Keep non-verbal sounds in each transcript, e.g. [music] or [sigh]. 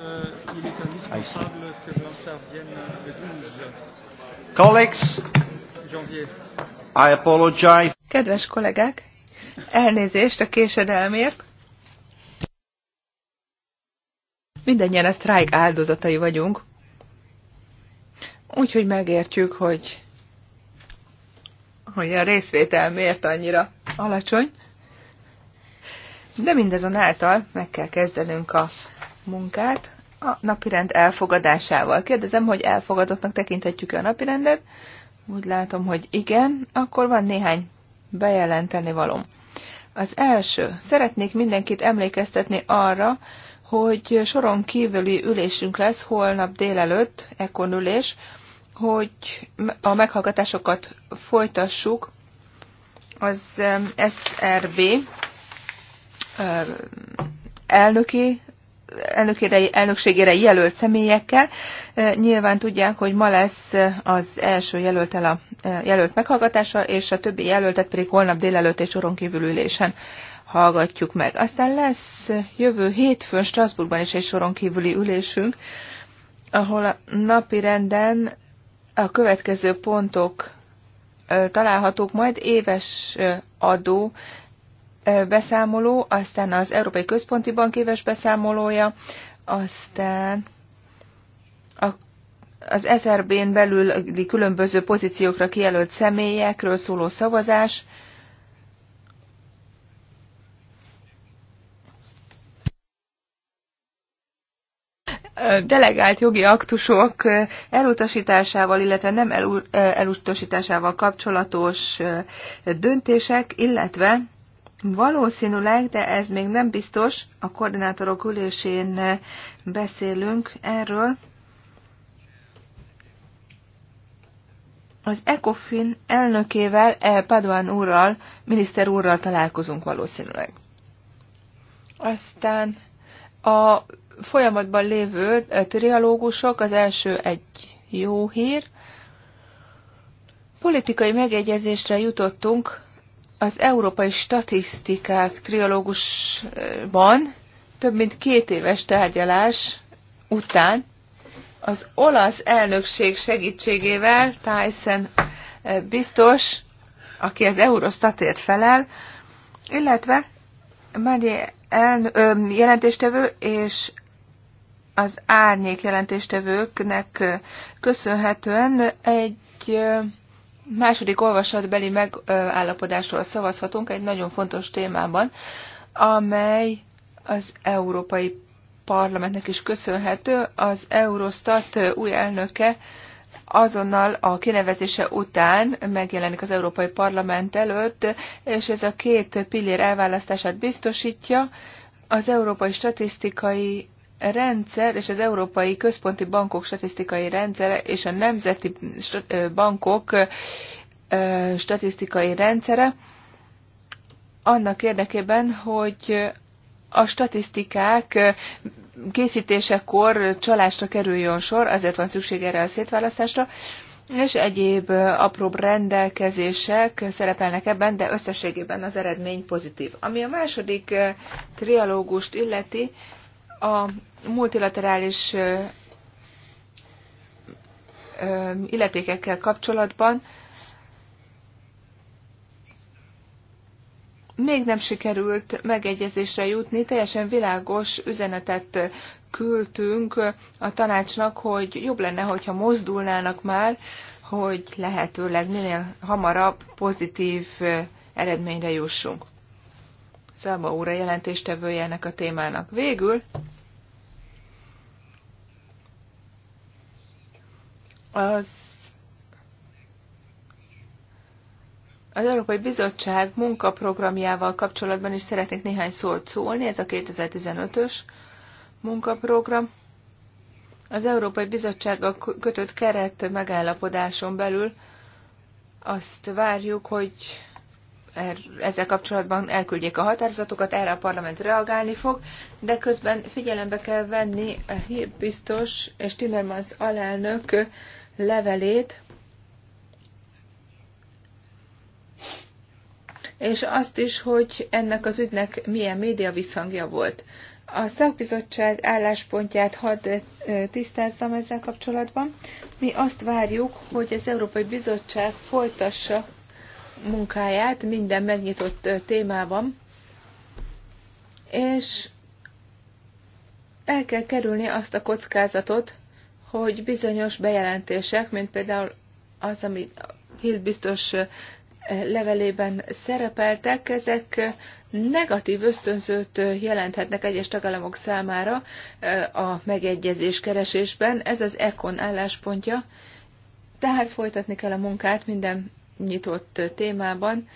Euh, Kedves kollégák, elnézést a késedelmért. Mindennyien a sztrájk áldozatai vagyunk, úgyhogy megértjük, hogy, hogy a részvétel miért annyira alacsony. De mindezonáltal meg kell kezdenünk a munkát a napirend elfogadásával. Kérdezem, hogy elfogadottnak tekinthetjük-e a napirendet? Úgy látom, hogy igen, akkor van néhány bejelenteni valom. Az első, szeretnék mindenkit emlékeztetni arra, hogy soron kívüli ülésünk lesz holnap délelőtt, ekkor ülés, hogy a meghallgatásokat folytassuk az SRB elnöki elnökére, elnökségére jelölt személyekkel. E, nyilván tudják, hogy ma lesz az első jelöltel a e, jelölt meghallgatása, és a többi jelöltet pedig holnap délelőtt egy soron kívül ülésen hallgatjuk meg. Aztán lesz jövő hétfőn Strasbourgban is egy soron kívüli ülésünk, ahol a napi renden a következő pontok e, találhatók majd éves adó beszámoló, aztán az Európai Központi Bank éves beszámolója, aztán a az SRB-n belül különböző pozíciókra kijelölt személyekről szóló szavazás, delegált jogi aktusok elutasításával, illetve nem elutasításával kapcsolatos döntések, illetve Valószínűleg, de ez még nem biztos, a koordinátorok ülésén beszélünk erről. Az ECOFIN elnökével, e. Padoan úrral, miniszter úrral találkozunk valószínűleg. Aztán a folyamatban lévő e, trialógusok, az első egy jó hír. Politikai megegyezésre jutottunk az Európai Statisztikák triológusban több mint két éves tárgyalás után az olasz elnökség segítségével Tyson eh, biztos, aki az Eurostatért felel, illetve Mari jelentéstevő és az árnyék jelentéstevőknek eh, köszönhetően egy eh, második olvasatbeli megállapodásról szavazhatunk egy nagyon fontos témában, amely az Európai Parlamentnek is köszönhető. Az Eurostat új elnöke azonnal a kinevezése után megjelenik az Európai Parlament előtt, és ez a két pillér elválasztását biztosítja. Az Európai Statisztikai rendszer és az Európai Központi Bankok statisztikai rendszere és a Nemzeti Bankok statisztikai rendszere annak érdekében, hogy a statisztikák készítésekor csalásra kerüljön sor, azért van szükség erre a szétválasztásra, és egyéb apróbb rendelkezések szerepelnek ebben, de összességében az eredmény pozitív. Ami a második trialógust illeti, a multilaterális illetékekkel kapcsolatban még nem sikerült megegyezésre jutni, teljesen világos üzenetet küldtünk a tanácsnak, hogy jobb lenne, hogyha mozdulnának már, hogy lehetőleg minél hamarabb pozitív eredményre jussunk. Szába úr a jelentéstevője ennek a témának. Végül Az Az Európai Bizottság munkaprogramjával kapcsolatban is szeretnék néhány szót szólni, ez a 2015-ös munkaprogram. Az Európai Bizottság a kötött keret megállapodáson belül azt várjuk, hogy er- ezzel kapcsolatban elküldjék a határozatokat, erre a parlament reagálni fog, de közben figyelembe kell venni a hírbiztos és Timmermans alelnök levelét, és azt is, hogy ennek az ügynek milyen média visszhangja volt. A szakbizottság álláspontját hadd eh, tisztázzam ezzel kapcsolatban. Mi azt várjuk, hogy az Európai Bizottság folytassa munkáját minden megnyitott eh, témában, és el kell kerülni azt a kockázatot, hogy bizonyos bejelentések, mint például az, amit Hill biztos eh, levelében szerepeltek, ezek eh, negatív ösztönzőt eh, jelenthetnek egyes tagállamok számára a megegyezés keresésben. Ez az ECON álláspontja, tehát folytatni kell a munkát minden nyitott témában,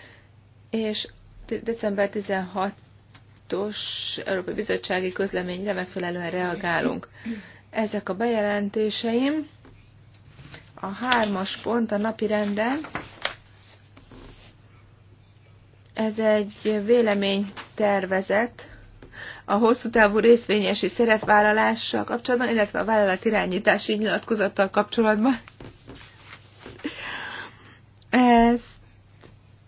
és december 16-os Európai Bizottsági Közleményre megfelelően reagálunk ezek a bejelentéseim. A hármas pont a napi renden. Ez egy véleménytervezet a hosszú távú részvényesi szerepvállalással kapcsolatban, illetve a vállalat irányítási nyilatkozattal kapcsolatban. Ez,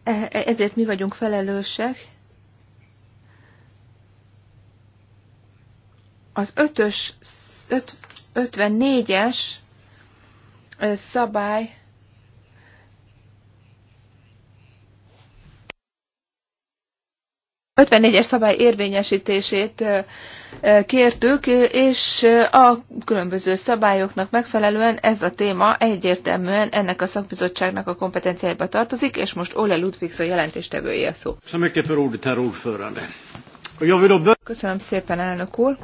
e, ezért mi vagyunk felelősek. Az ötös 54-es szabály es szabály érvényesítését kértük, és a különböző szabályoknak megfelelően ez a téma egyértelműen ennek a szakbizottságnak a kompetenciájába tartozik, és most Ole Ludvigs a jelentéstevője szó. Köszönöm szépen, elnök úr!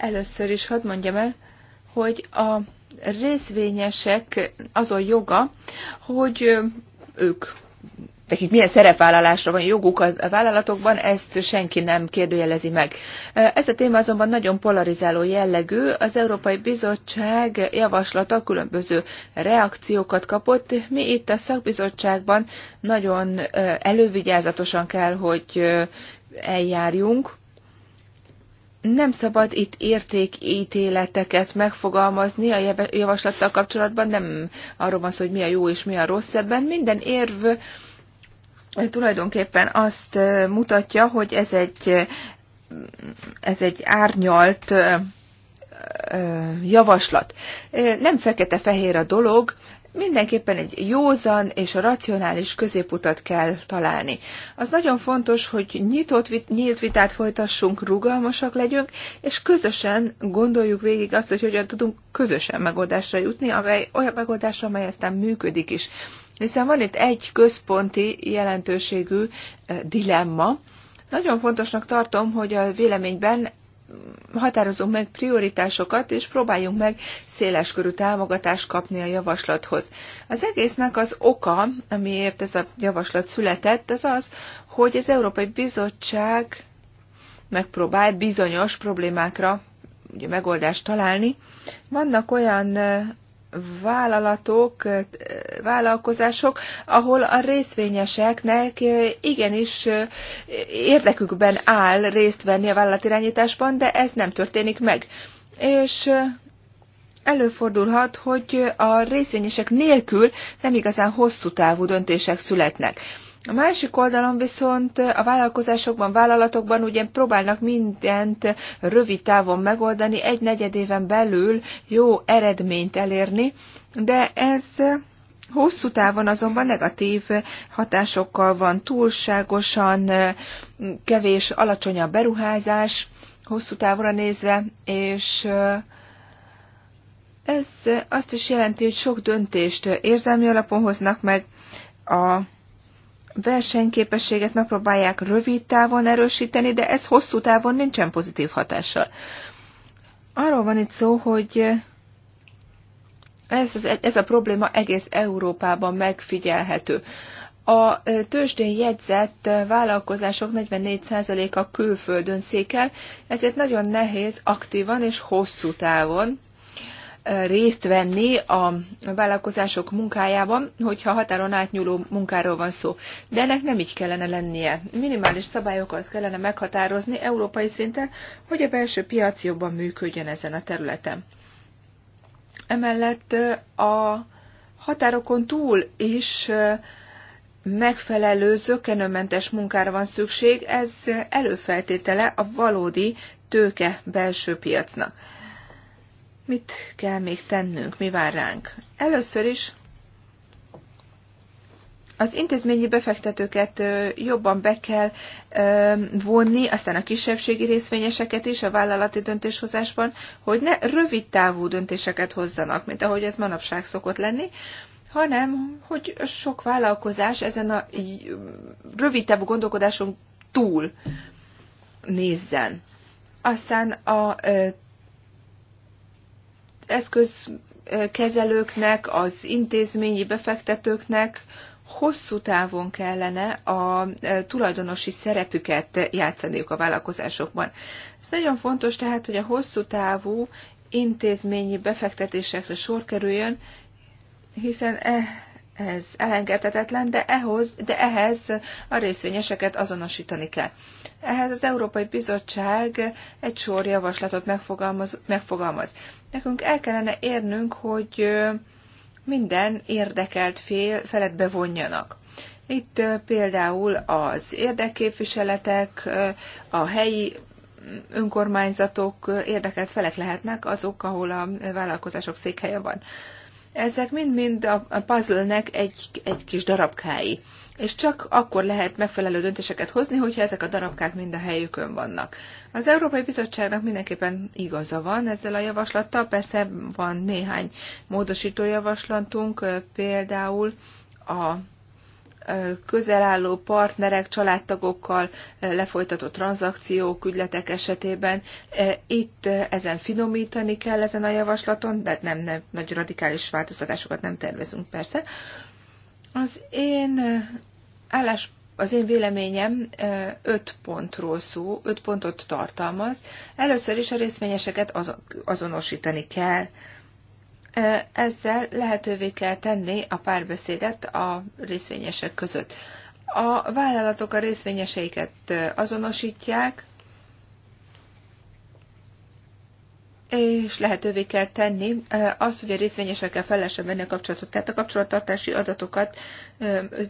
Először is hadd mondjam el, hogy a részvényesek az a joga, hogy ők nekik milyen szerepvállalásra van joguk a vállalatokban, ezt senki nem kérdőjelezi meg. Ez a téma azonban nagyon polarizáló jellegű. Az Európai Bizottság javaslata különböző reakciókat kapott. Mi itt a szakbizottságban nagyon elővigyázatosan kell, hogy eljárjunk, nem szabad itt értékítéleteket megfogalmazni a javaslattal kapcsolatban, nem arról van szó, hogy mi a jó és mi a rossz ebben. Minden érv tulajdonképpen azt mutatja, hogy ez egy, ez egy árnyalt javaslat. Nem fekete-fehér a dolog, mindenképpen egy józan és a racionális középutat kell találni. Az nagyon fontos, hogy nyitott, nyílt vitát folytassunk, rugalmasak legyünk, és közösen gondoljuk végig azt, hogy hogyan tudunk közösen megoldásra jutni, amely olyan megoldásra, amely aztán működik is. Hiszen van itt egy központi jelentőségű eh, dilemma, nagyon fontosnak tartom, hogy a véleményben határozunk meg prioritásokat, és próbáljunk meg széleskörű támogatást kapni a javaslathoz. Az egésznek az oka, amiért ez a javaslat született, az az, hogy az Európai Bizottság megpróbál bizonyos problémákra ugye, megoldást találni. Vannak olyan vállalatok, vállalkozások, ahol a részvényeseknek igenis érdekükben áll részt venni a vállalatirányításban, de ez nem történik meg. És előfordulhat, hogy a részvényesek nélkül nem igazán hosszú távú döntések születnek. A másik oldalon viszont a vállalkozásokban, vállalatokban ugye próbálnak mindent rövid távon megoldani, egy negyed éven belül jó eredményt elérni, de ez hosszú távon azonban negatív hatásokkal van, túlságosan kevés, alacsony a beruházás, hosszú távra nézve, és ez azt is jelenti, hogy sok döntést érzelmi alapon hoznak meg, a versenyképességet megpróbálják rövid távon erősíteni, de ez hosszú távon nincsen pozitív hatással. Arról van itt szó, hogy ez, ez a probléma egész Európában megfigyelhető. A tőzsdén jegyzett vállalkozások 44%-a külföldön székel, ezért nagyon nehéz aktívan és hosszú távon részt venni a vállalkozások munkájában, hogyha határon átnyúló munkáról van szó. De ennek nem így kellene lennie. Minimális szabályokat kellene meghatározni európai szinten, hogy a belső piac jobban működjön ezen a területen. Emellett a határokon túl is megfelelő, zökkenőmentes munkára van szükség, ez előfeltétele a valódi tőke belső piacnak Mit kell még tennünk, mi vár ránk? Először is az intézményi befektetőket jobban be kell vonni, aztán a kisebbségi részvényeseket is a vállalati döntéshozásban, hogy ne rövid távú döntéseket hozzanak, mint ahogy ez manapság szokott lenni, hanem hogy sok vállalkozás ezen a rövid távú gondolkodáson túl nézzen. Aztán a eszközkezelőknek, az intézményi befektetőknek hosszú távon kellene a e, tulajdonosi szerepüket játszaniuk a vállalkozásokban. Ez nagyon fontos tehát, hogy a hosszú távú intézményi befektetésekre sor kerüljön, hiszen e, ez elengedhetetlen, de, ehhoz, de ehhez a részvényeseket azonosítani kell. Ehhez az Európai Bizottság egy sor javaslatot megfogalmaz. megfogalmaz. Nekünk el kellene érnünk, hogy minden érdekelt fél felett bevonjanak. Itt például az érdekképviseletek, a helyi önkormányzatok érdekelt felek lehetnek, azok, ahol a vállalkozások székhelye van. Ezek mind-mind a puzzle-nek egy, egy kis darabkái. És csak akkor lehet megfelelő döntéseket hozni, hogyha ezek a darabkák mind a helyükön vannak. Az Európai Bizottságnak mindenképpen igaza van ezzel a javaslattal, persze van néhány módosító javaslatunk, például a közelálló partnerek, családtagokkal lefolytatott tranzakciók, ügyletek esetében. Itt ezen finomítani kell ezen a javaslaton, de nem, nem nagy radikális változtatásokat nem tervezünk persze. Az én állás az én véleményem öt pontról szó, öt pontot tartalmaz. Először is a részvényeseket azonosítani kell. Ezzel lehetővé kell tenni a párbeszédet a részvényesek között. A vállalatok a részvényeseiket azonosítják, és lehetővé kell tenni azt, hogy a részvényesekkel fel lehessen venni a kapcsolatot. Tehát a kapcsolattartási adatokat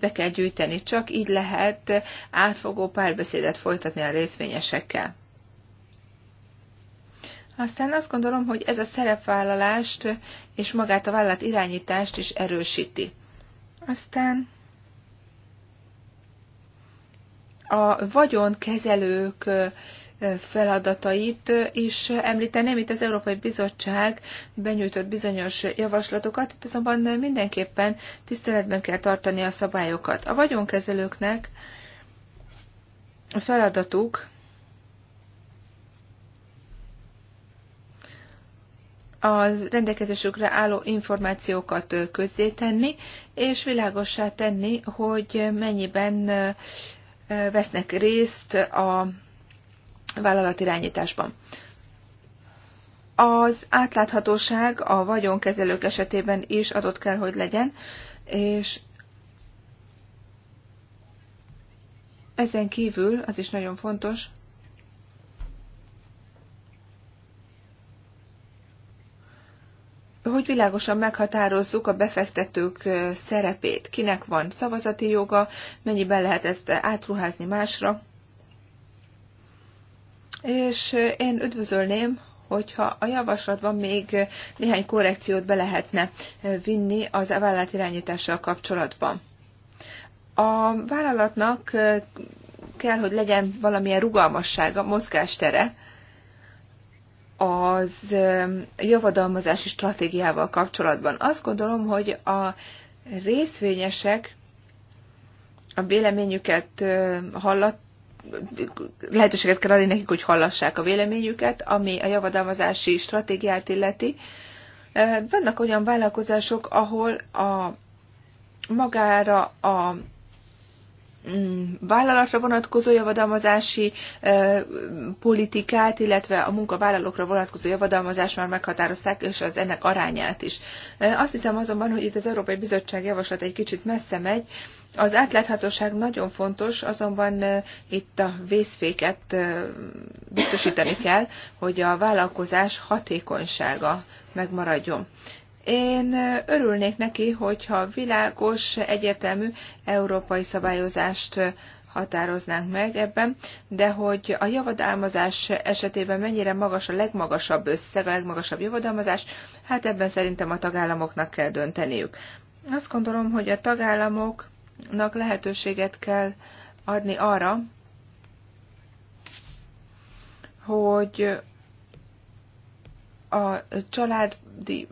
be kell gyűjteni. Csak így lehet átfogó párbeszédet folytatni a részvényesekkel. Aztán azt gondolom, hogy ez a szerepvállalást és magát a vállalat irányítást is erősíti. Aztán a vagyonkezelők feladatait is említeném. Itt az Európai Bizottság benyújtott bizonyos javaslatokat, itt azonban mindenképpen tiszteletben kell tartani a szabályokat. A vagyonkezelőknek a feladatuk a rendelkezésükre álló információkat közzétenni, és világossá tenni, hogy mennyiben vesznek részt a vállalatirányításban. Az átláthatóság a vagyonkezelők esetében is adott kell, hogy legyen, és ezen kívül az is nagyon fontos, hogy világosan meghatározzuk a befektetők szerepét, kinek van szavazati joga, mennyiben lehet ezt átruházni másra. És én üdvözölném, hogyha a javaslatban még néhány korrekciót be lehetne vinni az e irányítással kapcsolatban. A vállalatnak kell, hogy legyen valamilyen rugalmassága, mozgástere, az javadalmazási stratégiával kapcsolatban. Azt gondolom, hogy a részvényesek a véleményüket hallat, lehetőséget kell adni nekik, hogy hallassák a véleményüket, ami a javadalmazási stratégiát illeti. Vannak olyan vállalkozások, ahol a magára a Mm, vállalatra vonatkozó javadalmazási politikát, illetve a munkavállalókra vonatkozó javadalmazást már meghatározták, és az ennek arányát is. Azt hiszem azonban, hogy itt az Európai Bizottság javaslat egy kicsit messze megy. Az átláthatóság nagyon fontos, azonban itt a vészféket biztosítani kell, hogy a vállalkozás hatékonysága megmaradjon. Én örülnék neki, hogyha világos, egyetemű európai szabályozást határoznánk meg ebben, de hogy a javadalmazás esetében mennyire magas a legmagasabb összeg, a legmagasabb javadalmazás, hát ebben szerintem a tagállamoknak kell dönteniük. Azt gondolom, hogy a tagállamoknak lehetőséget kell adni arra, hogy a családi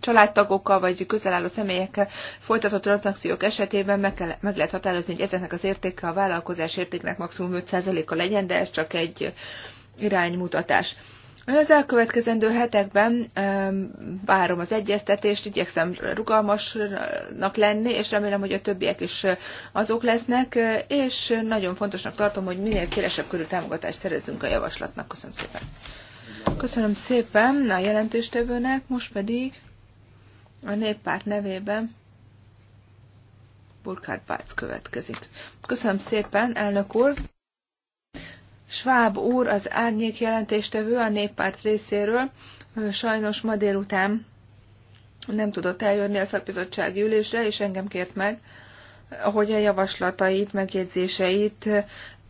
családtagokkal vagy álló személyekkel folytatott tranzakciók esetében meg, kell, meg lehet határozni, hogy ezeknek az értéke a vállalkozás értéknek maximum 5%-a legyen, de ez csak egy iránymutatás. Az elkövetkezendő hetekben várom az egyeztetést, igyekszem rugalmasnak lenni, és remélem, hogy a többiek is azok lesznek, és nagyon fontosnak tartom, hogy minél szélesebb körű támogatást szerezzünk a javaslatnak. Köszönöm szépen! Köszönöm szépen a jelentéstevőnek, most pedig a néppárt nevében Burkhard Bác következik. Köszönöm szépen, elnök úr! Schwab úr az árnyék jelentéstevő a néppárt részéről sajnos ma délután nem tudott eljönni a szakbizottsági ülésre, és engem kért meg, hogy a javaslatait, megjegyzéseit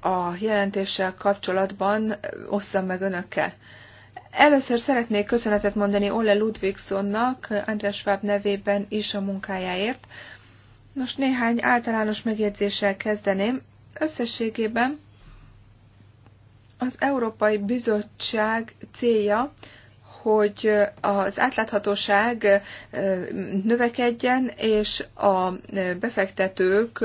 a jelentéssel kapcsolatban osszam meg önökkel. Először szeretnék köszönetet mondani Ole Ludvigsonnak, András Schwab nevében is a munkájáért. Nos, néhány általános megjegyzéssel kezdeném. Összességében az Európai Bizottság célja hogy az átláthatóság növekedjen, és a befektetők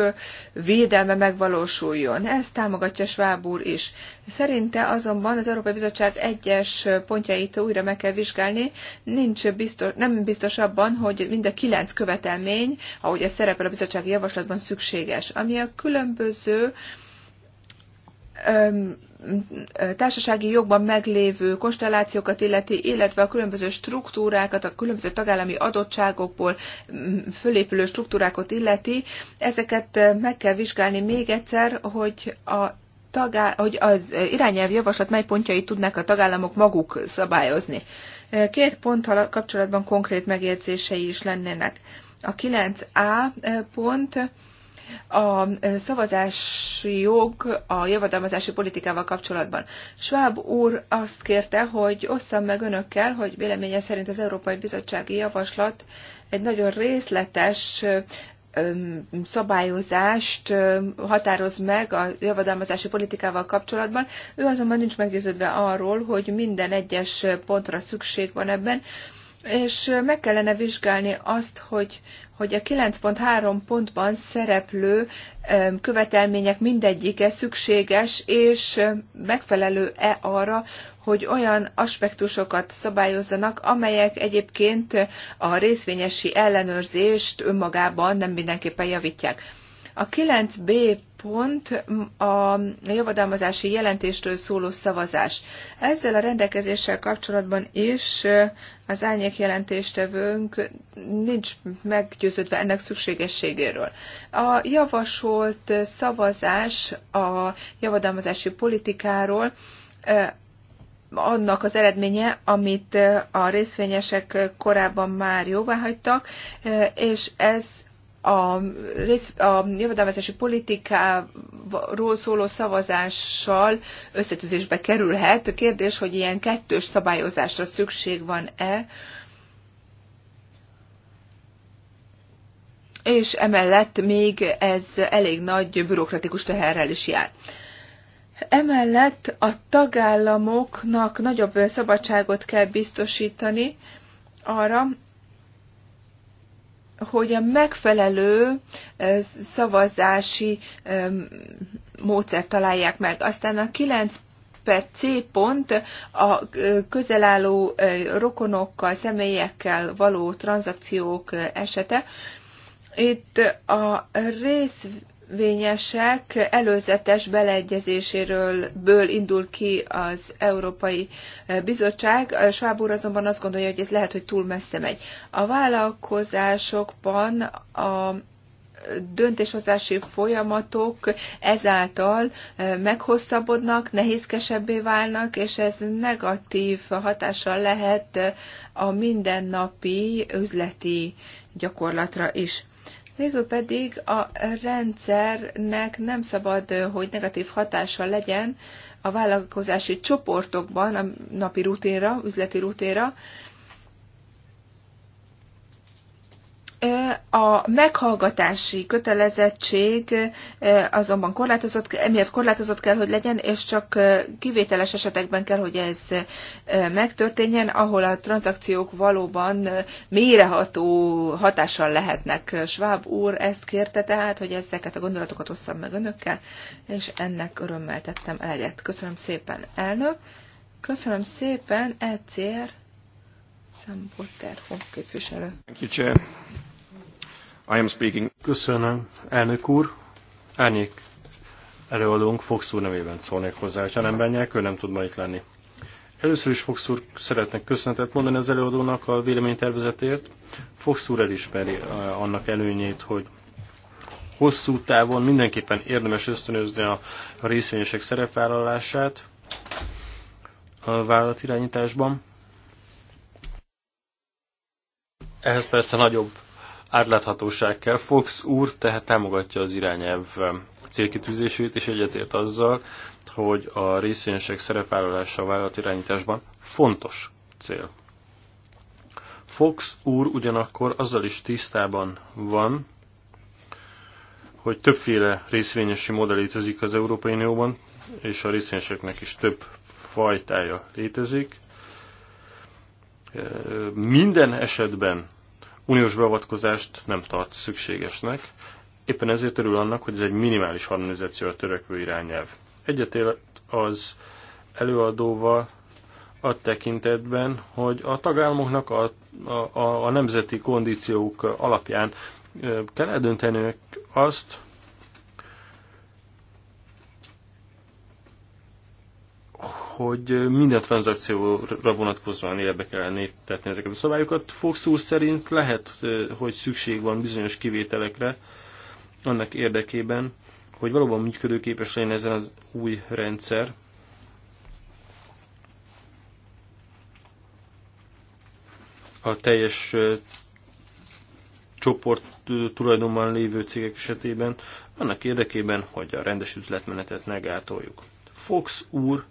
védelme megvalósuljon. Ezt támogatja Schwab úr is. Szerinte azonban az Európai Bizottság egyes pontjait újra meg kell vizsgálni. Nincs biztos, nem biztos abban, hogy mind a kilenc követelmény, ahogy ez szerepel a bizottsági javaslatban szükséges. Ami a különböző öm, társasági jogban meglévő konstellációkat illeti, illetve a különböző struktúrákat, a különböző tagállami adottságokból mm, fölépülő struktúrákat illeti, ezeket eh, meg kell vizsgálni még egyszer, hogy a tagá- hogy az irányelv javaslat mely pontjait tudnák a tagállamok maguk szabályozni. Eh, két ponttal kapcsolatban konkrét megjegyzései is lennének. A 9A eh, pont a szavazási jog a javadalmazási politikával kapcsolatban. Schwab úr azt kérte, hogy osszam meg önökkel, hogy véleménye szerint az Európai Bizottsági Javaslat egy nagyon részletes szabályozást határoz meg a javadalmazási politikával kapcsolatban. Ő azonban nincs meggyőződve arról, hogy minden egyes pontra szükség van ebben, és meg kellene vizsgálni azt, hogy, hogy a 9.3 pontban szereplő követelmények mindegyike szükséges, és megfelelő-e arra, hogy olyan aspektusokat szabályozzanak, amelyek egyébként a részvényesi ellenőrzést önmagában nem mindenképpen javítják. A 9b pont a javadalmazási jelentéstől szóló szavazás. Ezzel a rendelkezéssel kapcsolatban is az ányék jelentéstevőnk nincs meggyőződve ennek szükségességéről. A javasolt szavazás a javadalmazási politikáról annak az eredménye, amit a részvényesek korábban már jóvá hagytak, és ez a, rész, a jövedelmezési politikáról szóló szavazással összetűzésbe kerülhet. A kérdés, hogy ilyen kettős szabályozásra szükség van-e, és emellett még ez elég nagy bürokratikus teherrel is jár. Emellett a tagállamoknak nagyobb szabadságot kell biztosítani arra, hogy a megfelelő szavazási módszert találják meg. Aztán a 9 per C pont a közelálló rokonokkal, személyekkel való tranzakciók esete. Itt a rész érvényesek előzetes beleegyezéséről ből indul ki az Európai Bizottság. Schwab úr azonban azt gondolja, hogy ez lehet, hogy túl messze megy. A vállalkozásokban a döntéshozási folyamatok ezáltal meghosszabbodnak, nehézkesebbé válnak, és ez negatív hatással lehet a mindennapi üzleti gyakorlatra is. Végül pedig a rendszernek nem szabad, hogy negatív hatása legyen a vállalkozási csoportokban a napi rutinra, üzleti rutinra, A meghallgatási kötelezettség azonban korlátozott, emiatt korlátozott kell, hogy legyen, és csak kivételes esetekben kell, hogy ez megtörténjen, ahol a tranzakciók valóban méreható hatással lehetnek. Schwab úr ezt kérte tehát, hogy ezeket a gondolatokat osszam meg önökkel, és ennek örömmel tettem eleget. Köszönöm szépen, elnök. Köszönöm szépen, ECR. Sam Potter, képviselő. Thank you, Chair. I am speaking. Köszönöm, elnök úr. Árnyék előadónk Fox úr nevében szólnék hozzá, ha nem bennyek, ő nem tud ma itt lenni. Először is Fox úr szeretnek köszönetet mondani az előadónak a véleménytervezetért. Fox úr elismeri eh, annak előnyét, hogy hosszú távon mindenképpen érdemes ösztönözni a részvényesek szerepvállalását a vállalatirányításban. Ehhez persze nagyobb átláthatóság kell. Fox úr tehát támogatja az irányelv célkitűzését, és egyetért azzal, hogy a részvényesek szerepállalása a vállalatirányításban fontos cél. Fox úr ugyanakkor azzal is tisztában van, hogy többféle részvényesi modell létezik az Európai Unióban, és a részvényeseknek is több fajtája létezik. Minden esetben uniós beavatkozást nem tart szükségesnek. Éppen ezért örül annak, hogy ez egy minimális a törekvő irányelv. Egyetért az előadóval a tekintetben, hogy a tagállamoknak a, a, a nemzeti kondíciók alapján kell eldönteni azt, hogy minden tranzakcióra vonatkozóan érbe kellene tenni ezeket a szabályokat. Fox úr szerint lehet, hogy szükség van bizonyos kivételekre annak érdekében, hogy valóban működőképes legyen ezen az új rendszer, a teljes csoport tulajdonban lévő cégek esetében, annak érdekében, hogy a rendes üzletmenetet ne gátoljuk. Fox úr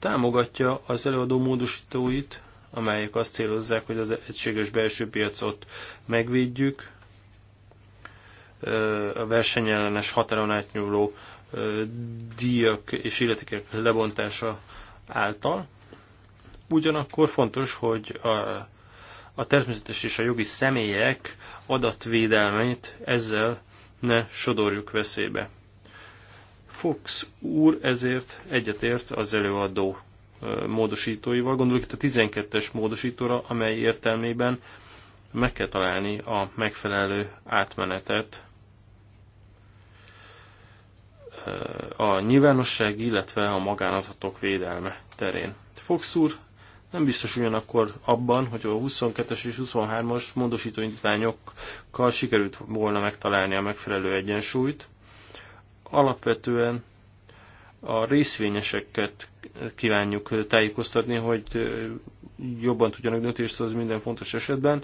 támogatja az előadó módosítóit, amelyek azt célozzák, hogy az egységes belső piacot megvédjük, a versenyellenes határon átnyúló díjak és illetékek lebontása által. Ugyanakkor fontos, hogy a, a természetes és a jogi személyek adatvédelmeit ezzel ne sodorjuk veszélybe. Fox úr ezért egyetért az előadó módosítóival. Gondolok itt a 12-es módosítóra, amely értelmében meg kell találni a megfelelő átmenetet a nyilvánosság, illetve a magánadatok védelme terén. Fox úr nem biztos ugyanakkor abban, hogy a 22-es és 23-as módosítóindítványokkal sikerült volna megtalálni a megfelelő egyensúlyt, alapvetően a részvényeseket kívánjuk tájékoztatni, hogy jobban tudjanak döntést az minden fontos esetben.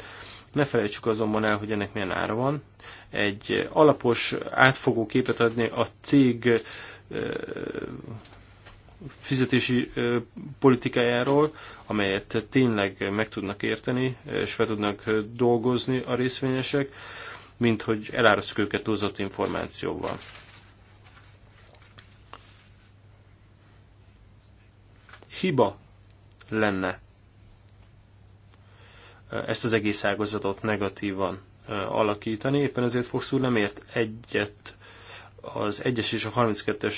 Ne felejtsük azonban el, hogy ennek milyen ára van. Egy alapos, átfogó képet adni a cég fizetési politikájáról, amelyet tényleg meg tudnak érteni, és fel tudnak dolgozni a részvényesek, mint hogy elárasztjuk őket túlzott információval. hiba lenne ezt az egész ágazatot negatívan alakítani. Éppen ezért Fox úr nem ért egyet az 1-es és a 32-es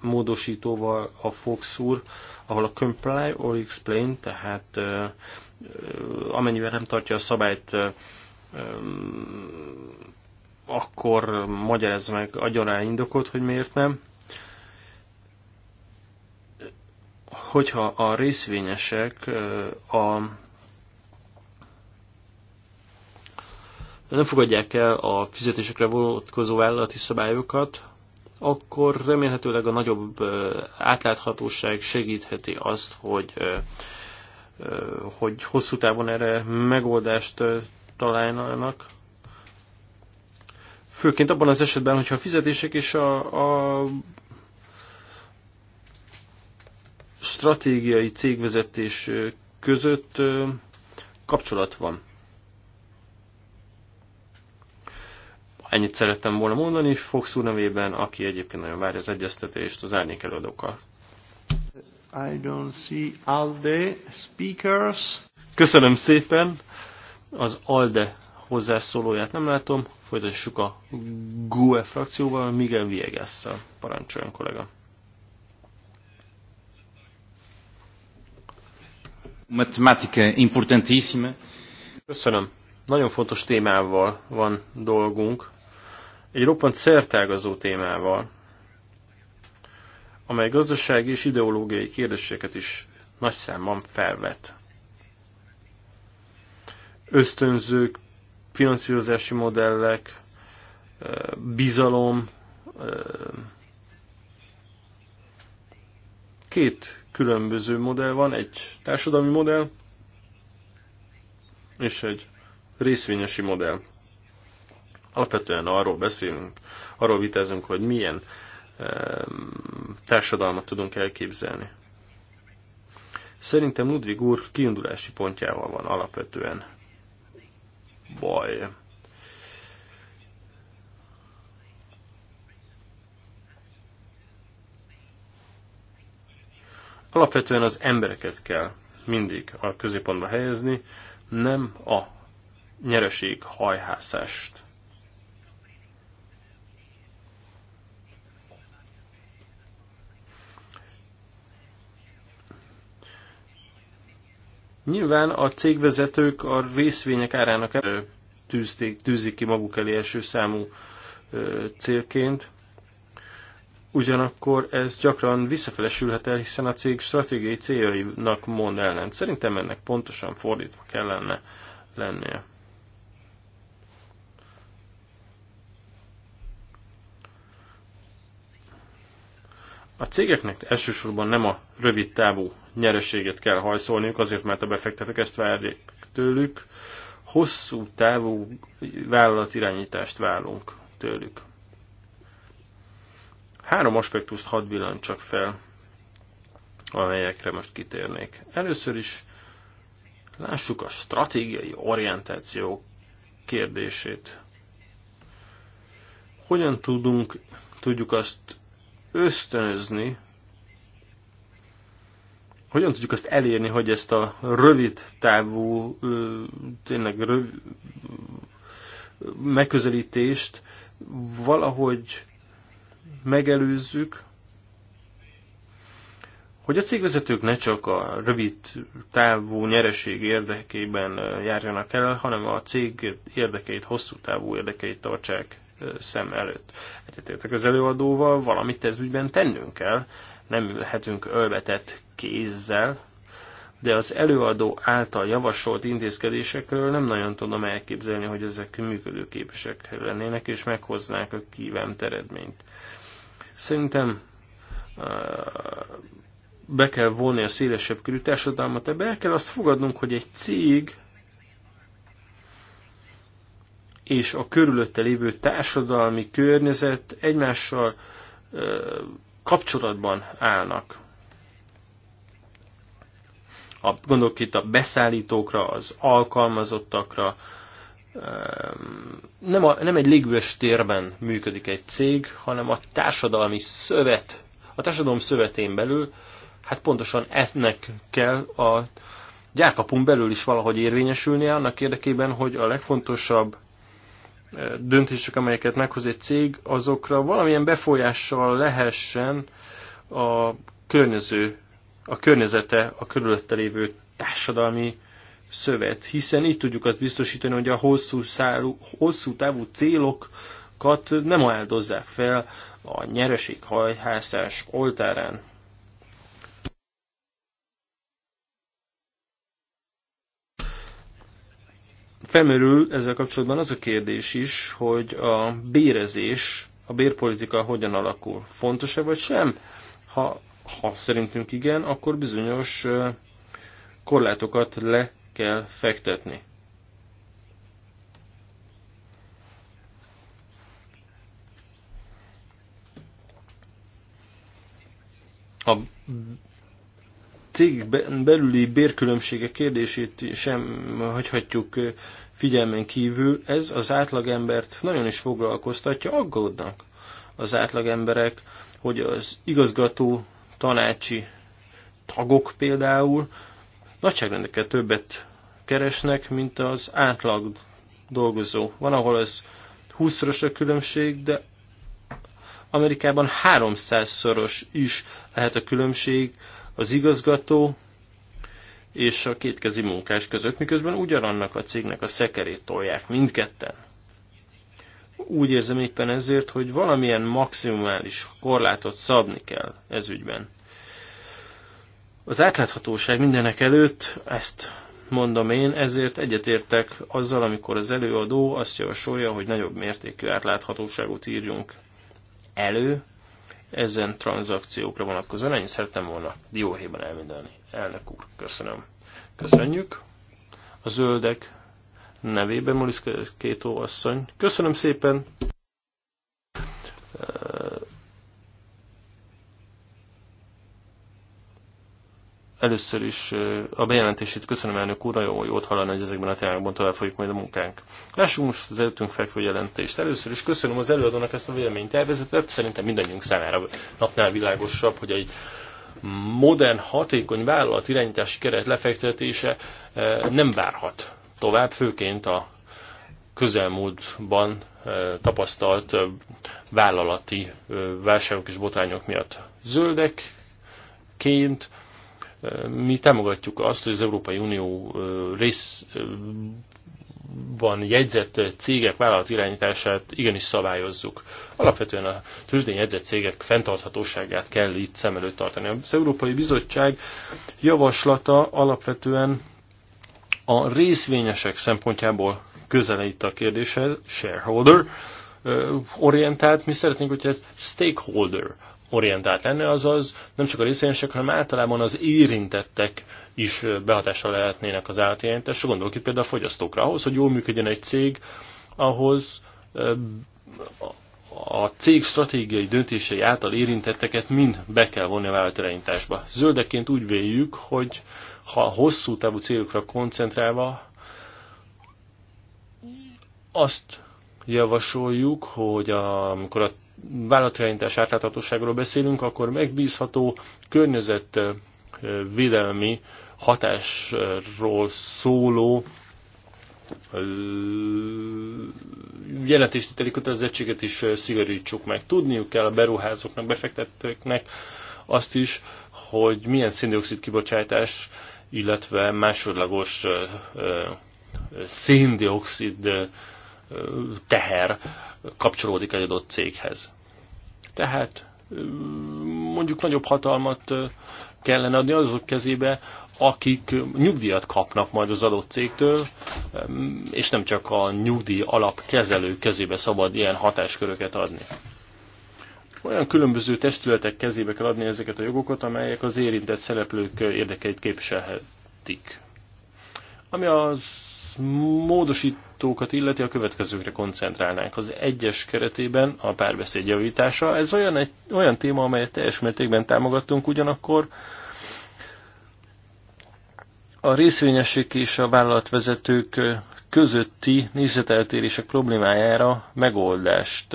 módosítóval a Fox úr, ahol a comply or explain, tehát amennyiben nem tartja a szabályt, akkor magyarázz meg, adjon rá indokot, hogy miért nem. hogyha a részvényesek a nem fogadják el a fizetésekre vonatkozó vállalati szabályokat, akkor remélhetőleg a nagyobb átláthatóság segítheti azt, hogy, hogy hosszú távon erre megoldást találnának. Főként abban az esetben, hogyha a fizetések és a, a stratégiai cégvezetés között kapcsolat van. Ennyit szerettem volna mondani, Fox úr nevében, aki egyébként nagyon várja az egyeztetést az árnyék előadókkal. I don't see ALDE speakers. Köszönöm szépen. Az ALDE hozzászólóját nem látom. Folytassuk a GUE frakcióval, Miguel viegas szal Parancsoljon, kollega. Uma temática importantíssima. Köszönöm. Nagyon fontos témával van dolgunk. Egy roppant szertágazó témával, amely gazdasági és ideológiai kérdéseket is nagy számban felvet. Ösztönzők, finanszírozási modellek, bizalom, két különböző modell van, egy társadalmi modell és egy részvényesi modell. Alapvetően arról beszélünk, arról vitázunk, hogy milyen társadalmat tudunk elképzelni. Szerintem Ludwig úr kiindulási pontjával van alapvetően baj. Alapvetően az embereket kell mindig a középpontba helyezni, nem a nyereség hajhászást. Nyilván a cégvezetők a részvények árának tűzik ki maguk elé első számú célként ugyanakkor ez gyakran visszafelesülhet el, hiszen a cég stratégiai céljainak mond ellen. Szerintem ennek pontosan fordítva kellene lennie. A cégeknek elsősorban nem a rövid távú nyereséget kell hajszolniuk, azért mert a befektetők ezt várják tőlük, hosszú távú vállalatirányítást várunk tőlük. Három aspektust hadd villan csak fel, amelyekre most kitérnék. Először is lássuk a stratégiai orientáció kérdését. Hogyan tudunk, tudjuk azt ösztönözni, hogyan tudjuk azt elérni, hogy ezt a rövid távú, tényleg rövid megközelítést valahogy megelőzzük, hogy a cégvezetők ne csak a rövid távú nyereség érdekében járjanak el, hanem a cég érdekeit, hosszú távú érdekeit tartsák szem előtt. Egyetértek az előadóval, valamit ez ügyben tennünk kell, nem ülhetünk ölvetett kézzel, de az előadó által javasolt intézkedésekről nem nagyon tudom elképzelni, hogy ezek működőképesek lennének és meghoznák a kívánt eredményt. Szerintem be kell vonni a szélesebb körű társadalmat ebbe, el kell azt fogadnunk, hogy egy cég és a körülötte lévő társadalmi környezet egymással kapcsolatban állnak. A, gondolok itt a beszállítókra, az alkalmazottakra, nem, a, nem egy légbős térben működik egy cég, hanem a társadalmi szövet, a társadalom szövetén belül, hát pontosan ennek kell a gyárkapun belül is valahogy érvényesülnie annak érdekében, hogy a legfontosabb döntések, amelyeket meghoz egy cég, azokra valamilyen befolyással lehessen a környező, a környezete, a körülötte lévő társadalmi szövet, hiszen így tudjuk azt biztosítani, hogy a hosszú, száru, hosszú távú célokat nem áldozzák fel a nyereséghajhászás oltárán. Felmerül ezzel kapcsolatban az a kérdés is, hogy a bérezés, a bérpolitika hogyan alakul. Fontos-e vagy sem? Ha, ha szerintünk igen, akkor bizonyos korlátokat le kell fektetni. A cég belüli bérkülönbségek kérdését sem hagyhatjuk figyelmen kívül. Ez az átlagembert nagyon is foglalkoztatja, aggódnak az átlagemberek, hogy az igazgató tanácsi tagok például nagyságrendekkel többet keresnek, mint az átlag dolgozó. Van, ahol ez 20-szoros a különbség, de Amerikában 300-szoros is lehet a különbség az igazgató és a kétkezi munkás között, miközben ugyanannak a cégnek a szekerét tolják mindketten. Úgy érzem éppen ezért, hogy valamilyen maximális korlátot szabni kell ez ügyben. Az átláthatóság mindenek előtt, ezt mondom én, ezért egyetértek azzal, amikor az előadó azt javasolja, hogy nagyobb mértékű átláthatóságot írjunk elő, ezen tranzakciókra vonatkozóan. Ennyit szerettem volna dióhéjban elmondani. Elnök úr, köszönöm. Köszönjük. A zöldek nevében Molisz Kétó asszony. Köszönöm szépen. Először is a bejelentését köszönöm elnök úr, nagyon jót hallani, hogy ezekben a témákban tovább folyik majd a munkánk. Lássuk most az előttünk fekvő jelentést. Először is köszönöm az előadónak ezt a véleménytervezetet, szerintem mindannyiunk számára napnál világosabb, hogy egy modern, hatékony vállalat irányítási keret lefektetése nem várhat tovább, főként a közelmúltban tapasztalt vállalati válságok és botrányok miatt. Zöldekként mi támogatjuk azt, hogy az Európai Unió részban jegyzett cégek vállalat irányítását igenis szabályozzuk. Alapvetően a tőzsdén jegyzett cégek fenntarthatóságát kell itt szem előtt tartani. Az Európai Bizottság javaslata alapvetően a részvényesek szempontjából közelít a kérdése, shareholder, orientált, mi szeretnénk, hogy ez stakeholder orientált lenne, azaz nem csak a részvényesek, hanem általában az érintettek is behatással lehetnének az állatjelentésre. Gondolok itt például a fogyasztókra. Ahhoz, hogy jól működjön egy cég, ahhoz eh, a cég stratégiai döntései által érintetteket mind be kell vonni a vállalatirányításba. Zöldeként úgy véljük, hogy ha hosszú távú célokra koncentrálva azt javasoljuk, hogy amikor a vállalatirányítás átláthatóságról beszélünk, akkor megbízható környezetvédelmi hatásról szóló jelentéstételi kötelezettséget is szigorítsuk meg. Tudniuk kell a beruházóknak, befektetőknek azt is, hogy milyen széndiokszid kibocsátás, illetve másodlagos széndiokszid teher kapcsolódik egy adott céghez. Tehát mondjuk nagyobb hatalmat kellene adni azok kezébe, akik nyugdíjat kapnak majd az adott cégtől, és nem csak a nyugdíj alapkezelő kezébe szabad ilyen hatásköröket adni. Olyan különböző testületek kezébe kell adni ezeket a jogokat, amelyek az érintett szereplők érdekeit képviselhetik. Ami az módosítókat illeti a következőkre koncentrálnánk. Az egyes keretében a párbeszéd javítása, ez olyan, egy, olyan téma, amelyet teljes mértékben támogattunk, ugyanakkor a részvényesek és a vállalatvezetők közötti nézeteltérések problémájára megoldást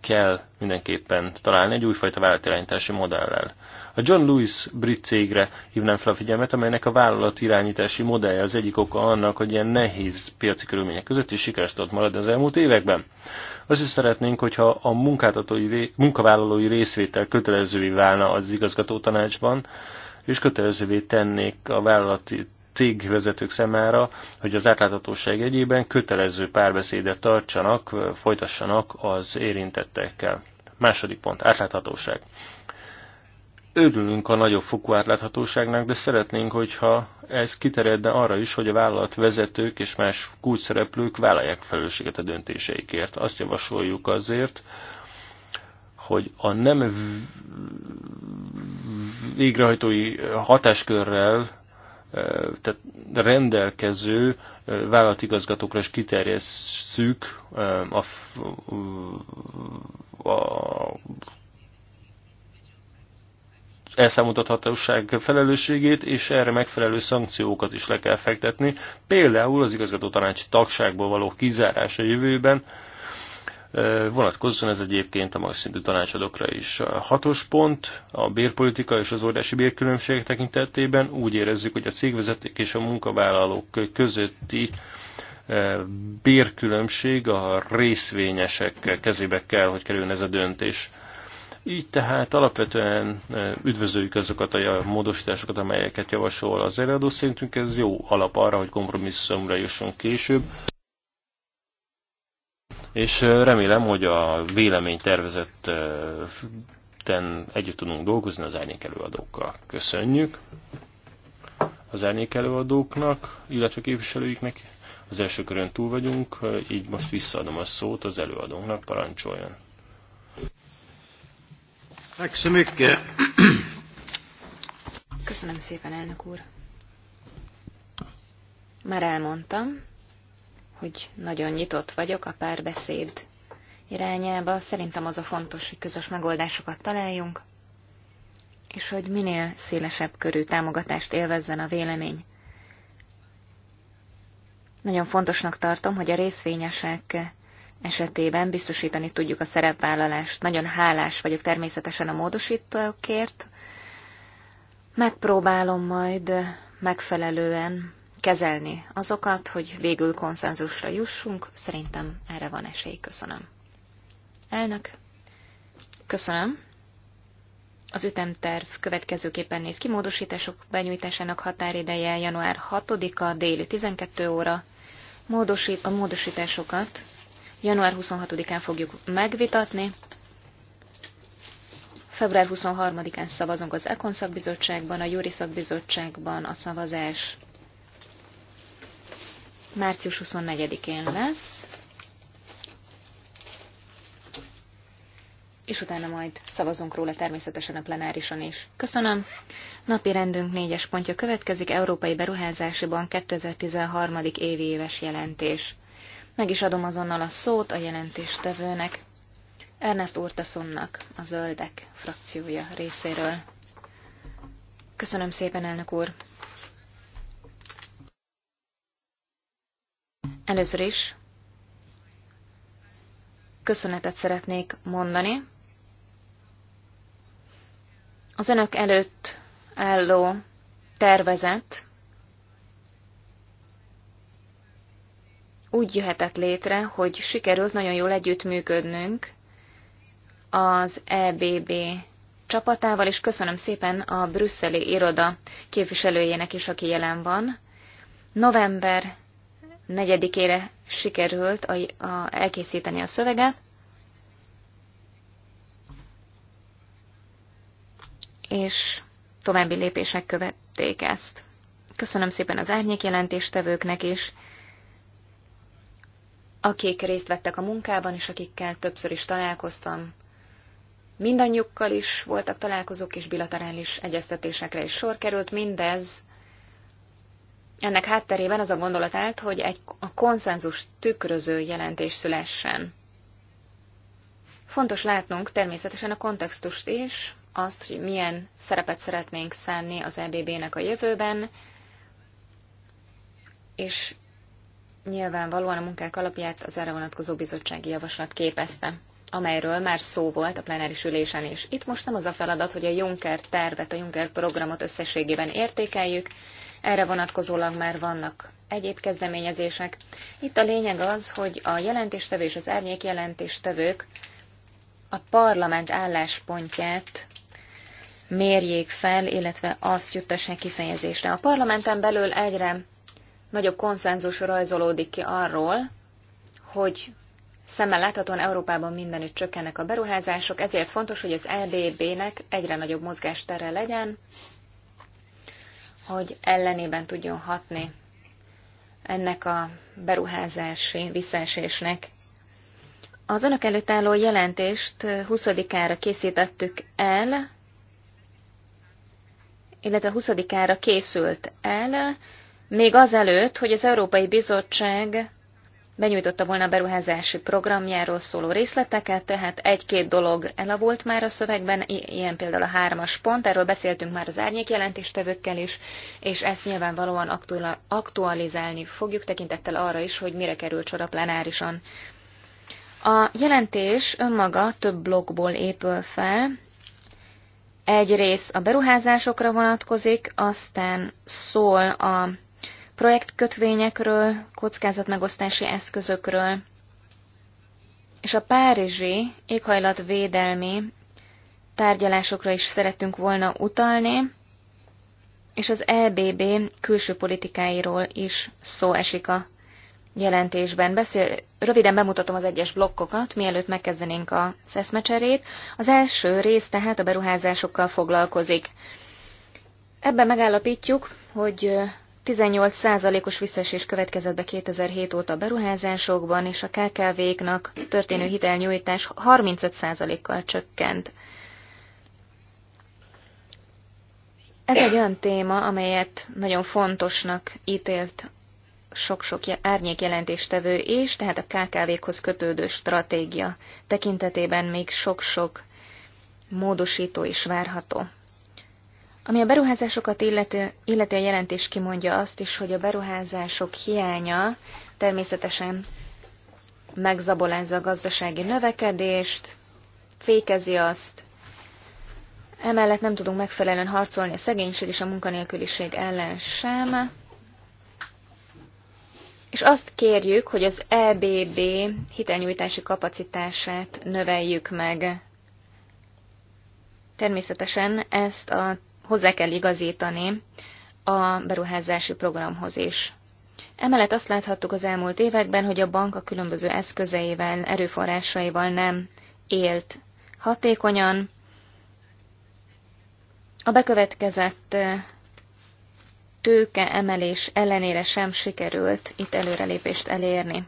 kell mindenképpen találni egy újfajta vállalatirányítási modellel. A John Lewis brit cégre hívnám fel a figyelmet, amelynek a vállalat irányítási modellje az egyik oka annak, hogy ilyen nehéz piaci körülmények között is sikeres tudott maradni az elmúlt években. Azt is szeretnénk, hogyha a munkáltatói, munkavállalói részvétel kötelezővé válna az igazgató tanácsban, és kötelezővé tennék a vállalati cégvezetők szemára, hogy az átláthatóság egyében kötelező párbeszédet tartsanak, folytassanak az érintettekkel. Második pont, átláthatóság örülünk a nagyobb fokú átláthatóságnak, de szeretnénk, hogyha ez kiterjedne arra is, hogy a vállalat vezetők és más kulcsszereplők vállalják felelősséget a döntéseikért. Azt javasoljuk azért, hogy a nem végrehajtói hatáskörrel e, tehát rendelkező e, vállalatigazgatókra is kiterjesszük e, a, a elszámoltathatóság felelősségét, és erre megfelelő szankciókat is le kell fektetni, például az igazgató tanács tagságból való kizárás a jövőben, Vonatkozzon ez egyébként a magas szintű tanácsadókra is. A hatos pont a bérpolitika és az óriási bérkülönbségek tekintetében úgy érezzük, hogy a cégvezetők és a munkavállalók közötti bérkülönbség a részvényesek kezébe kell, hogy kerüljön ez a döntés. Így tehát alapvetően eh, üdvözöljük azokat a módosításokat, amelyeket javasol az előadó. Szerintünk ez jó alap arra, hogy kompromisszumra jussunk később. És eh, remélem, hogy a tervezetten eh, együtt tudunk dolgozni az árnyék előadókkal. Köszönjük az árnyék előadóknak, illetve képviselőiknek. Az első körön túl vagyunk, így most visszaadom a szót az előadónknak, parancsoljon. Köszönöm szépen, elnök úr. Már elmondtam, hogy nagyon nyitott vagyok a párbeszéd irányába. Szerintem az a fontos, hogy közös megoldásokat találjunk, és hogy minél szélesebb körű támogatást élvezzen a vélemény. Nagyon fontosnak tartom, hogy a részvényesek esetében biztosítani tudjuk a szerepvállalást. Nagyon hálás vagyok természetesen a módosítókért. Megpróbálom majd megfelelően kezelni azokat, hogy végül konszenzusra jussunk. Szerintem erre van esély. Köszönöm. Elnök, köszönöm. Az ütemterv következőképpen néz ki. Módosítások benyújtásának határideje január 6-a déli 12 óra. Módosít, a módosításokat január 26-án fogjuk megvitatni, február 23-án szavazunk az Ekon szakbizottságban, a Júri szakbizottságban a szavazás március 24-én lesz, és utána majd szavazunk róla természetesen a plenárison is. Köszönöm! Napi rendünk négyes pontja következik, Európai Beruházási Bank 2013. évi éves jelentés. Meg is adom azonnal a szót a jelentéstevőnek, Ernest Urtasonnak, a Zöldek frakciója részéről. Köszönöm szépen, elnök úr! Először is köszönetet szeretnék mondani. Az önök előtt álló tervezet úgy jöhetett létre, hogy sikerült nagyon jól együttműködnünk az EBB csapatával, és köszönöm szépen a brüsszeli iroda képviselőjének is, aki jelen van. November 4-ére sikerült a, a, elkészíteni a szöveget, és további lépések követték ezt. Köszönöm szépen az árnyék jelentéstevőknek is, akik részt vettek a munkában, és akikkel többször is találkoztam. Mindannyiukkal is voltak találkozók, és bilaterális egyeztetésekre is sor került. Mindez ennek hátterében az a gondolat állt, hogy egy, a konszenzus tükröző jelentés szülessen. Fontos látnunk természetesen a kontextust is, azt, hogy milyen szerepet szeretnénk szánni az EBB-nek a jövőben, és Nyilvánvalóan a munkák alapját az erre vonatkozó bizottsági javaslat képezte, amelyről már szó volt a plenáris ülésen is. Itt most nem az a feladat, hogy a Juncker tervet, a Juncker programot összességében értékeljük, erre vonatkozólag már vannak egyéb kezdeményezések. Itt a lényeg az, hogy a jelentéstevő és az árnyék jelentéstevők a parlament álláspontját mérjék fel, illetve azt juttassák kifejezésre. A parlamenten belül egyre nagyobb konszenzus rajzolódik ki arról, hogy szemmel láthatóan Európában mindenütt csökkennek a beruházások, ezért fontos, hogy az EBB-nek egyre nagyobb mozgástere legyen, hogy ellenében tudjon hatni ennek a beruházási visszaesésnek. Az önök előtt álló jelentést 20-ára készítettük el, illetve 20-ára készült el, még azelőtt, hogy az Európai Bizottság benyújtotta volna a beruházási programjáról szóló részleteket, tehát egy-két dolog elavult már a szövegben, ilyen például a hármas pont, erről beszéltünk már az árnyék jelentéstevőkkel is, és ezt nyilvánvalóan aktualizálni fogjuk, tekintettel arra is, hogy mire került sor a plenárison. A jelentés önmaga több blokkból épül fel, egy rész a beruházásokra vonatkozik, aztán szól a projektkötvényekről, kockázatmegosztási eszközökről, és a párizsi éghajlatvédelmi tárgyalásokra is szerettünk volna utalni, és az EBB külső politikáiról is szó esik a jelentésben. Beszél, röviden bemutatom az egyes blokkokat, mielőtt megkezdenénk a szeszmecserét. Az első rész tehát a beruházásokkal foglalkozik. Ebben megállapítjuk, hogy 18%-os visszaesés következett be 2007 óta a beruházásokban, és a KKV-knak történő hitelnyújtás 35%-kal csökkent. Ez egy olyan téma, amelyet nagyon fontosnak ítélt sok-sok árnyékjelentéstevő és, tehát a KKV-khoz kötődő stratégia tekintetében még sok-sok módosító is várható. Ami a beruházásokat illeti, illeti a jelentés kimondja azt is, hogy a beruházások hiánya természetesen megzabolázza a gazdasági növekedést, fékezi azt, emellett nem tudunk megfelelően harcolni a szegénység és a munkanélküliség ellen sem, és azt kérjük, hogy az EBB hitelnyújtási kapacitását növeljük meg. Természetesen ezt a hozzá kell igazítani a beruházási programhoz is. Emellett azt láthattuk az elmúlt években, hogy a bank a különböző eszközeivel, erőforrásaival nem élt hatékonyan. A bekövetkezett eh, tőke emelés ellenére sem sikerült itt előrelépést elérni.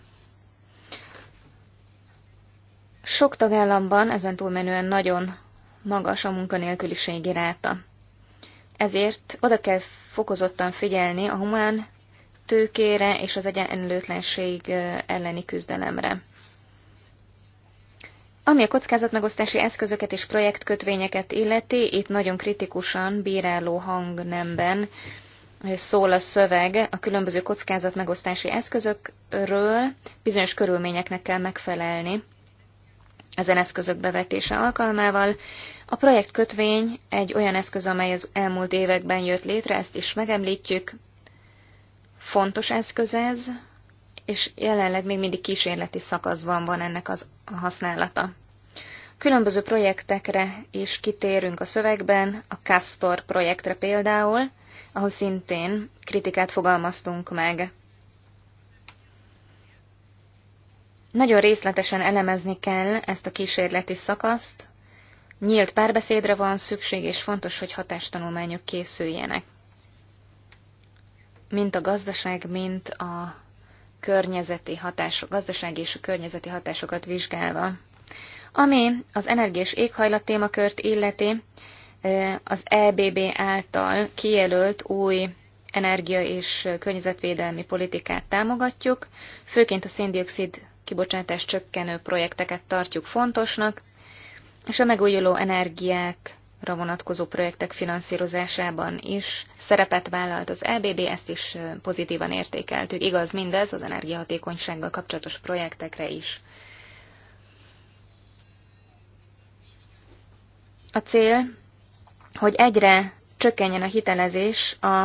Sok tagállamban ezen túlmenően nagyon magas a munkanélküliségi ráta. Ezért oda kell fokozottan figyelni a humán tőkére és az egyenlőtlenség elleni küzdelemre. Ami a kockázatmegosztási eszközöket és projektkötvényeket illeti, itt nagyon kritikusan, bíráló hangnemben szól a szöveg a különböző kockázatmegosztási eszközökről, bizonyos körülményeknek kell megfelelni ezen eszközök bevetése alkalmával. A projektkötvény egy olyan eszköz, amely az elmúlt években jött létre, ezt is megemlítjük. Fontos eszköz ez, és jelenleg még mindig kísérleti szakaszban van ennek az a használata. Különböző projektekre is kitérünk a szövegben, a Castor projektre például, ahol szintén kritikát fogalmaztunk meg Nagyon részletesen elemezni kell ezt a kísérleti szakaszt, nyílt párbeszédre van szükség, és fontos, hogy hatástanulmányok készüljenek. Mint a gazdaság, mint a környezeti hatások, gazdaság és a környezeti hatásokat vizsgálva. Ami az energia és éghajlat témakört illeti, az EBB által kijelölt új energia és környezetvédelmi politikát támogatjuk, főként a széndiokszid kibocsátás csökkenő projekteket tartjuk fontosnak, és a megújuló energiákra vonatkozó projektek finanszírozásában is szerepet vállalt az EBB, ezt is pozitívan értékeltük. Igaz mindez az energiahatékonysággal kapcsolatos projektekre is. A cél, hogy egyre csökkenjen a hitelezés a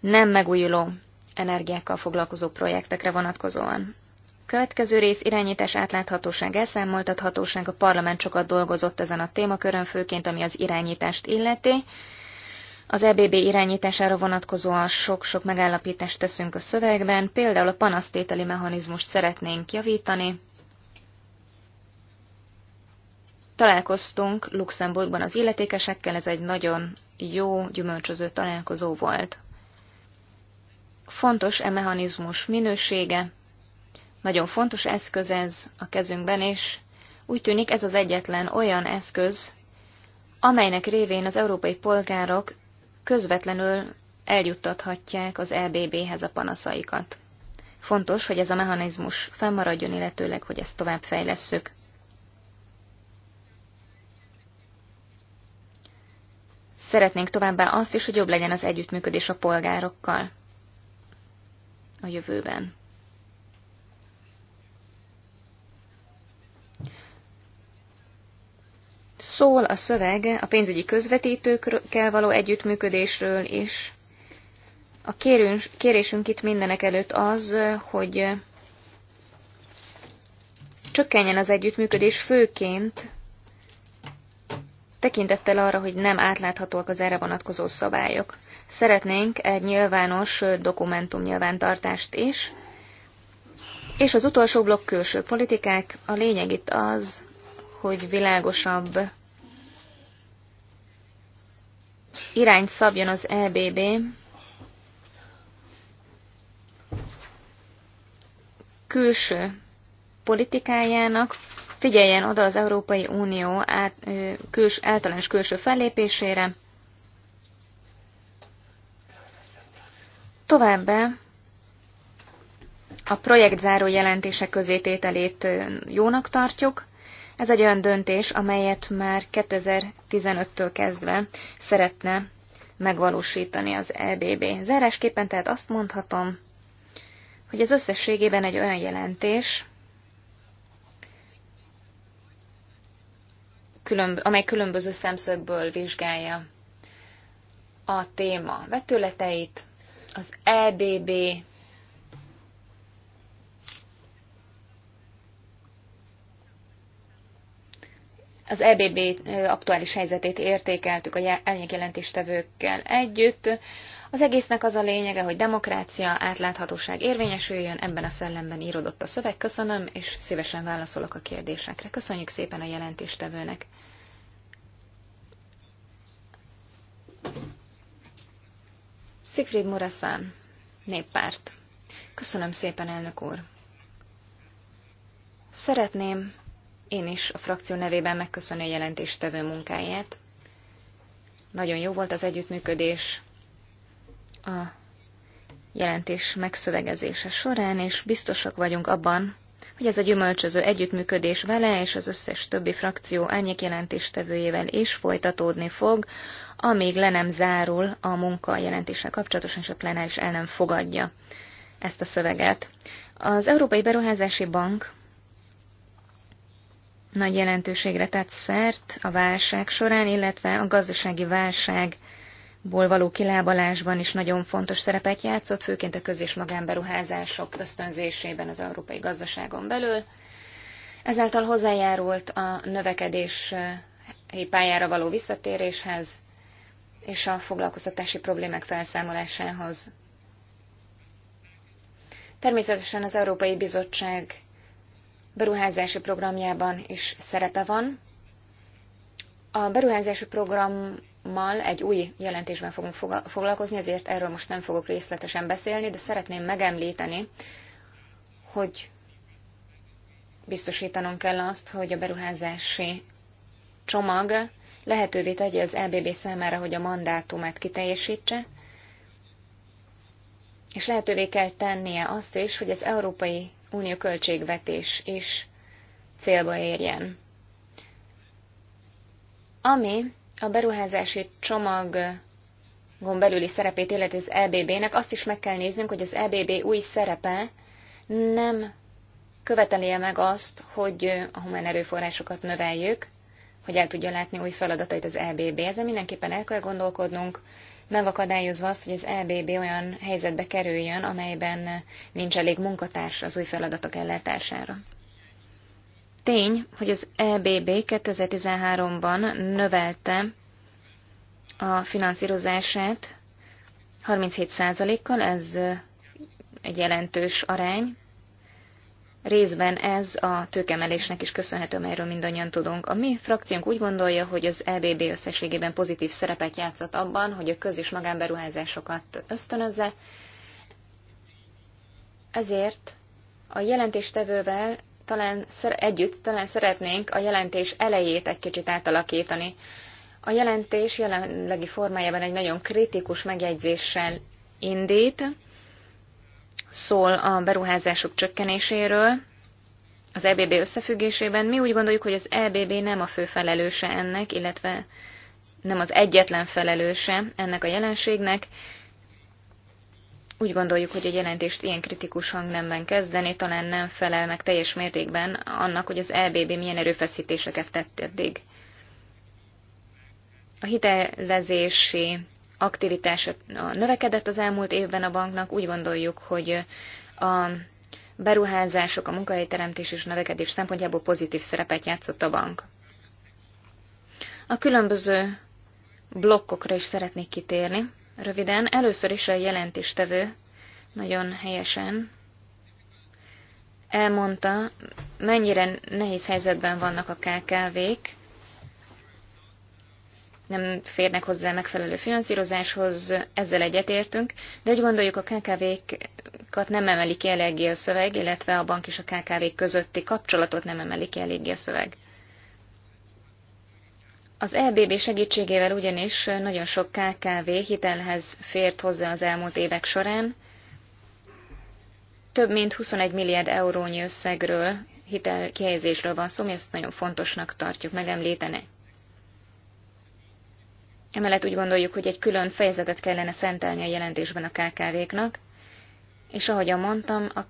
nem megújuló energiákkal foglalkozó projektekre vonatkozóan. Következő rész irányítás átláthatóság, elszámoltathatóság. A parlament sokat dolgozott ezen a témakörön, főként ami az irányítást illeti. Az EBB irányítására vonatkozóan sok-sok megállapítást teszünk a szövegben, például a panasztételi mechanizmust szeretnénk javítani. Találkoztunk Luxemburgban az illetékesekkel, ez egy nagyon jó, gyümölcsöző találkozó volt. Fontos e mechanizmus minősége, nagyon fontos eszköz ez a kezünkben, és úgy tűnik ez az egyetlen olyan eszköz, amelynek révén az európai polgárok közvetlenül eljuttathatják az EBB-hez a panaszaikat. Fontos, hogy ez a mechanizmus fennmaradjon, illetőleg, hogy ezt tovább fejlesszük. Szeretnénk továbbá azt is, hogy jobb legyen az együttműködés a polgárokkal a jövőben. Szól a szöveg a pénzügyi közvetítőkkel való együttműködésről is. A kérünk, kérésünk itt mindenek előtt az, hogy csökkenjen az együttműködés főként tekintettel arra, hogy nem átláthatóak az erre vonatkozó szabályok. Szeretnénk egy nyilvános dokumentum nyilvántartást is, és az utolsó blokk külső politikák, a lényeg itt az, hogy világosabb irányt szabjon az EBB, külső politikájának, figyeljen oda az Európai Unió át, küls, általános külső fellépésére. Továbbá a projektzáró jelentések közétételét jónak tartjuk, ez egy olyan döntés, amelyet már 2015-től kezdve szeretne megvalósítani az EBB. Zárásképpen tehát azt mondhatom, hogy ez összességében egy olyan jelentés, amely különböző szemszögből vizsgálja a téma vetületeit, az EBB az EBB aktuális helyzetét értékeltük a jelentéstevőkkel együtt. Az egésznek az a lényege, hogy demokrácia, átláthatóság érvényesüljön, ebben a szellemben írodott a szöveg. Köszönöm, és szívesen válaszolok a kérdésekre. Köszönjük szépen a jelentéstevőnek. Szigfried Muraszán, Néppárt. Köszönöm szépen, elnök úr. Szeretném én is a frakció nevében megköszönöm a jelentéstevő munkáját. Nagyon jó volt az együttműködés a jelentés megszövegezése során, és biztosak vagyunk abban, hogy ez a gyümölcsöző együttműködés vele és az összes többi frakció árnyék jelentéstevőjével is folytatódni fog, amíg le nem zárul a munka jelentéssel kapcsolatosan, és a plenáris el nem fogadja ezt a szöveget. Az Európai Beruházási Bank nagy jelentőségre tett szert a válság során, illetve a gazdasági válságból való kilábalásban is nagyon fontos szerepet játszott, főként a köz- és magánberuházások ösztönzésében az európai gazdaságon belül. Ezáltal hozzájárult a növekedés pályára való visszatéréshez és a foglalkoztatási problémák felszámolásához. Természetesen az Európai Bizottság beruházási programjában is szerepe van. A beruházási programmal egy új jelentésben fogunk foglalkozni, ezért erről most nem fogok részletesen beszélni, de szeretném megemlíteni, hogy biztosítanunk kell azt, hogy a beruházási csomag lehetővé tegye az EBB számára, hogy a mandátumát kiteljesítse, és lehetővé kell tennie azt is, hogy az európai unió költségvetés is célba érjen. Ami a beruházási csomagon belüli szerepét illeti az EBB-nek, azt is meg kell néznünk, hogy az EBB új szerepe nem követelje meg azt, hogy a humán erőforrásokat növeljük, hogy el tudja látni új feladatait az EBB. Ezen mindenképpen el kell gondolkodnunk, megakadályozva azt, hogy az EBB olyan helyzetbe kerüljön, amelyben nincs elég munkatárs az új feladatok ellátására. Tény, hogy az EBB 2013-ban növelte a finanszírozását 37%-kal, ez egy jelentős arány, Részben ez a tőkemelésnek is köszönhető, amelyről mindannyian tudunk. A mi frakciónk úgy gondolja, hogy az EBB összességében pozitív szerepet játszott abban, hogy a köz- és magánberuházásokat ösztönözze. Ezért a jelentéstevővel talán együtt talán szeretnénk a jelentés elejét egy kicsit átalakítani. A jelentés jelenlegi formájában egy nagyon kritikus megjegyzéssel indít, szól a beruházások csökkenéséről, az EBB összefüggésében. Mi úgy gondoljuk, hogy az EBB nem a fő felelőse ennek, illetve nem az egyetlen felelőse ennek a jelenségnek. Úgy gondoljuk, hogy a jelentést ilyen kritikus hangnemben kezdeni talán nem felel meg teljes mértékben annak, hogy az EBB milyen erőfeszítéseket tett eddig. A hitelezési aktivitása növekedett az elmúlt évben a banknak. Úgy gondoljuk, hogy a beruházások, a munkahelyteremtés és növekedés szempontjából pozitív szerepet játszott a bank. A különböző blokkokra is szeretnék kitérni. Röviden, először is a jelentéstevő nagyon helyesen elmondta, mennyire nehéz helyzetben vannak a KKV-k, nem férnek hozzá megfelelő finanszírozáshoz, ezzel egyetértünk, de úgy gondoljuk a KKV-kat nem emeli ki eléggé a szöveg, illetve a bank és a KKV közötti kapcsolatot nem emeli ki eléggé a szöveg. Az EBB segítségével ugyanis nagyon sok KKV hitelhez fért hozzá az elmúlt évek során. Több mint 21 milliárd eurónyi összegről, hitelkihelyezésről van szó, mi ezt nagyon fontosnak tartjuk megemlíteni. Emellett úgy gondoljuk, hogy egy külön fejezetet kellene szentelni a jelentésben a KKV-knak, és ahogyan mondtam, a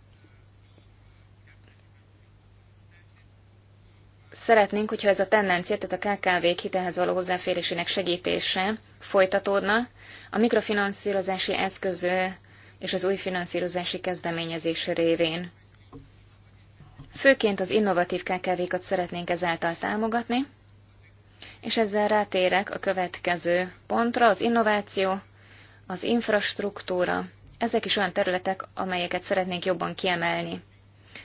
szeretnénk, hogyha ez a tendencia, tehát a KKV-k hitelhez való hozzáférésének segítése folytatódna, a mikrofinanszírozási eszköz és az új finanszírozási kezdeményezés révén. Főként az innovatív KKV-kat szeretnénk ezáltal támogatni, és ezzel rátérek a következő pontra, az innováció, az infrastruktúra. Ezek is olyan területek, amelyeket szeretnénk jobban kiemelni.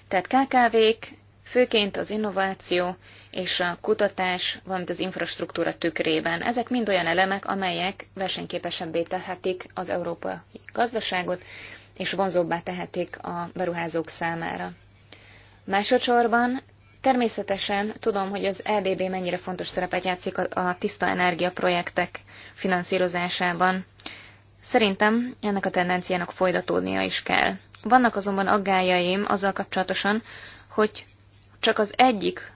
Tehát KKV-k, főként az innováció és a kutatás, valamint az infrastruktúra tükrében. Ezek mind olyan elemek, amelyek versenyképesebbé tehetik az európai gazdaságot, és vonzóbbá tehetik a beruházók számára. Másodszorban Természetesen tudom, hogy az EBB mennyire fontos szerepet játszik a tiszta energia projektek finanszírozásában. Szerintem ennek a tendenciának folytatódnia is kell. Vannak azonban aggájaim azzal kapcsolatosan, hogy csak az egyik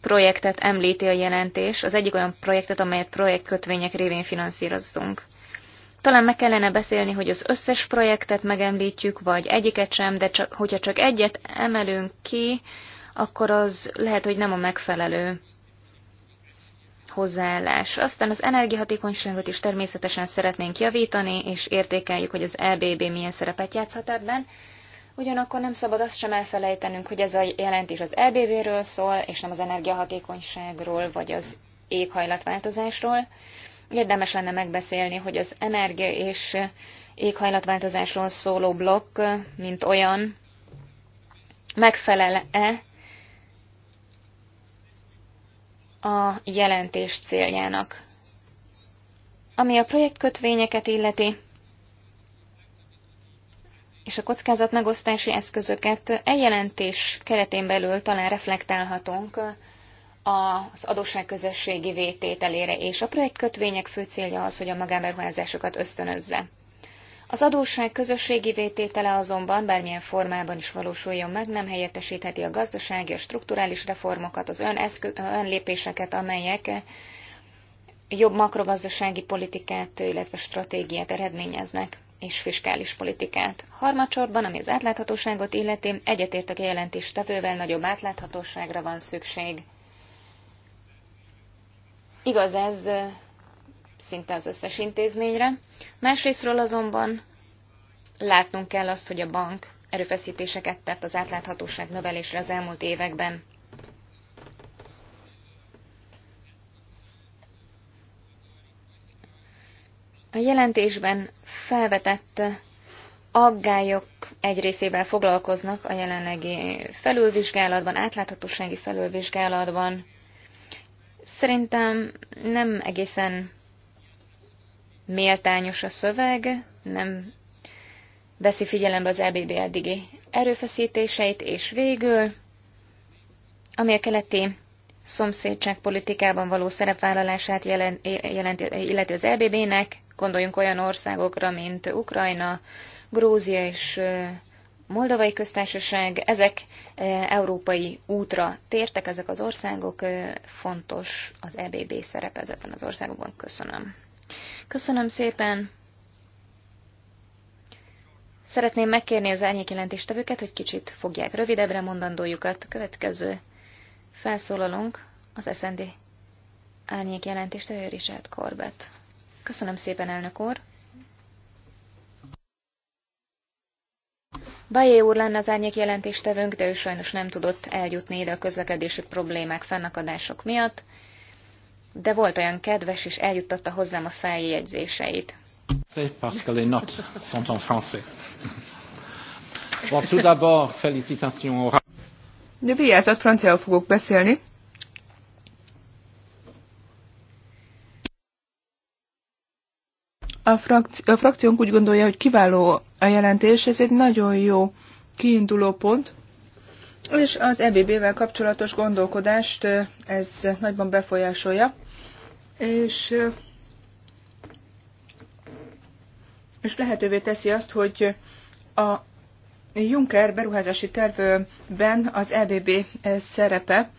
projektet említi a jelentés, az egyik olyan projektet, amelyet projektkötvények révén finanszíroztunk. Talán meg kellene beszélni, hogy az összes projektet megemlítjük, vagy egyiket sem, de csak, hogyha csak egyet emelünk ki, akkor az lehet, hogy nem a megfelelő hozzáállás. Aztán az energiahatékonyságot is természetesen szeretnénk javítani, és értékeljük, hogy az EBB milyen szerepet játszhat ebben. Ugyanakkor nem szabad azt sem elfelejtenünk, hogy ez a jelentés az EBB-ről szól, és nem az energiahatékonyságról, vagy az éghajlatváltozásról. Érdemes lenne megbeszélni, hogy az energia és éghajlatváltozásról szóló blokk, mint olyan, megfelel-e a jelentés céljának. Ami a projektkötvényeket illeti, és a kockázatmegosztási megosztási eszközöket egy jelentés keretén belül talán reflektálhatunk az adósságközösségi vétételére, és a projektkötvények fő célja az, hogy a magánberuházásokat ösztönözze. Az adósság közösségi vététele azonban bármilyen formában is valósuljon meg, nem helyettesítheti a gazdasági, a strukturális reformokat, az öneszkö- önlépéseket, amelyek jobb makrogazdasági politikát, illetve stratégiát eredményeznek és fiskális politikát. Harmadsorban, ami az átláthatóságot illeti, egyetértek a jelentéstevővel, nagyobb átláthatóságra van szükség. Igaz ez szinte az összes intézményre. Másrésztről azonban látnunk kell azt, hogy a bank erőfeszítéseket tett az átláthatóság növelésre az elmúlt években. A jelentésben felvetett aggályok egy részével foglalkoznak a jelenlegi felülvizsgálatban, átláthatósági felülvizsgálatban. Szerintem nem egészen méltányos a szöveg, nem veszi figyelembe az EBB eddigi erőfeszítéseit, és végül, ami a keleti szomszédság politikában való szerepvállalását jelent, jelent, illeti az EBB-nek, gondoljunk olyan országokra, mint Ukrajna, Grúzia és Moldovai Köztársaság, ezek európai útra tértek, ezek az országok, fontos az EBB szerep ezekben az országokban. Köszönöm. Köszönöm szépen. Szeretném megkérni az elnyék jelentéstevőket, hogy kicsit fogják rövidebbre mondandójukat. Következő felszólalunk az SND elnyék jelentéstevő Richard Corbett. Köszönöm szépen, elnök úr. Bajé úr lenne az árnyék jelentéstevőnk, de ő sajnos nem tudott eljutni ide a közlekedési problémák fennakadások miatt de volt olyan kedves, és eljuttatta hozzám a feljegyzéseit. C'est parce sont en français. Bon, tout d'abord, félicitations au De vigyázzat, franciául fogok beszélni. A, frakci- a frakciónk úgy gondolja, hogy kiváló a jelentés, ez egy nagyon jó kiinduló pont, és az EBB-vel kapcsolatos gondolkodást ez nagyban befolyásolja és, és lehetővé teszi azt, hogy a Juncker beruházási tervben az EBB szerepe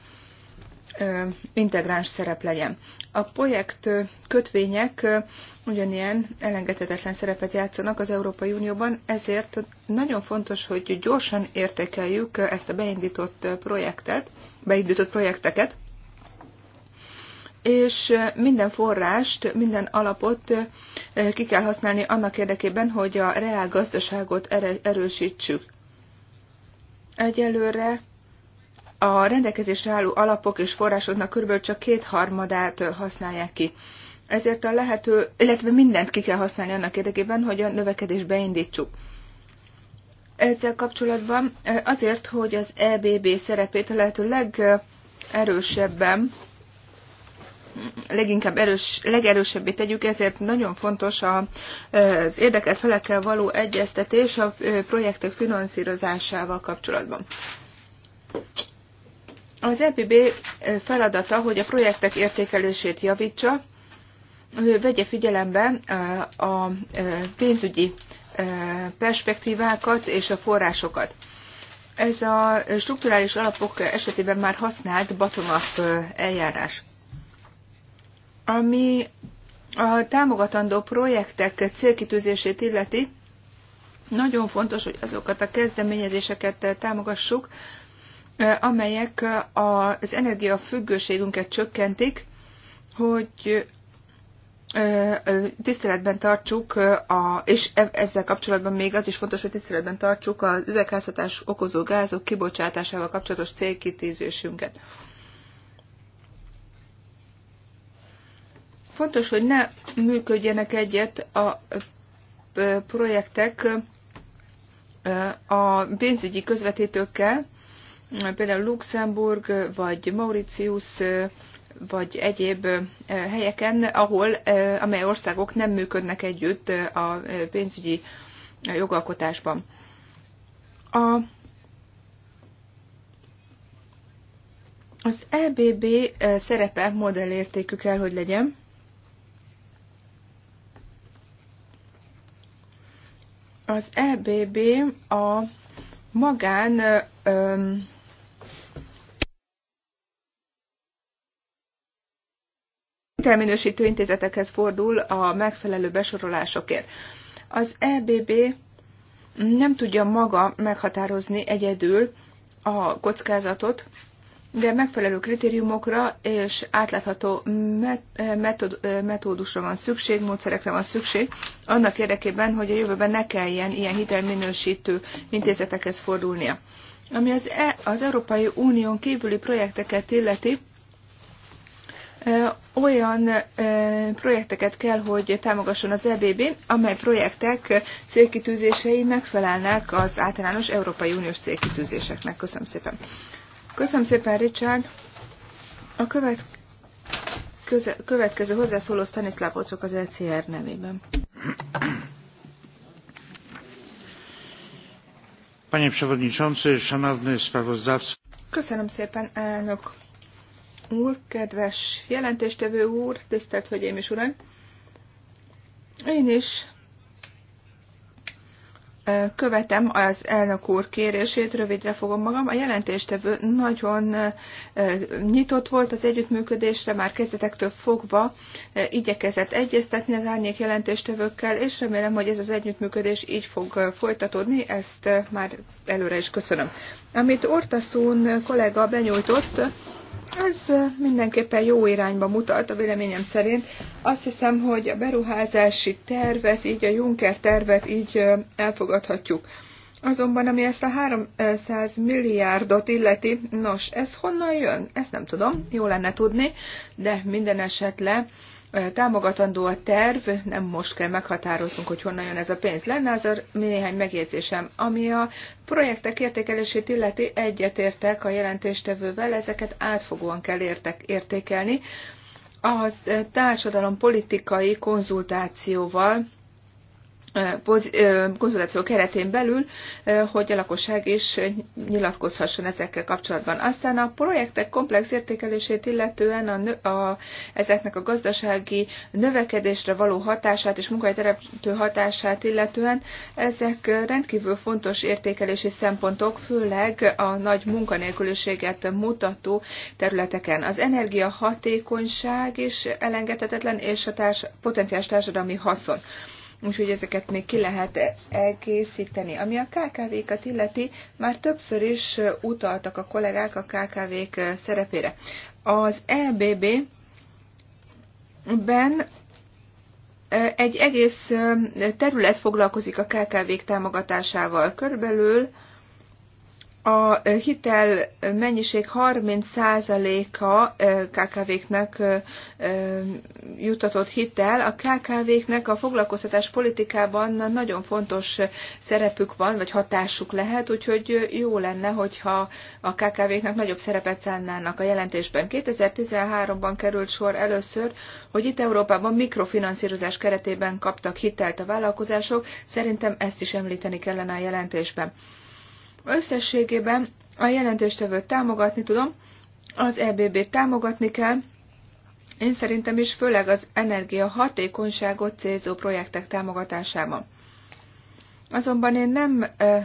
integráns szerep legyen. A projekt kötvények ugyanilyen elengedhetetlen szerepet játszanak az Európai Unióban, ezért nagyon fontos, hogy gyorsan értékeljük ezt a beindított projektet, beindított projekteket, és minden forrást, minden alapot ki kell használni annak érdekében, hogy a reál gazdaságot erősítsük. Egyelőre a rendelkezésre álló alapok és forrásoknak kb. csak kétharmadát használják ki. Ezért a lehető, illetve mindent ki kell használni annak érdekében, hogy a növekedést beindítsuk. Ezzel kapcsolatban azért, hogy az EBB szerepét a lehető legerősebben leginkább erős, legerősebbé tegyük, ezért nagyon fontos az érdekelt felekkel való egyeztetés a projektek finanszírozásával kapcsolatban. Az EPB feladata, hogy a projektek értékelését javítsa, vegye figyelembe a pénzügyi perspektívákat és a forrásokat. Ez a strukturális alapok esetében már használt bottom eljárás. Ami a támogatandó projektek célkitűzését illeti, nagyon fontos, hogy azokat a kezdeményezéseket támogassuk, amelyek az energiafüggőségünket csökkentik, hogy tiszteletben tartsuk, a, és e, ezzel kapcsolatban még az is fontos, hogy tiszteletben tartsuk az üvegházhatás okozó gázok kibocsátásával kapcsolatos célkitűzésünket. Fontos, hogy ne működjenek egyet a projektek a pénzügyi közvetítőkkel, például Luxemburg, vagy Mauritius, vagy egyéb helyeken, ahol, amely országok nem működnek együtt a pénzügyi jogalkotásban. A, az EBB szerepe modellértékű kell, hogy legyen. Az EBB a magán öm, hitelminősítő intézetekhez fordul a megfelelő besorolásokért. Az EBB nem tudja maga meghatározni egyedül a kockázatot, de megfelelő kritériumokra és átlátható metod, metódusra van szükség, módszerekre van szükség, annak érdekében, hogy a jövőben ne kelljen ilyen hitelminősítő intézetekhez fordulnia. Ami az, e, az Európai Unión kívüli projekteket illeti, olyan projekteket kell, hogy támogasson az EBB, amely projektek célkitűzései megfelelnek az általános Európai Uniós célkitűzéseknek. Köszönöm szépen. Köszönöm szépen, Richard. A követ, köze, következő hozzászóló Stanislav Ocok az ECR nevében. Panie Przewodniczący, Szanowny Sprawozdawca. Köszönöm szépen, elnök úr, kedves jelentéstevő úr, tisztelt Hölgyeim és Uraim! Én is Követem az elnök úr kérését, rövidre fogom magam. A jelentéstevő nagyon nyitott volt az együttműködésre, már kezdetektől fogva igyekezett egyeztetni az árnyék jelentéstevőkkel, és remélem, hogy ez az együttműködés így fog folytatódni, ezt már előre is köszönöm. Amit Ortaszún kollega benyújtott, ez mindenképpen jó irányba mutat a véleményem szerint. Azt hiszem, hogy a beruházási tervet, így a Juncker tervet így elfogadhatjuk. Azonban, ami ezt a 300 milliárdot illeti, nos, ez honnan jön? Ezt nem tudom, jó lenne tudni, de minden esetre Eh, támogatandó a terv, nem most kell meghatároznunk, hogy honnan jön ez a pénz. Lenne az a néhány megjegyzésem, ami a projektek értékelését illeti egyetértek a jelentéstevővel, ezeket átfogóan kell értek, értékelni. Az eh, társadalom politikai konzultációval konzultáció keretén belül, hogy a lakosság is nyilatkozhasson ezekkel kapcsolatban. Aztán a projektek komplex értékelését illetően a, a, ezeknek a gazdasági növekedésre való hatását és munkahelyteremtő hatását illetően ezek rendkívül fontos értékelési szempontok, főleg a nagy munkanélküliséget mutató területeken. Az energiahatékonyság is elengedhetetlen, és a társ, potenciális társadalmi haszon úgyhogy ezeket még ki lehet elkészíteni. Ami a KKV-kat illeti, már többször is utaltak a kollégák a KKV-k szerepére. Az EBB-ben egy egész terület foglalkozik a KKV-k támogatásával. Körülbelül a hitel mennyiség 30%-a KKV-knek jutatott hitel. A KKV-knek a foglalkoztatás politikában nagyon fontos szerepük van, vagy hatásuk lehet, úgyhogy jó lenne, hogyha a KKV-knek nagyobb szerepet szánnának a jelentésben. 2013-ban került sor először, hogy itt Európában mikrofinanszírozás keretében kaptak hitelt a vállalkozások. Szerintem ezt is említeni kellene a jelentésben. Összességében a jelentéstevőt támogatni tudom, az EBB-t támogatni kell, én szerintem is főleg az energia hatékonyságot célzó projektek támogatásában. Azonban én nem ö,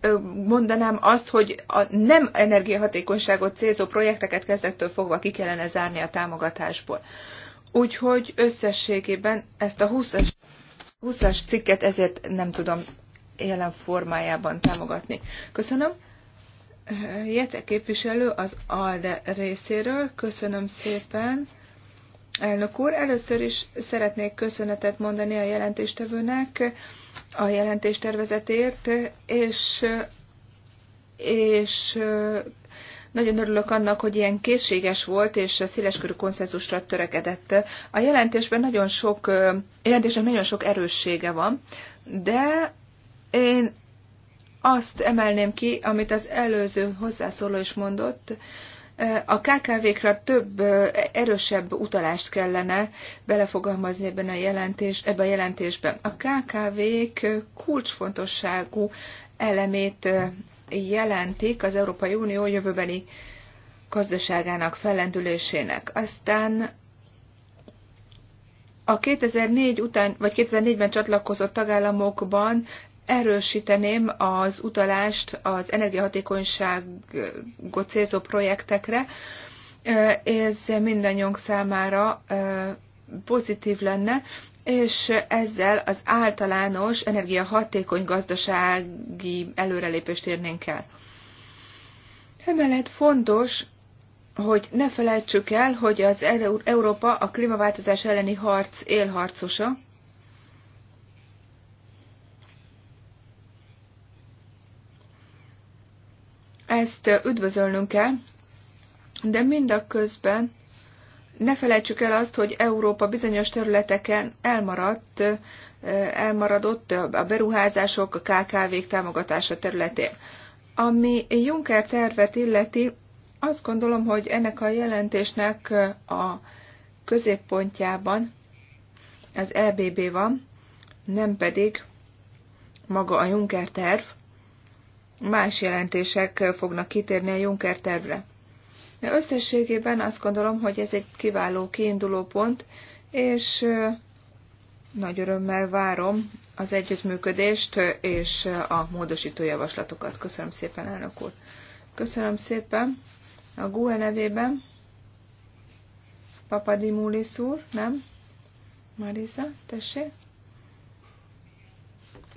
ö, mondanám azt, hogy a nem energiahatékonyságot célzó projekteket kezdettől fogva ki kellene zárni a támogatásból. Úgyhogy összességében ezt a 20-as, 20 cikket ezért nem tudom jelen formájában támogatni. Köszönöm. Jete képviselő az ALDE részéről. Köszönöm szépen. Elnök úr, először is szeretnék köszönetet mondani a jelentéstevőnek a jelentéstervezetért, és, és nagyon örülök annak, hogy ilyen készséges volt, és a széleskörű konszenzusra törekedett. A jelentésben nagyon sok, jelentésnek nagyon sok erőssége van, de én azt emelném ki, amit az előző hozzászóló is mondott, e, a KKV-kra több e, erősebb utalást kellene belefogalmazni ebben a jelentés, ebben a jelentésben. A KKV-k kulcsfontosságú elemét e, jelentik az Európai Unió jövőbeni gazdaságának fellendülésének. Aztán a 2004 után, vagy 2004-ben csatlakozott tagállamokban erősíteném az utalást az energiahatékonyságot célzó projektekre. Ez mindannyiunk számára pozitív lenne, és ezzel az általános energiahatékony gazdasági előrelépést érnénk el. Emellett fontos, hogy ne felejtsük el, hogy az Európa a klímaváltozás elleni harc élharcosa, Ezt üdvözölnünk kell, de mind a közben ne felejtsük el azt, hogy Európa bizonyos területeken elmaradt, elmaradott a beruházások, a KKV-k támogatása területén. Ami Juncker tervet illeti, azt gondolom, hogy ennek a jelentésnek a középpontjában az EBB van, nem pedig maga a Juncker terv más jelentések fognak kitérni a Juncker tervre. De összességében azt gondolom, hogy ez egy kiváló kiinduló pont, és nagy örömmel várom az együttműködést és a módosító javaslatokat. Köszönöm szépen, elnök úr. Köszönöm szépen. A GUE nevében Papadimulis úr, nem? Marisa, tessék.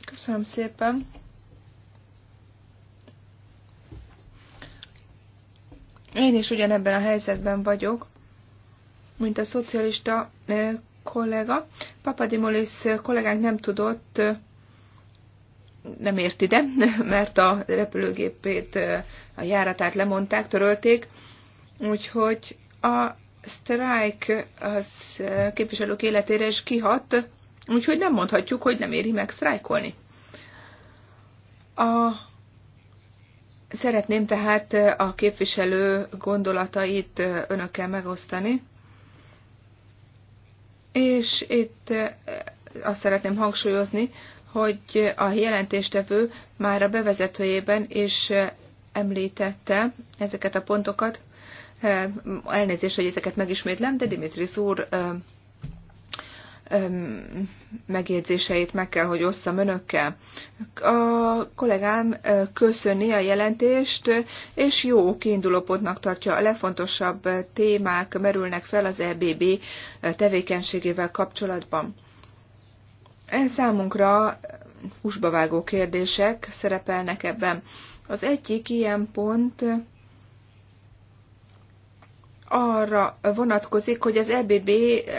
Köszönöm szépen. Én is ugyanebben a helyzetben vagyok, mint a szocialista kollega. Papadimolis kollégánk nem tudott, nem ért ide, [laughs] mert a repülőgépét, a járatát lemondták, törölték, úgyhogy a sztrájk az képviselők életére is kihat, úgyhogy nem mondhatjuk, hogy nem éri meg sztrájkolni. A Szeretném tehát a képviselő gondolatait önökkel megosztani, és itt azt szeretném hangsúlyozni, hogy a jelentéstevő már a bevezetőjében is említette ezeket a pontokat. Elnézést, hogy ezeket megismétlem, de Dimitris úr megjegyzéseit meg kell, hogy osszam önökkel. A kollégám köszöni a jelentést, és jó kiindulópontnak tartja. A legfontosabb témák merülnek fel az EBB tevékenységével kapcsolatban. Ez számunkra húsbavágó kérdések szerepelnek ebben. Az egyik ilyen pont arra vonatkozik, hogy az EBB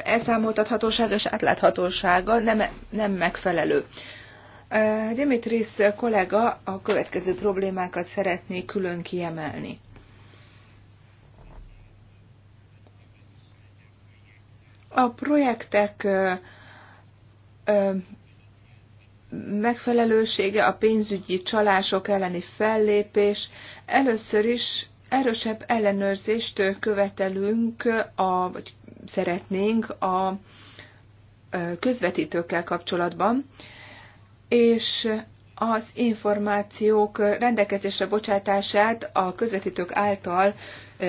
elszámoltathatósága és átláthatósága nem, nem megfelelő. Dimitris kollega a következő problémákat szeretné külön kiemelni. A projektek megfelelősége, a pénzügyi csalások elleni fellépés. Először is erősebb ellenőrzést követelünk, a, vagy szeretnénk a közvetítőkkel kapcsolatban, és az információk rendelkezésre bocsátását a közvetítők által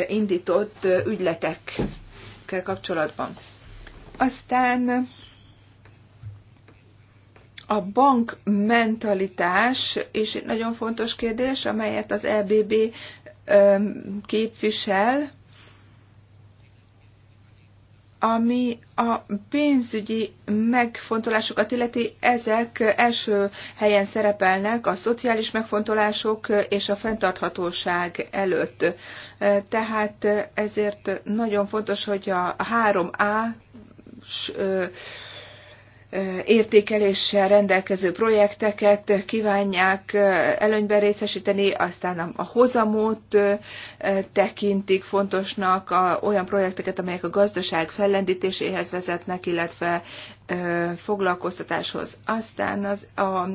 indított ügyletekkel kapcsolatban. Aztán a bank mentalitás is egy nagyon fontos kérdés, amelyet az EBB képvisel, ami a pénzügyi megfontolásokat illeti, ezek első helyen szerepelnek a szociális megfontolások és a fenntarthatóság előtt. Tehát ezért nagyon fontos, hogy a 3A értékeléssel rendelkező projekteket kívánják előnyben részesíteni, aztán a hozamot tekintik fontosnak a, olyan projekteket, amelyek a gazdaság fellendítéséhez vezetnek, illetve foglalkoztatáshoz. Aztán az, a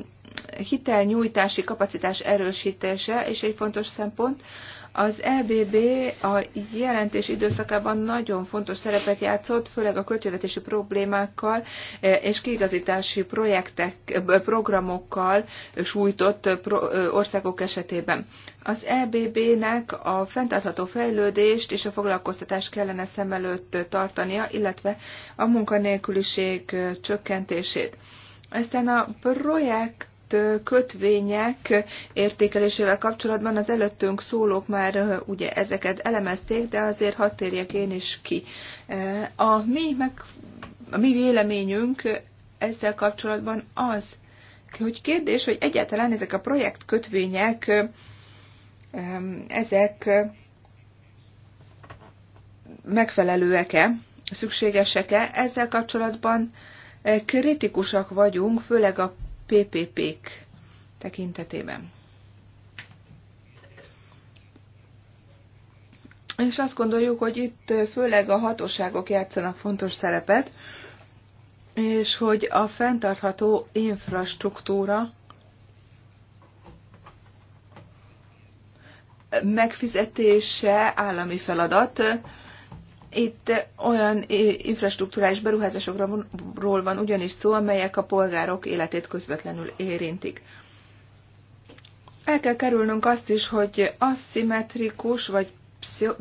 hitelnyújtási kapacitás erősítése is egy fontos szempont. Az EBB a jelentés időszakában nagyon fontos szerepet játszott, főleg a költségvetési problémákkal eh, és kiigazítási projektek, eh, programokkal sújtott eh, országok esetében. Az EBB-nek a fenntartható fejlődést és a foglalkoztatást kellene szem előtt tartania, illetve a munkanélküliség csökkentését. Aztán a projekt kötvények értékelésével kapcsolatban az előttünk szólók már ugye ezeket elemezték, de azért hadd térjek én is ki. A mi, meg, a mi véleményünk ezzel kapcsolatban az, hogy kérdés, hogy egyáltalán ezek a projektkötvények, ezek megfelelőek-e, szükségesek-e, ezzel kapcsolatban kritikusak vagyunk, főleg a PPP-k tekintetében. És azt gondoljuk, hogy itt főleg a hatóságok játszanak fontos szerepet, és hogy a fenntartható infrastruktúra megfizetése állami feladat, itt olyan infrastruktúrális beruházásokról van ugyanis szó, amelyek a polgárok életét közvetlenül érintik. El kell kerülnünk azt is, hogy aszimmetrikus vagy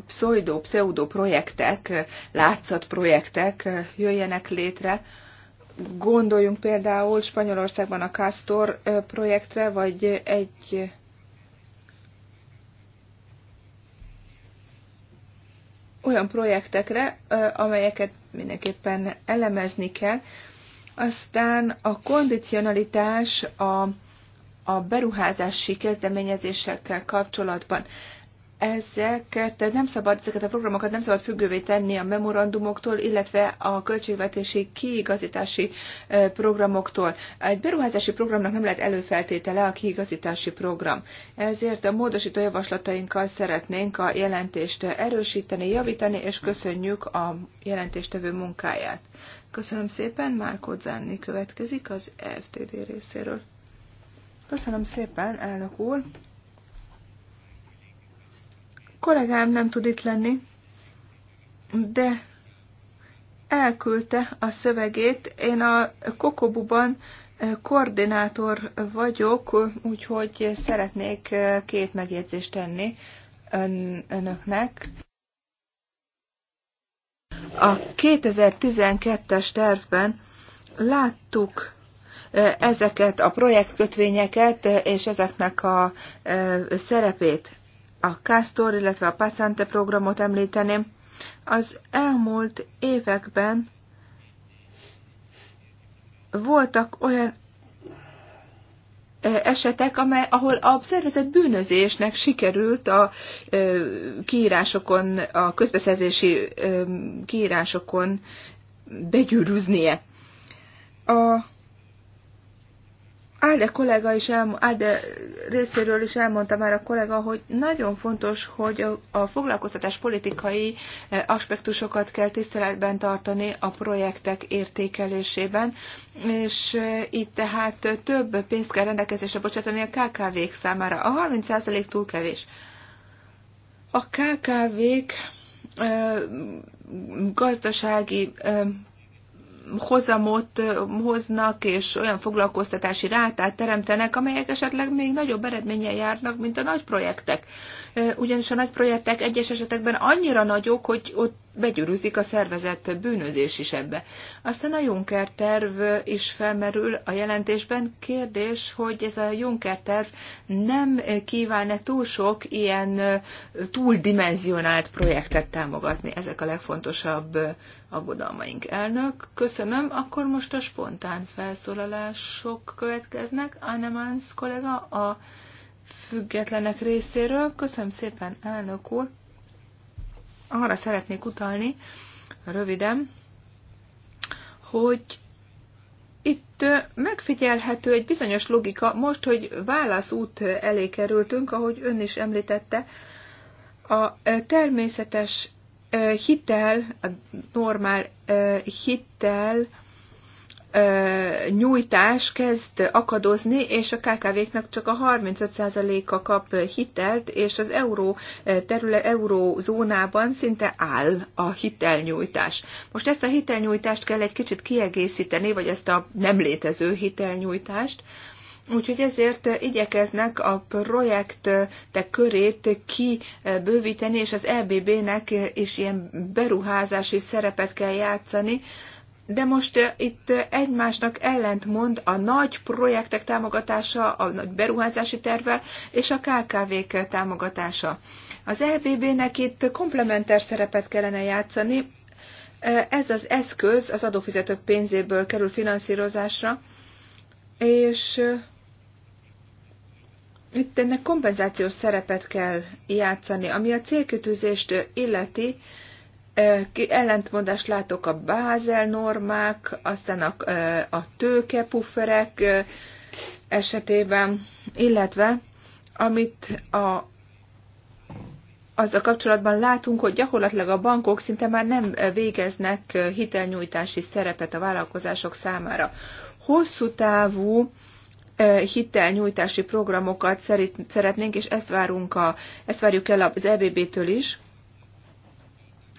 pseudo, pseudo projektek, látszat projektek jöjjenek létre. Gondoljunk például Spanyolországban a Castor projektre, vagy egy olyan projektekre, amelyeket mindenképpen elemezni kell. Aztán a kondicionalitás a, a beruházási kezdeményezésekkel kapcsolatban ezeket nem szabad, ezeket a programokat nem szabad függővé tenni a memorandumoktól, illetve a költségvetési kiigazítási programoktól. Egy beruházási programnak nem lehet előfeltétele a kiigazítási program. Ezért a módosító javaslatainkkal szeretnénk a jelentést erősíteni, javítani, és köszönjük a jelentéstevő munkáját. Köszönöm szépen, Márkó Zánni következik az FTD részéről. Köszönöm szépen, elnök úr! kollégám nem tud itt lenni, de elküldte a szövegét. Én a Kokobuban eh, koordinátor vagyok, úgyhogy szeretnék eh, két megjegyzést tenni ön, önöknek. A 2012-es tervben láttuk eh, ezeket a projektkötvényeket és ezeknek a szerepét a Castor, illetve a Pacente programot említeném. Az elmúlt években voltak olyan eh, esetek, amely, ahol a szervezet bűnözésnek sikerült a eh, kiírásokon, a közbeszerzési eh, kiírásokon begyűrűznie. A Álde kollega is elmo- Álde részéről is elmondta már a kollega, hogy nagyon fontos, hogy a, foglalkoztatás politikai e, aspektusokat kell tiszteletben tartani a projektek értékelésében, és e, itt tehát több pénzt kell rendelkezésre bocsátani a KKV-k számára. A 30% túl kevés. A KKV-k e, gazdasági hozamot hoznak, és olyan foglalkoztatási rátát teremtenek, amelyek esetleg még nagyobb eredménnyel járnak, mint a nagy projektek. Ugyanis a nagy projektek egyes esetekben annyira nagyok, hogy ott begyúrúzik a szervezett bűnözés is ebbe. Aztán a Juncker terv is felmerül a jelentésben. Kérdés, hogy ez a Juncker terv nem kíván-e túl sok ilyen túldimenzionált projektet támogatni? Ezek a legfontosabb aggodalmaink. Elnök, köszönöm. Akkor most a spontán felszólalások következnek. Annemans kollega a függetlenek részéről. Köszönöm szépen, elnök úr arra szeretnék utalni, röviden, hogy itt megfigyelhető egy bizonyos logika, most, hogy válaszút elé kerültünk, ahogy ön is említette, a természetes hitel, a normál hitel, nyújtás kezd akadozni, és a KKV-knak csak a 35%-a kap hitelt, és az euró terület, eurózónában szinte áll a hitelnyújtás. Most ezt a hitelnyújtást kell egy kicsit kiegészíteni, vagy ezt a nem létező hitelnyújtást, Úgyhogy ezért igyekeznek a projektek körét kibővíteni, és az EBB-nek is ilyen beruházási szerepet kell játszani, de most itt egymásnak ellentmond a nagy projektek támogatása, a nagy beruházási tervvel és a KKV-k támogatása. Az EBB-nek itt komplementer szerepet kellene játszani. Ez az eszköz az adófizetők pénzéből kerül finanszírozásra, és itt ennek kompenzációs szerepet kell játszani, ami a célkötőzést illeti, ellentmondást látok a bázel normák, aztán a, a tőkepufferek esetében, illetve amit a azzal kapcsolatban látunk, hogy gyakorlatilag a bankok szinte már nem végeznek hitelnyújtási szerepet a vállalkozások számára. Hosszú távú hitelnyújtási programokat szeretnénk, és ezt, várunk a, ezt várjuk el az EBB-től is,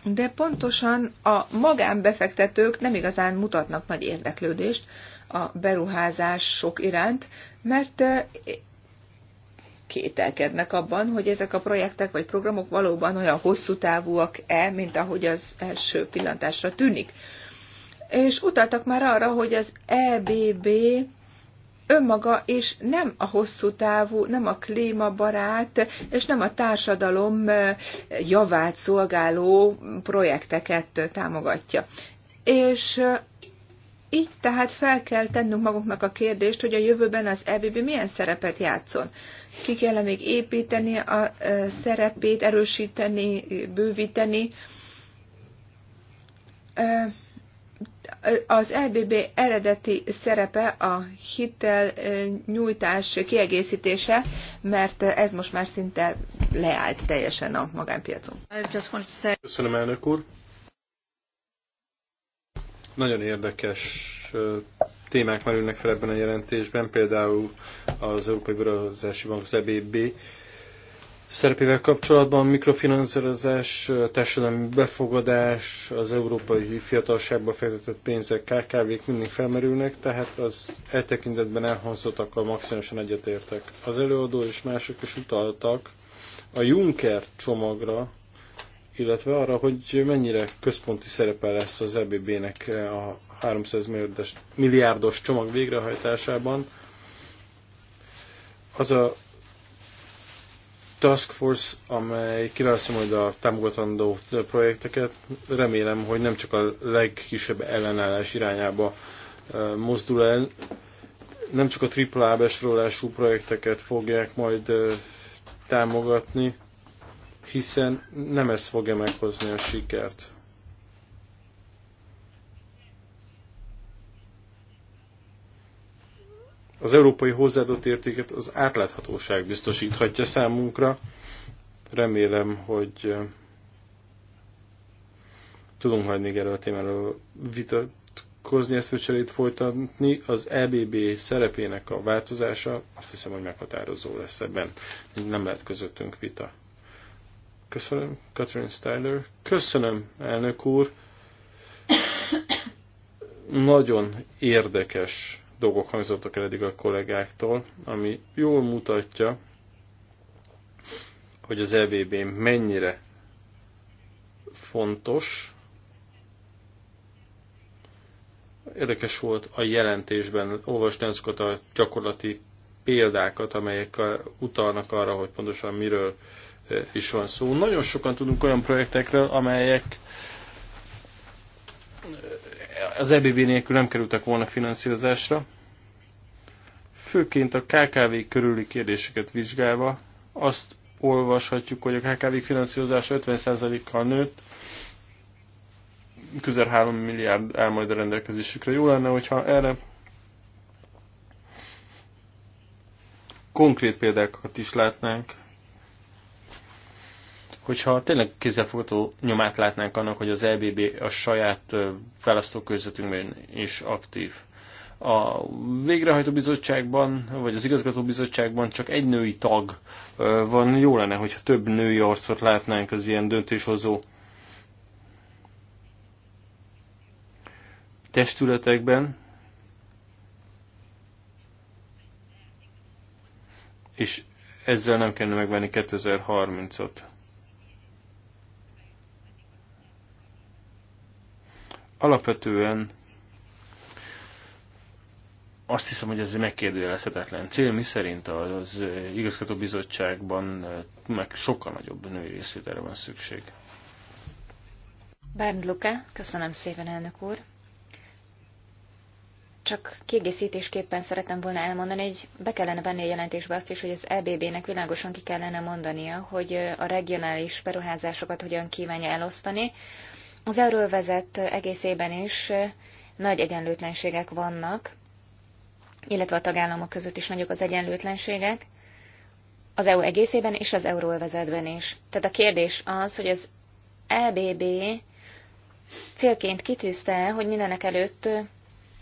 de pontosan a magánbefektetők nem igazán mutatnak nagy érdeklődést a beruházások iránt, mert eh, kételkednek abban, hogy ezek a projektek vagy programok valóban olyan hosszú távúak-e, mint ahogy az első pillantásra tűnik. És utaltak már arra, hogy az EBB önmaga és nem a hosszú távú, nem a klímabarát, és nem a társadalom javát szolgáló projekteket támogatja. És így tehát fel kell tennünk magunknak a kérdést, hogy a jövőben az EBB milyen szerepet játszon. Ki kell még építeni a szerepét, erősíteni, bővíteni az LBB eredeti szerepe a hitel nyújtás kiegészítése, mert ez most már szinte leállt teljesen a magánpiacon. Köszönöm, elnök úr. Nagyon érdekes témák merülnek fel ebben a jelentésben, például az Európai Bőrözési Bank, az EBB szerepével kapcsolatban mikrofinanszírozás, társadalmi befogadás, az európai fiatalságba fektetett pénzek, KKV-k mindig felmerülnek, tehát az e tekintetben elhangzottakkal maximálisan egyetértek. Az előadó és mások is utaltak a Juncker csomagra, illetve arra, hogy mennyire központi szerepe lesz az EBB-nek a 300 milliárdos csomag végrehajtásában. Az a Task Force, amely kiválasztja majd a támogatandó projekteket. Remélem, hogy nem csak a legkisebb ellenállás irányába mozdul el, nem csak a AAA besorolású projekteket fogják majd támogatni, hiszen nem ez fogja meghozni a sikert. Az európai hozzáadott értéket az átláthatóság biztosíthatja számunkra. Remélem, hogy tudunk majd még erről a témáról vitatkozni, ezt főcserét folytatni. Az EBB szerepének a változása azt hiszem, hogy meghatározó lesz ebben. Nem lehet közöttünk vita. Köszönöm, Catherine Styler. Köszönöm, elnök úr. Nagyon érdekes dolgok hangzottak el eddig a kollégáktól, ami jól mutatja, hogy az EBB mennyire fontos. Érdekes volt a jelentésben olvasni azokat a gyakorlati példákat, amelyek utalnak arra, hogy pontosan miről e, is van szó. Nagyon sokan tudunk olyan projektekről, amelyek az EBB nélkül nem kerültek volna finanszírozásra. Főként a KKV körüli kérdéseket vizsgálva azt olvashatjuk, hogy a KKV finanszírozása 50%-kal nőtt, közel 3 milliárd áll majd a rendelkezésükre. Jó lenne, hogyha erre konkrét példákat is látnánk. Hogyha tényleg kézzelfogható nyomát látnánk annak, hogy az LBB e a saját választókörzetünkben is aktív. A végrehajtó bizottságban, vagy az igazgató bizottságban csak egy női tag van. Jó lenne, hogyha több női arcot látnánk az ilyen döntéshozó testületekben, és ezzel nem kellene megvenni 2030-ot. Alapvetően azt hiszem, hogy ez egy megkérdőjelezhetetlen cél, mi szerint az bizottságban eh, meg sokkal nagyobb női részvételre van szükség. Bernd Luke, köszönöm szépen, elnök úr. Csak kiegészítésképpen szeretem volna elmondani, hogy be kellene venni a jelentésbe azt is, hogy az EBB-nek világosan ki kellene mondania, hogy eh, a regionális beruházásokat hogyan kívánja elosztani, az euróvezet egészében is nagy egyenlőtlenségek vannak, illetve a tagállamok között is nagyok az egyenlőtlenségek, az EU egészében és az euróvezetben is. Tehát a kérdés az, hogy az EBB célként kitűzte, hogy mindenek előtt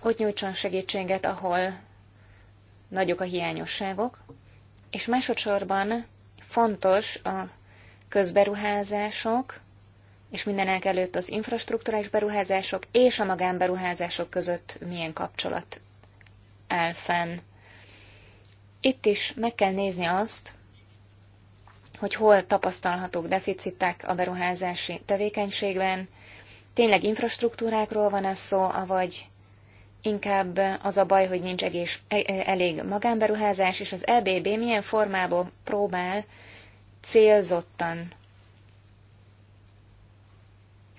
ott nyújtson segítséget, ahol nagyok a hiányosságok, és másodszorban fontos a közberuházások, és mindenek előtt az infrastruktúrás beruházások és a magánberuházások között milyen kapcsolat áll fenn. Itt is meg kell nézni azt, hogy hol tapasztalhatók deficitek a beruházási tevékenységben, tényleg infrastruktúrákról van ez szó, avagy inkább az a baj, hogy nincs egész, e, e, elég magánberuházás, és az EBB milyen formából próbál célzottan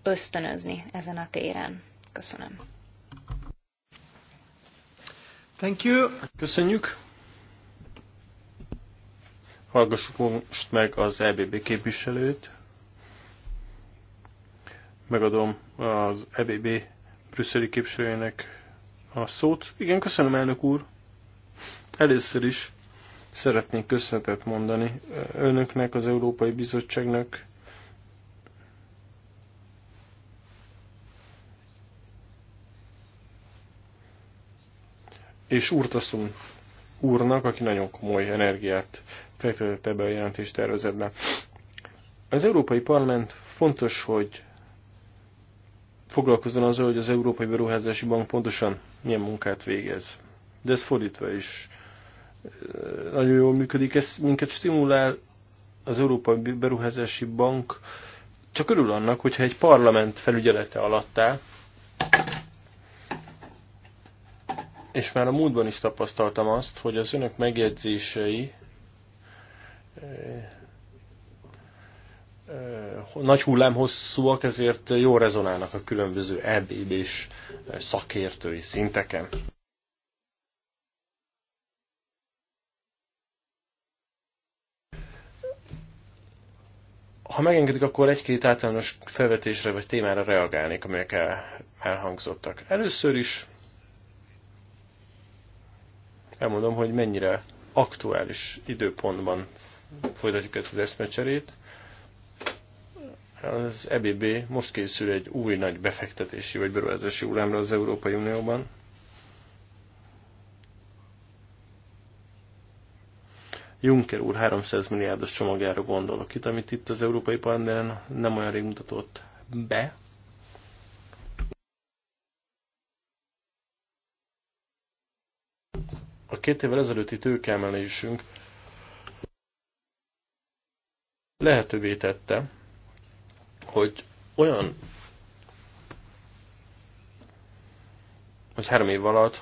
ösztönözni ezen a téren. Köszönöm. Thank you. Köszönjük. Hallgassuk most meg az EBB képviselőt. Megadom az EBB brüsszeli képviselőjének a szót. Igen, köszönöm, elnök úr. Először is szeretnék köszönetet mondani önöknek, az Európai Bizottságnak, és Urtasun úrnak, aki nagyon komoly energiát fektetett ebbe a tervezetbe. Az Európai Parlament fontos, hogy foglalkozzon azzal, hogy az Európai Beruházási Bank pontosan milyen munkát végez. De ez fordítva is eh, nagyon jól működik. Ez minket stimulál az Európai Beruházási Bank, csak örül annak, hogyha egy parlament felügyelete alatt áll, és már a múltban is tapasztaltam azt, hogy az önök megjegyzései eh, nagy hullám hosszúak, ezért jó rezonálnak a különböző ebéd és szakértői szinteken. Ha megengedik, akkor egy-két általános felvetésre vagy témára reagálnék, amelyek elhangzottak. Először is elmondom, hogy mennyire aktuális időpontban folytatjuk ezt az eszmecserét. Az EBB most készül egy új nagy befektetési vagy beruházási hullámra az Európai Unióban. Juncker úr 300 milliárdos csomagjára gondolok itt, amit itt az Európai Parlament nem olyan rég mutatott be, A két évvel ezelőtti tőkeemelésünk lehetővé tette, hogy olyan, hogy három év alatt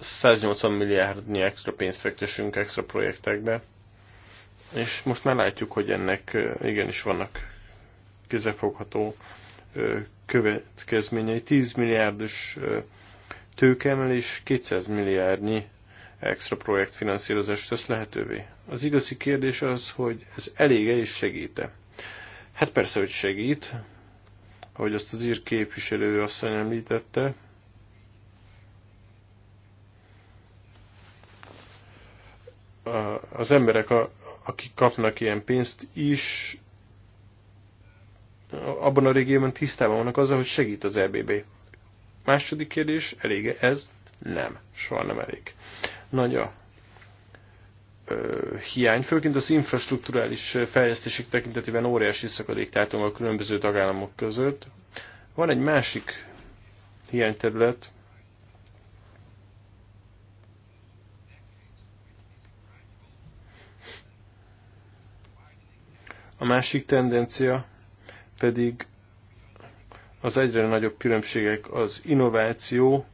180 milliárdnyi extra pénzt fektessünk extra projektekbe, és most már látjuk, hogy ennek igenis vannak kézefogható következményei. 10 milliárdos tőkeemelés, 200 milliárdnyi extra projektfinanszírozást tesz lehetővé. Az igazi kérdés az, hogy ez elége és segíte. Hát persze, hogy segít, ahogy azt az ír képviselő asszony említette. Az emberek, akik kapnak ilyen pénzt is, abban a régióban tisztában vannak azzal, hogy segít az EBB. Második kérdés, elég -e ez? Nem, soha nem elég nagy a hiány, főként az infrastruktúrális fejlesztések tekintetében óriási szakadék látunk a különböző tagállamok között. Van egy másik hiányterület, A másik tendencia pedig az egyre nagyobb különbségek az innováció,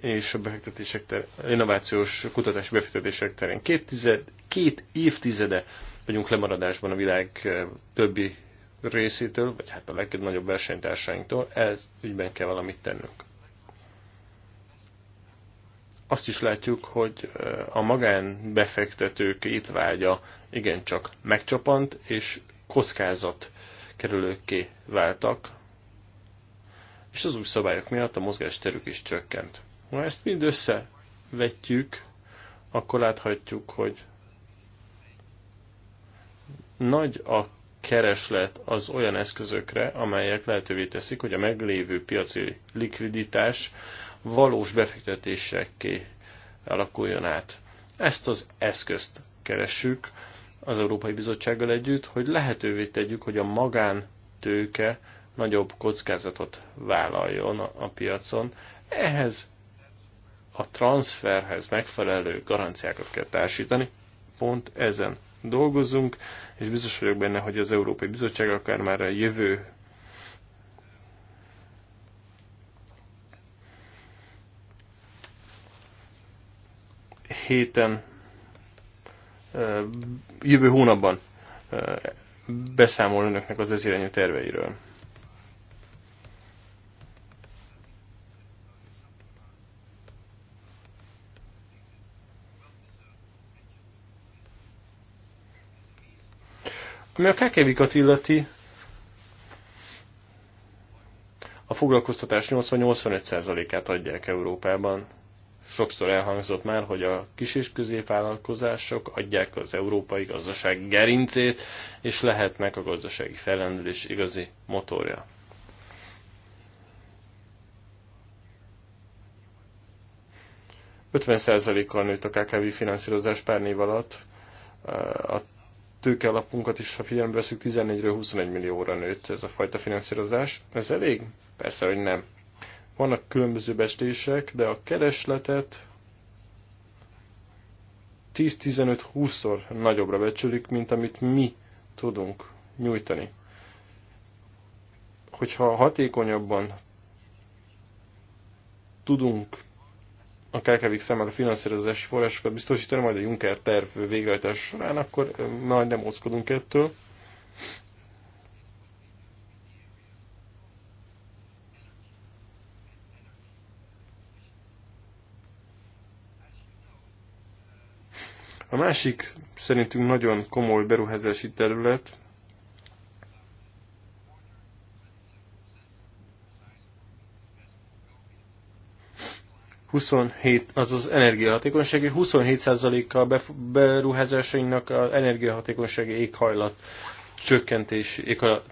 és a befektetések ter, innovációs kutatási befektetések terén. Két, tized, két évtizede vagyunk lemaradásban a világ többi részétől, vagy hát a legnagyobb versenytársainktól, ez ügyben kell valamit tennünk. Azt is látjuk, hogy a magánbefektetők étvágya igencsak megcsapant, és kockázat kerülőkké váltak, és az új szabályok miatt a mozgásterük is csökkent. Ha ezt mind összevetjük, akkor láthatjuk, hogy nagy a kereslet az olyan eszközökre, amelyek lehetővé teszik, hogy a meglévő piaci likviditás valós befektetésekké alakuljon át. Ezt az eszközt keressük az Európai Bizottsággal együtt, hogy lehetővé tegyük, hogy a magántőke nagyobb kockázatot vállaljon a piacon. Ehhez a transferhez megfelelő garanciákat kell társítani. Pont ezen dolgozunk, és biztos vagyok benne, hogy az Európai Bizottság akár már a jövő héten, jövő hónapban beszámol önöknek az ez irányú terveiről. Ami a kekevikat illeti, a foglalkoztatás 80-85%-át adják Európában. Sokszor elhangzott már, hogy a kis és középvállalkozások adják az európai gazdaság gerincét, és lehetnek a gazdasági fellendülés igazi motorja. kal nőtt a KKV finanszírozás pár név alatt, a alapunkat is, ha figyelembe veszük, 14-ről 21 millióra nőtt ez a fajta finanszírozás. Ez elég? Persze, hogy nem. Vannak különböző bestések, de a keresletet 10-15-20-szor nagyobbra becsülik, mint amit mi tudunk nyújtani. Hogyha hatékonyabban tudunk a KKV-k számára finanszírozási forrásokat biztosítani, majd a Juncker terv végrehajtás során, akkor majd nem óckodunk ettől. A másik szerintünk nagyon komoly beruházási terület 27, azaz energiahatékonyság, 27%-kal beruházásainknak az energiahatékonysági éghajlat csökkentési, éghajlat,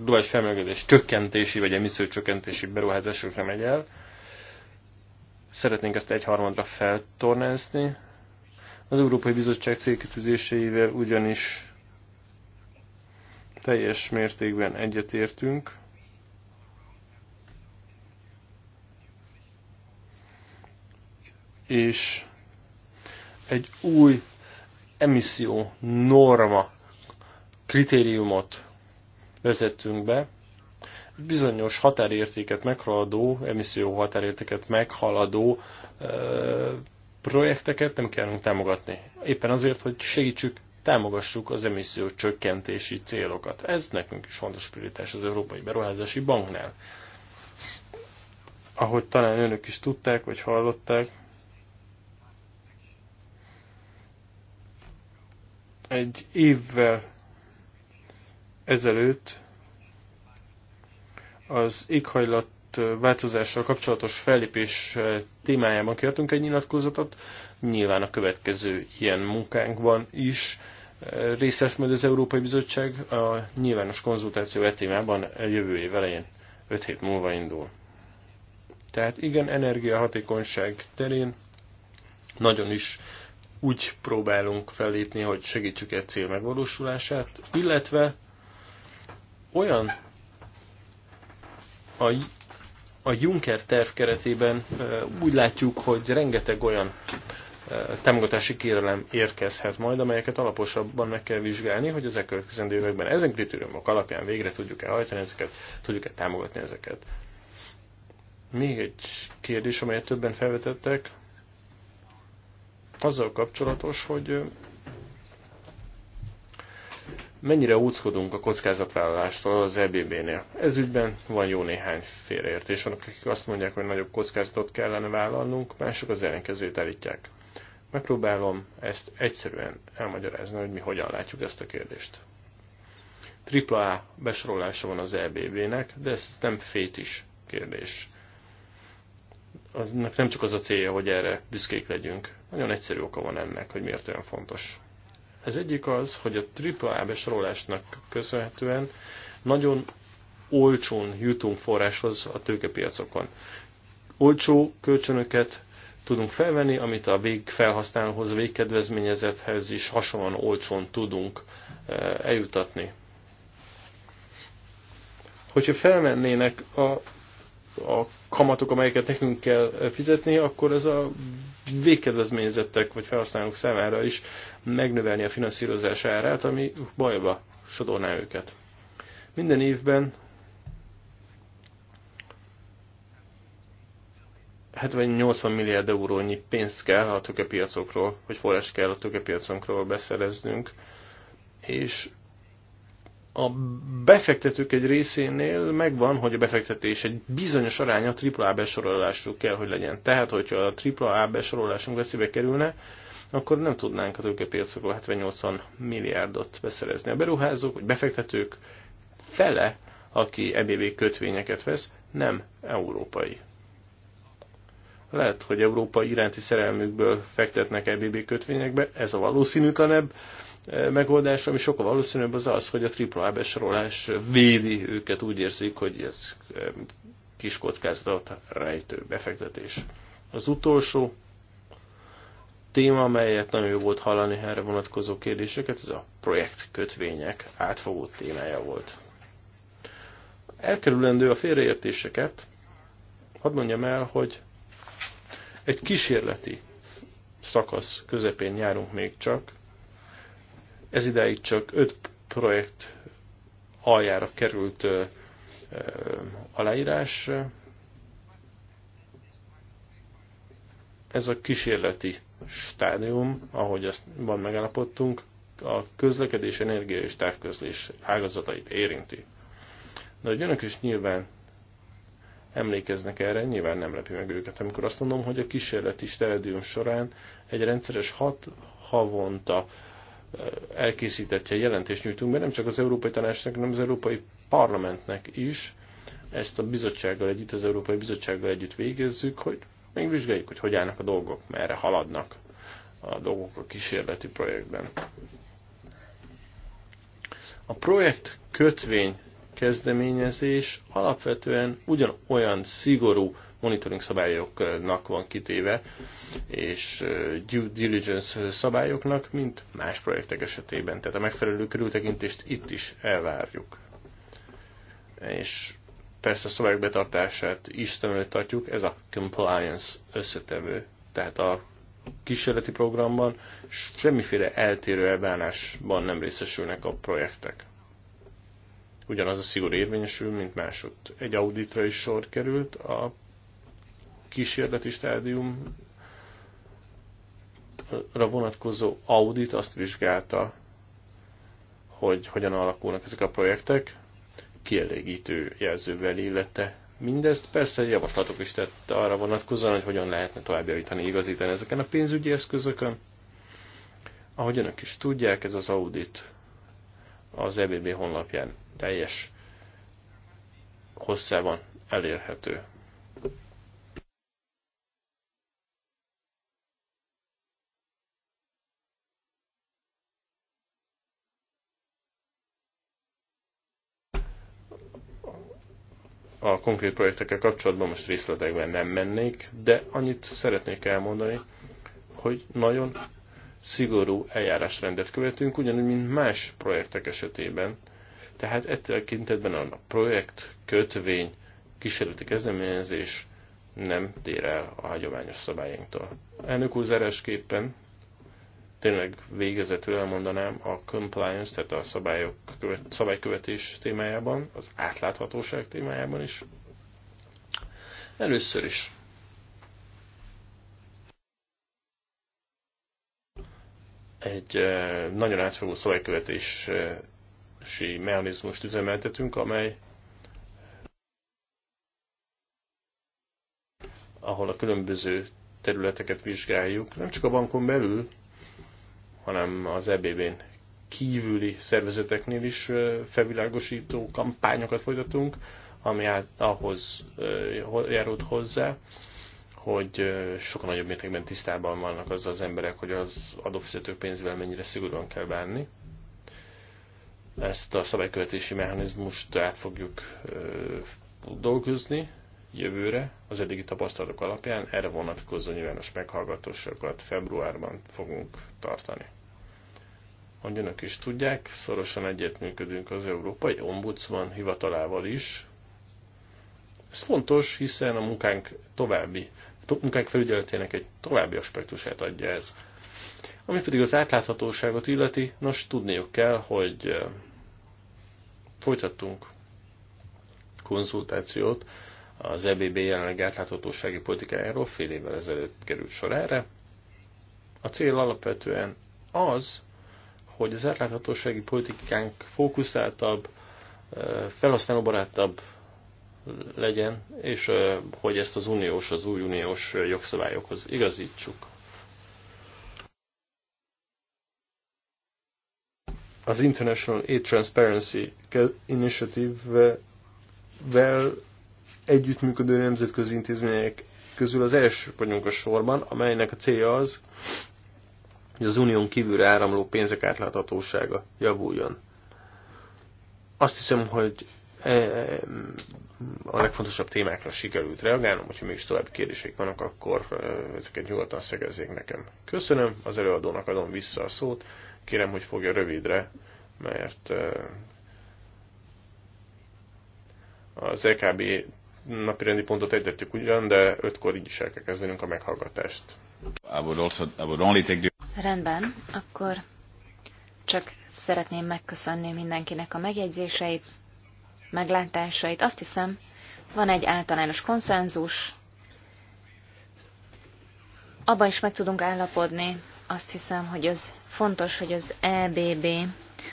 globális felmelegedés csökkentési vagy emisszió csökkentési beruházásokra megy el. Szeretnénk ezt egyharmadra feltornázni. Az Európai Bizottság célkitűzéseivel ugyanis teljes mértékben egyetértünk. és egy új emisszió norma kritériumot vezettünk be, bizonyos határértéket meghaladó, emisszió határértéket meghaladó ö, projekteket nem kellünk támogatni. Éppen azért, hogy segítsük, támogassuk az emisszió csökkentési célokat. Ez nekünk is fontos prioritás az Európai Beruházási Banknál. Ahogy talán önök is tudták, vagy hallották, Egy évvel ezelőtt az éghajlat változással kapcsolatos fellépés témájában kértünk egy nyilatkozatot. Nyilván a következő ilyen munkánkban is részt vesz majd az Európai Bizottság a nyilvános konzultáció e témában jövő év elején, 5 hét múlva indul. Tehát igen, energiahatékonyság terén nagyon is úgy próbálunk fellépni, hogy segítsük egy cél megvalósulását, illetve olyan a, a Juncker terv keretében úgy látjuk, hogy rengeteg olyan támogatási kérelem érkezhet majd, amelyeket alaposabban meg kell vizsgálni, hogy az elkövetkezendő években ezen kritériumok alapján végre tudjuk-e hajtani ezeket, tudjuk-e támogatni ezeket. Még egy kérdés, amelyet többen felvetettek, azzal kapcsolatos, hogy mennyire úckodunk a kockázatvállalástól az EBB-nél. Ez ügyben van jó néhány félreértés, annak akik azt mondják, hogy nagyobb kockázatot kellene vállalnunk, mások az ellenkezőt állítják. Megpróbálom ezt egyszerűen elmagyarázni, hogy mi hogyan látjuk ezt a kérdést. AAA besorolása van az EBB-nek, de ez nem fétis kérdés. Aznak nem csak az a célja, hogy erre büszkék legyünk. Nagyon egyszerű oka van ennek, hogy miért olyan fontos. Ez egyik az, hogy a AAA besorolásnak köszönhetően nagyon olcsón jutunk forráshoz a tőkepiacokon. Olcsó kölcsönöket tudunk felvenni, amit a végfelhasználóhoz, a végkedvezményezethez is hasonlóan olcsón tudunk eh, eljutatni. Hogyha felmennének a a kamatok, amelyeket nekünk kell fizetni, akkor ez a végkedvezményezettek vagy felhasználók számára is megnövelni a finanszírozás árát, ami bajba sodorná őket. Minden évben 70-80 milliárd eurónyi pénzt kell a tökepiacokról, vagy forrás kell a tökepiacokról beszereznünk, és a befektetők egy részénél megvan, hogy a befektetés egy bizonyos aránya AAA besorolásról kell, hogy legyen. Tehát, hogyha a AAA besorolásunk veszélybe kerülne, akkor nem tudnánk a tőkepiacokról 70-80 milliárdot beszerezni. A beruházók vagy befektetők fele, aki EBB kötvényeket vesz, nem európai. Lehet, hogy Európa iránti szerelmükből fektetnek EBB kötvényekbe, ez a valószínűtlenebb e, megoldás, ami sokkal valószínűbb az az, hogy a AAA besorolás védi őket, úgy érzik, hogy ez e, kis kockázatot rejtő befektetés. Az utolsó téma, amelyet nagyon jó volt hallani erre vonatkozó kérdéseket, ez a projekt kötvények átfogó témája volt. Elkerülendő a félreértéseket. Hadd mondjam el, hogy egy kísérleti szakasz közepén járunk még csak. Ez ideig csak öt projekt aljára került ö, ö, aláírás. Ez a kísérleti stádium, ahogy azt van megállapodtunk, a közlekedés, energia és távközlés ágazatait érinti. De hogy önök is nyilván emlékeznek erre, nyilván nem lepi meg őket, amikor azt mondom, hogy a kísérleti stadium során egy rendszeres hat havonta elkészítettje jelentést nyújtunk be, nem csak az Európai Tanácsnak, hanem az Európai Parlamentnek is. Ezt a bizottsággal együtt, az Európai Bizottsággal együtt végezzük, hogy megvizsgáljuk, hogy hogy állnak a dolgok, merre haladnak a dolgok a kísérleti projektben. A projekt kötvény kezdeményezés alapvetően ugyanolyan szigorú monitoring szabályoknak van kitéve, és due diligence szabályoknak, mint más projektek esetében. Tehát a megfelelő körültekintést itt is elvárjuk. És persze a szabályok betartását is tartjuk, ez a compliance összetevő. Tehát a kísérleti programban semmiféle eltérő elbánásban nem részesülnek a projektek ugyanaz a szigor érvényesül, mint másod. Egy auditra is sor került a kísérleti stádium vonatkozó audit azt vizsgálta, hogy hogyan alakulnak ezek a projektek, kielégítő jelzővel illette mindezt. Persze javaslatok is tett arra vonatkozóan, hogy hogyan lehetne tovább javítani, igazítani ezeken a pénzügyi eszközökön. Ahogy önök is tudják, ez az audit az EBB honlapján teljes hosszában elérhető. a konkrét projektekkel kapcsolatban most részletekben nem mennék, de annyit szeretnék elmondani, hogy nagyon szigorú eljárásrendet követünk, ugyanúgy, mint más projektek esetében. Tehát ettől kintetben a projekt, kötvény, kísérleti kezdeményezés nem tér el a hagyományos szabályinktól. Elnök úr zárásképpen tényleg végezetül elmondanám a compliance, tehát a szabályok, szabálykövetés témájában, az átláthatóság témájában is. Először is egy nagyon átfogó szabálykövetési mechanizmust üzemeltetünk, amely ahol a különböző területeket vizsgáljuk, nem csak a bankon belül, hanem az EBB-n kívüli szervezeteknél is felvilágosító kampányokat folytatunk, ami ahhoz járult hozzá, hogy sokkal nagyobb mértékben tisztában vannak az az emberek, hogy az adófizető pénzvel mennyire szigorúan kell bánni. Ezt a szabálykövetési mechanizmust át fogjuk dolgozni jövőre, az eddigi tapasztalatok alapján. Erre vonatkozó nyilvános meghallgatósokat februárban fogunk tartani. Hogy önök is tudják, szorosan egyetműködünk az Európai Ombudsman hivatalával is, ez fontos, hiszen a munkánk további munkák felügyeletének egy további aspektusát adja ez. Ami pedig az átláthatóságot illeti, nos, tudniuk kell, hogy eh, folytattunk konzultációt az EBB jelenleg átláthatósági politikájáról, fél évvel ezelőtt került sor erre. A cél alapvetően az, hogy az átláthatósági politikánk fókuszáltabb, eh, felhasználóbarátabb legyen, és hogy ezt az uniós, az új uniós jogszabályokhoz igazítsuk. Az International Aid Transparency Initiative-vel együttműködő nemzetközi intézmények közül az első vagyunk a sorban, amelynek a célja az, hogy az unión kívülre áramló pénzek átláthatósága javuljon. Azt hiszem, hogy a legfontosabb témákra sikerült reagálnom, hogyha mégis további kérdéseik vannak, akkor ezeket nyugodtan szegezzék nekem. Köszönöm, az előadónak adom vissza a szót, kérem, hogy fogja rövidre, mert az EKB napirendi pontot egyettük ugyan, de ötkor így is el kell kezdenünk a meghallgatást. Rendben, akkor csak szeretném megköszönni mindenkinek a megjegyzéseit, meglátásait. Azt hiszem, van egy általános konszenzus, abban is meg tudunk állapodni, azt hiszem, hogy az fontos, hogy az EBB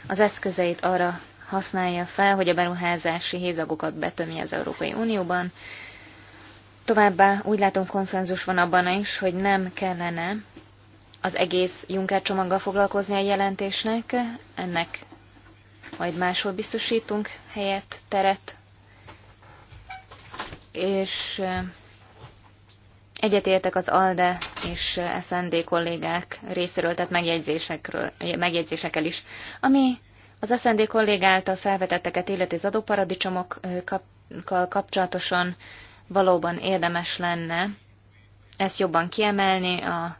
az eszközeit arra használja fel, hogy a beruházási hézagokat betömje az Európai Unióban. Továbbá úgy látom konszenzus van abban is, hogy nem kellene az egész Juncker csomaggal foglalkozni a jelentésnek, ennek majd máshol biztosítunk helyet, teret, és egyetértek az ALDE és SND kollégák részéről, tehát megjegyzésekről, megjegyzésekkel is, ami az SND kollég által felvetetteket illeti az adóparadicsomokkal kapcsolatosan valóban érdemes lenne ezt jobban kiemelni, a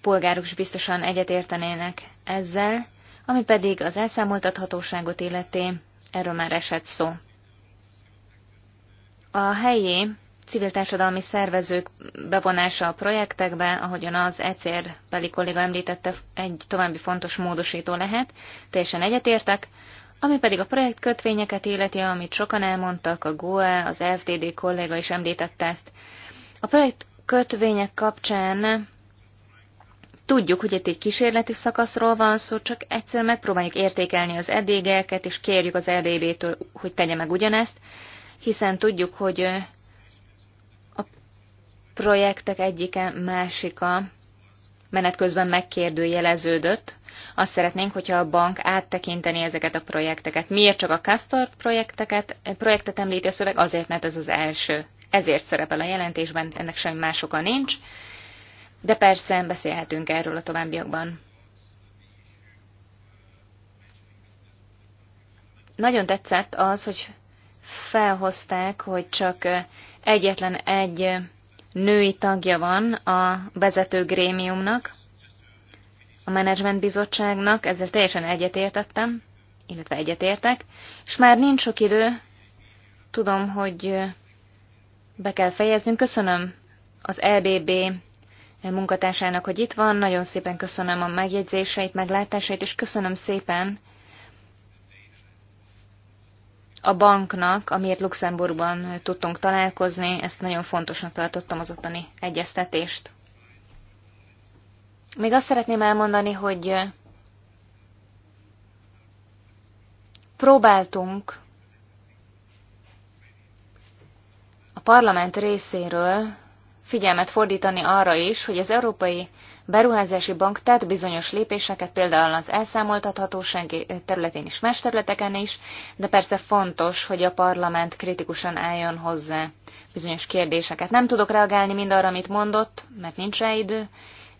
polgárok is biztosan egyetértenének ezzel, ami pedig az elszámoltathatóságot illeti, erről már esett szó. A helyi civil társadalmi szervezők bevonása a projektekbe, ahogyan az ECR beli kolléga említette, egy további fontos módosító lehet, teljesen egyetértek, ami pedig a projekt kötvényeket életi, amit sokan elmondtak, a GOE, az FTD kolléga is említette ezt. A projekt kötvények kapcsán Tudjuk, hogy itt egy kísérleti szakaszról van szó, csak egyszerűen megpróbáljuk értékelni az edégeket, és kérjük az LBB-től, hogy tegye meg ugyanezt, hiszen tudjuk, hogy a projektek egyike másika menet közben megkérdőjeleződött. Azt szeretnénk, hogyha a bank áttekinteni ezeket a projekteket. Miért csak a Castor projekteket, eh, projektet említi a szöveg? Azért, mert ez az első. Ezért szerepel a jelentésben, ennek semmi más oka nincs. De persze beszélhetünk erről a továbbiakban. Nagyon tetszett az, hogy felhozták, hogy csak egyetlen egy női tagja van a vezető grémiumnak, a menedzsment bizottságnak, ezzel teljesen egyetértettem, illetve egyetértek, és már nincs sok idő, tudom, hogy be kell fejeznünk. Köszönöm az LBB e munkatársának, hogy itt van. Nagyon szépen köszönöm a megjegyzéseit, meglátásait, és köszönöm szépen a banknak, amiért Luxemburgban tudtunk találkozni. Ezt nagyon fontosnak tartottam az ottani egyeztetést. Még azt szeretném elmondani, hogy próbáltunk a parlament részéről figyelmet fordítani arra is, hogy az Európai Beruházási Bank tett bizonyos lépéseket, például az elszámoltathatóság területén is, más területeken is, de persze fontos, hogy a parlament kritikusan álljon hozzá bizonyos kérdéseket. Nem tudok reagálni mindarra, amit mondott, mert nincs rá idő,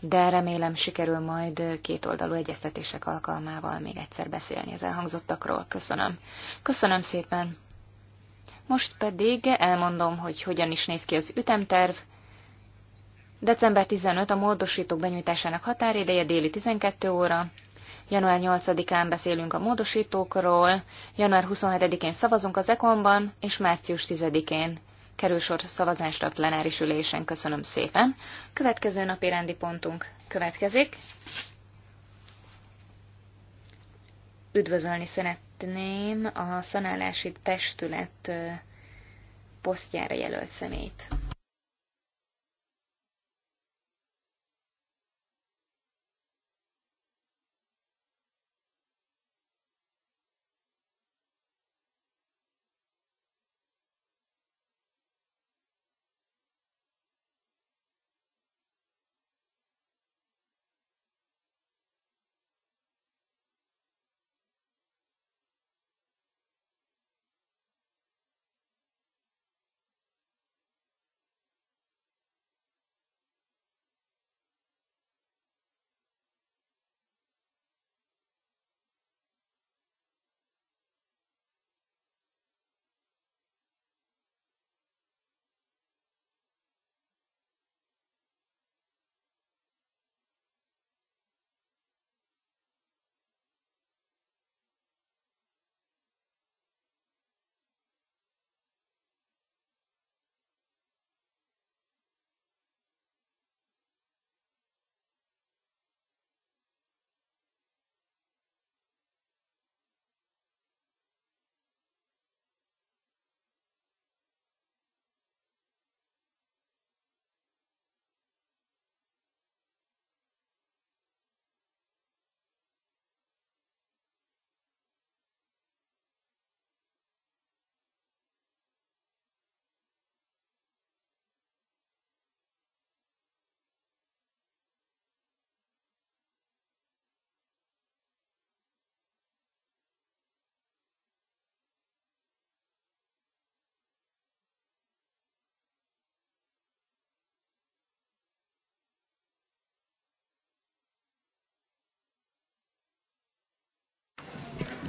de remélem sikerül majd kétoldalú egyeztetések alkalmával még egyszer beszélni az elhangzottakról. Köszönöm. Köszönöm szépen. Most pedig elmondom, hogy hogyan is néz ki az ütemterv. December 15 a módosítók benyújtásának határideje déli 12 óra. Január 8-án beszélünk a módosítókról, január 27-én szavazunk az ekonban, és március 10-én kerül sor szavazásra a plenáris ülésen. Köszönöm szépen. Következő napi rendi pontunk következik. Üdvözölni szeretném a szanálási testület posztjára jelölt szemét.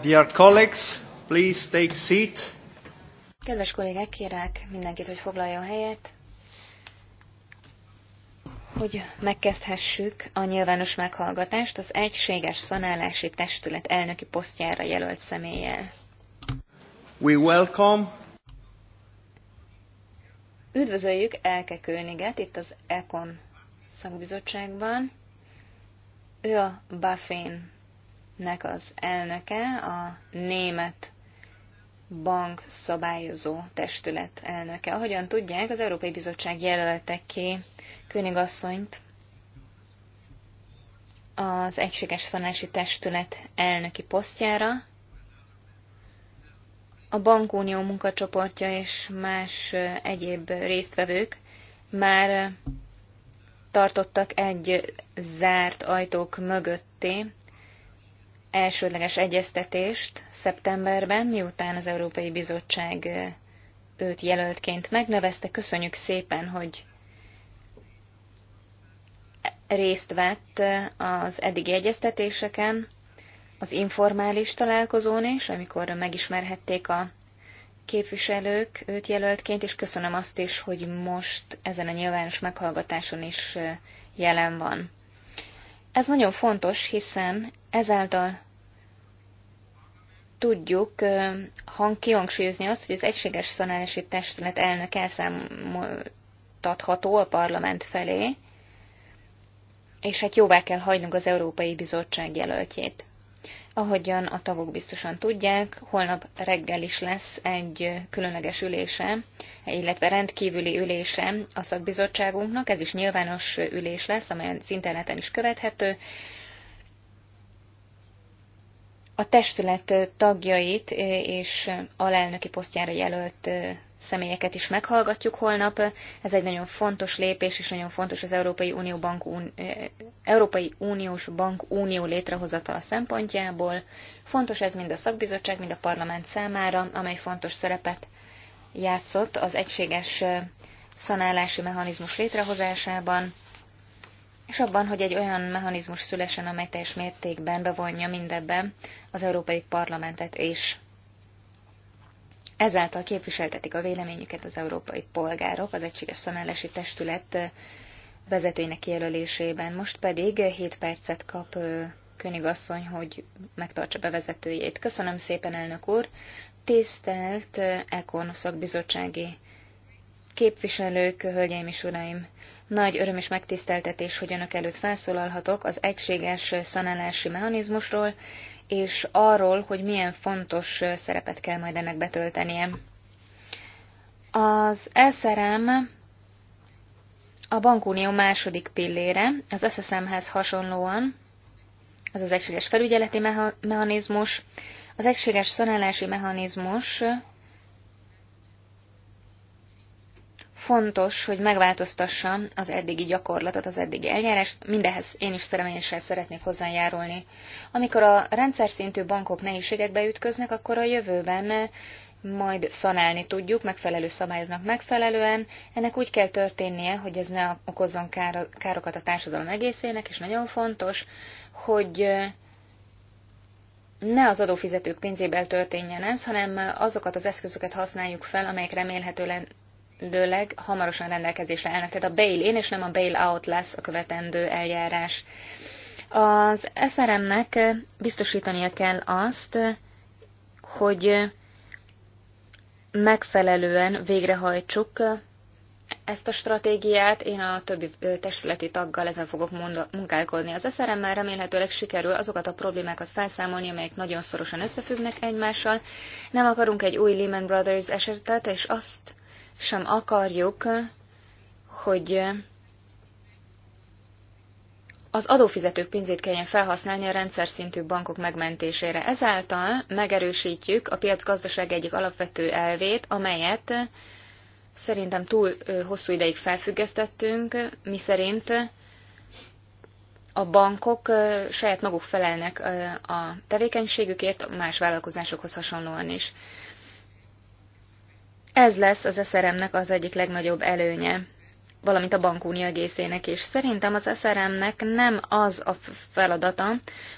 Dear colleagues, please take seat. Kedves kollégák, kérek mindenkit, hogy foglaljon helyet, hogy megkezdhessük a nyilvános meghallgatást az Egységes Szanálási Testület elnöki posztjára jelölt személlyel. We welcome Üdvözöljük Elke Königet itt az Econ szakbizottságban. Ő a Buffin nek az elnöke a német bank szabályozó testület elnöke. Ahogyan tudják, az Európai Bizottság jelölte ki Königasszonyt az Egységes Szanási Testület elnöki posztjára. A Bankunió munkacsoportja és más egyéb résztvevők már tartottak egy zárt ajtók mögötti elsődleges egyeztetést szeptemberben, miután az Európai Bizottság őt jelöltként megnevezte. Köszönjük szépen, hogy részt vett az eddigi egyeztetéseken, az informális találkozón is, amikor megismerhették a képviselők őt jelöltként, és köszönöm azt is, hogy most ezen a nyilvános meghallgatáson is jelen van. Ez nagyon fontos, hiszen Ezáltal tudjuk hang kihangsúlyozni azt, hogy az egységes szanálási testület elnök elszámoltatható a parlament felé, és hát jóvá kell hagynunk az Európai Bizottság jelöltjét. Ahogyan a tagok biztosan tudják, holnap reggel is lesz egy különleges ülése, illetve rendkívüli ülése a szakbizottságunknak. Ez is nyilvános ülés lesz, amely az interneten is követhető, a testület tagjait és alelnöki posztjára jelölt személyeket is meghallgatjuk holnap. Ez egy nagyon fontos lépés, és nagyon fontos az Európai, Unió Bank un... Európai Uniós Bank Unió létrehozatala szempontjából. Fontos ez mind a szakbizottság, mind a parlament számára, amely fontos szerepet játszott az egységes szanálási mechanizmus létrehozásában és abban, hogy egy olyan mechanizmus szülesen, amely teljes mértékben bevonja mindebben az Európai Parlamentet és Ezáltal képviseltetik a véleményüket az európai polgárok az Egységes Szanállási Testület vezetőinek kijelölésében. Most pedig 7 percet kap asszony, hogy megtartsa bevezetőjét. Köszönöm szépen, elnök úr! Tisztelt Ekon szakbizottsági képviselők, hölgyeim és uraim! Nagy öröm és megtiszteltetés, hogy önök előtt felszólalhatok az egységes szanálási mechanizmusról, és arról, hogy milyen fontos szerepet kell majd ennek betöltenie. Az SRM a bankunió második pillére, az SSM-hez hasonlóan, az az egységes felügyeleti mechanizmus, az egységes szanálási mechanizmus fontos, hogy megváltoztassa az eddigi gyakorlatot, az eddigi eljárást, mindehez én is szereményesen szeretnék hozzájárulni. Amikor a rendszer szintű bankok nehézségekbe ütköznek, akkor a jövőben majd szanálni tudjuk megfelelő szabályoknak megfelelően. Ennek úgy kell történnie, hogy ez ne okozzon károkat a társadalom egészének, és nagyon fontos, hogy ne az adófizetők pénzéből történjen ez, hanem azokat az eszközöket használjuk fel, amelyek remélhetően Lőleg hamarosan rendelkezésre állnak. Tehát a bail-in és nem a bail-out lesz a követendő eljárás. Az SRM-nek biztosítania kell azt, hogy megfelelően végrehajtsuk ezt a stratégiát. Én a többi testületi taggal ezen fogok munkálkodni. Az SRM-mel remélhetőleg sikerül azokat a problémákat felszámolni, amelyek nagyon szorosan összefüggnek egymással. Nem akarunk egy új Lehman Brothers esetet, és azt sem akarjuk, hogy az adófizetők pénzét kelljen felhasználni a rendszer szintű bankok megmentésére. Ezáltal megerősítjük a piacgazdaság egyik alapvető elvét, amelyet szerintem túl hosszú ideig felfüggesztettünk, miszerint a bankok saját maguk felelnek a tevékenységükért, más vállalkozásokhoz hasonlóan is. Ez lesz az SRM-nek az egyik legnagyobb előnye, valamint a bankunió egészének is. Szerintem az SRM-nek nem az a feladata,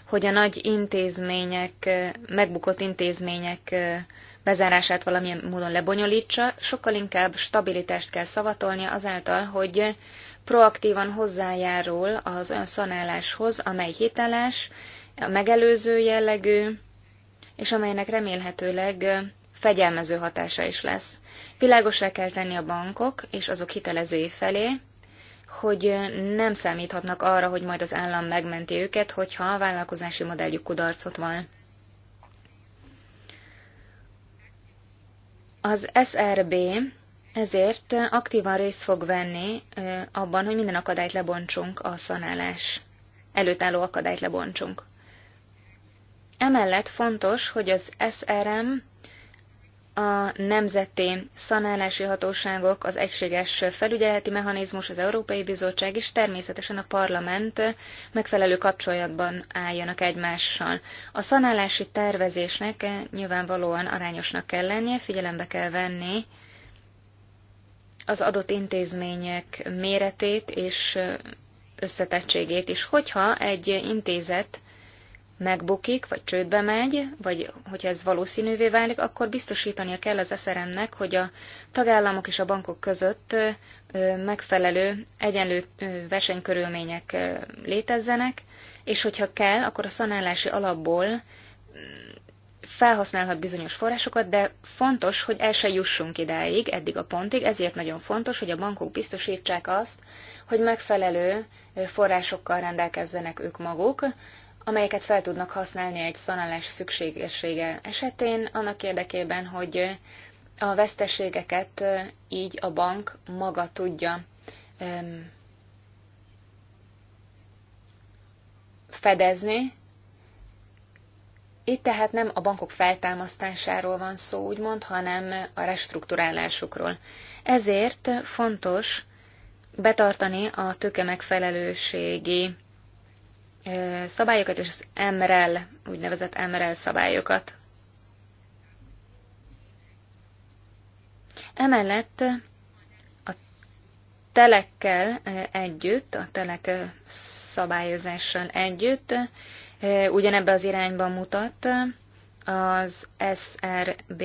hogy a nagy intézmények, megbukott intézmények bezárását valamilyen módon lebonyolítsa, sokkal inkább stabilitást kell szavatolnia azáltal, hogy proaktívan hozzájárul az szanáláshoz, amely hiteles, megelőző jellegű, és amelynek remélhetőleg fegyelmező hatása is lesz. Világosra kell tenni a bankok és azok hitelezői felé, hogy nem számíthatnak arra, hogy majd az állam megmenti őket, hogyha a vállalkozási modelljük kudarcot van. Az SRB ezért aktívan részt fog venni abban, hogy minden akadályt lebontsunk a szanálás előtt álló akadályt lebontsunk. Emellett fontos, hogy az SRM a nemzeti szanálási hatóságok, az egységes felügyeleti mechanizmus, az Európai Bizottság és természetesen a parlament megfelelő kapcsolatban álljanak egymással. A szanálási tervezésnek nyilvánvalóan arányosnak kell lennie, figyelembe kell venni az adott intézmények méretét és összetettségét is. Hogyha egy intézet megbukik, vagy csődbe megy, vagy hogyha ez valószínűvé válik, akkor biztosítania kell az SRM-nek, hogy a tagállamok és a bankok között megfelelő, egyenlő versenykörülmények létezzenek, és hogyha kell, akkor a szanálási alapból mm, felhasználhat bizonyos forrásokat, de fontos, hogy el se jussunk idáig, eddig a pontig, ezért nagyon fontos, hogy a bankok biztosítsák azt, hogy megfelelő forrásokkal rendelkezzenek ők maguk, amelyeket fel tudnak használni egy szanálás szükségessége esetén, annak érdekében, hogy a veszteségeket így a bank maga tudja fedezni. Itt tehát nem a bankok feltámasztásáról van szó, úgymond, hanem a restruktúrálásukról. Ezért fontos betartani a tőke megfelelőségi szabályokat és az MRL úgynevezett MRL szabályokat. Emellett a telekkel együtt, a telek szabályozással együtt ugyanebbe az irányba mutat az SRB,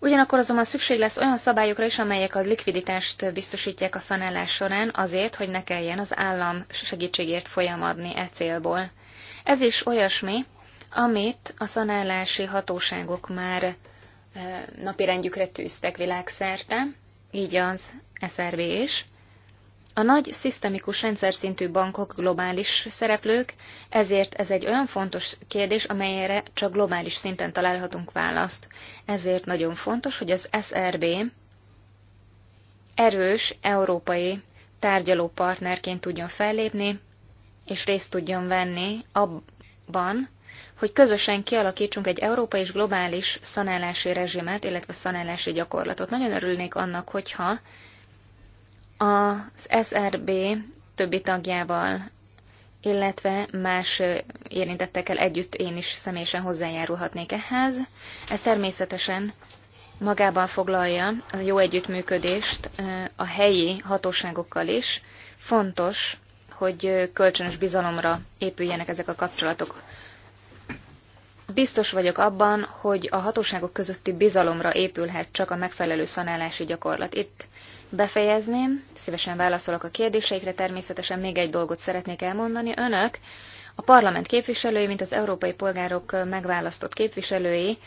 Ugyanakkor azonban szükség lesz olyan szabályokra is, amelyek a likviditást biztosítják a szanálás során azért, hogy ne kelljen az állam segítségért folyamadni e célból. Ez is olyasmi, amit a szanálási hatóságok már e, napirendjükre tűztek világszerte, így az SRB is. A nagy, szisztemikus rendszer szintű bankok globális szereplők, ezért ez egy olyan fontos kérdés, amelyre csak globális szinten találhatunk választ. Ezért nagyon fontos, hogy az SRB erős európai tárgyaló partnerként tudjon fellépni, és részt tudjon venni abban, hogy közösen kialakítsunk egy európai és globális szanálási rezsimet, illetve szanálási gyakorlatot. Nagyon örülnék annak, hogyha az SRB többi tagjával, illetve más érintettekkel együtt én is személyesen hozzájárulhatnék ehhez. Ez természetesen magában foglalja a jó együttműködést a helyi hatóságokkal is. Fontos, hogy kölcsönös bizalomra épüljenek ezek a kapcsolatok. Biztos vagyok abban, hogy a hatóságok közötti bizalomra épülhet csak a megfelelő szanálási gyakorlat. Itt befejezném. Szívesen válaszolok a kérdéseikre, természetesen még egy dolgot szeretnék elmondani. Önök, a parlament képviselői, mint az európai polgárok megválasztott képviselői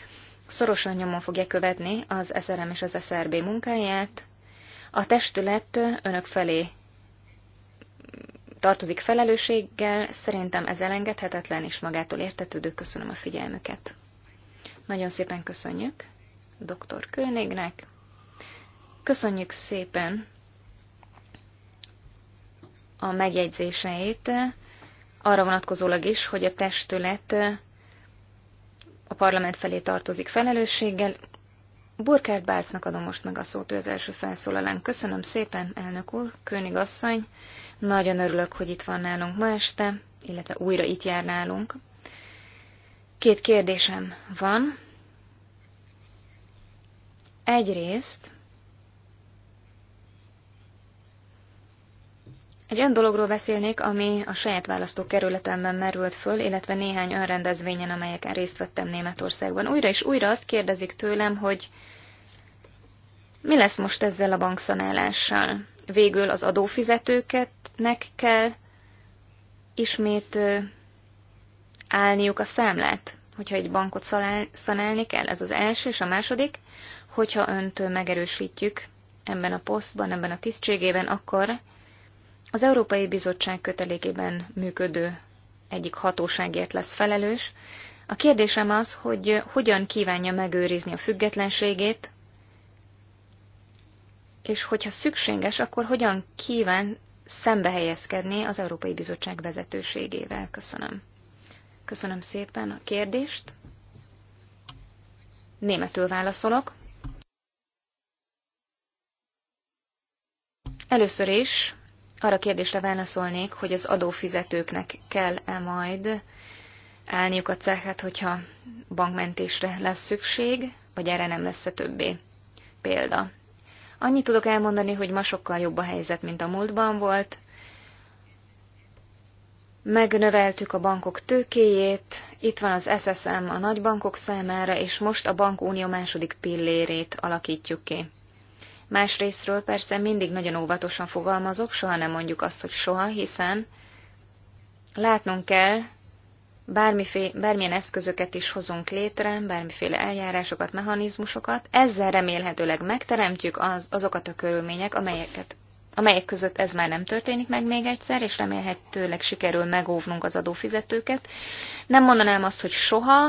szorosan nyomon fogja követni az SRM és az SRB munkáját. A testület önök felé tartozik felelősséggel, szerintem ez elengedhetetlen és magától értetődő. Köszönöm a figyelmüket. Nagyon szépen köszönjük dr. Könignek, Köszönjük szépen a megjegyzéseit, arra vonatkozólag is, hogy a testület a parlament felé tartozik felelősséggel. Burkert Bálcnak adom most meg a szót, ő az első felszólalán. Köszönöm szépen, elnök úr, asszony. nagyon örülök, hogy itt van nálunk ma este, illetve újra itt jár nálunk. Két kérdésem van. Egyrészt Egy olyan dologról beszélnék, ami a saját választókerületemben merült föl, illetve néhány olyan rendezvényen, amelyeken részt vettem Németországban. Újra és újra azt kérdezik tőlem, hogy mi lesz most ezzel a bankszanálással? Végül az adófizetőket nek kell ismét állniuk a számlát, hogyha egy bankot szanálni kell. Ez az első, és a második, hogyha önt megerősítjük ebben a posztban, ebben a tisztségében, akkor az Európai Bizottság kötelékében működő egyik hatóságért lesz felelős. A kérdésem az, hogy hogyan kívánja megőrizni a függetlenségét, és hogyha szükséges, akkor hogyan kíván szembehelyezkedni az Európai Bizottság vezetőségével. Köszönöm. Köszönöm szépen a kérdést. Németül válaszolok. Először is arra kérdésre válaszolnék, hogy az adófizetőknek kell-e majd állniuk a cehet, hogyha bankmentésre lesz szükség, vagy erre nem lesz-e többé példa. Annyit tudok elmondani, hogy ma sokkal jobb a helyzet, mint a múltban volt. Megnöveltük a bankok tőkéjét, itt van az SSM a nagybankok számára, és most a bankunió második pillérét alakítjuk ki. Másrésztről persze mindig nagyon óvatosan fogalmazok, soha nem mondjuk azt, hogy soha, hiszen látnunk kell, bármiféle, bármilyen eszközöket is hozunk létre, bármiféle eljárásokat, mechanizmusokat, ezzel remélhetőleg megteremtjük az, azokat a körülmények, amelyeket, amelyek között ez már nem történik meg még egyszer, és remélhetőleg sikerül megóvnunk az adófizetőket. Nem mondanám azt, hogy soha,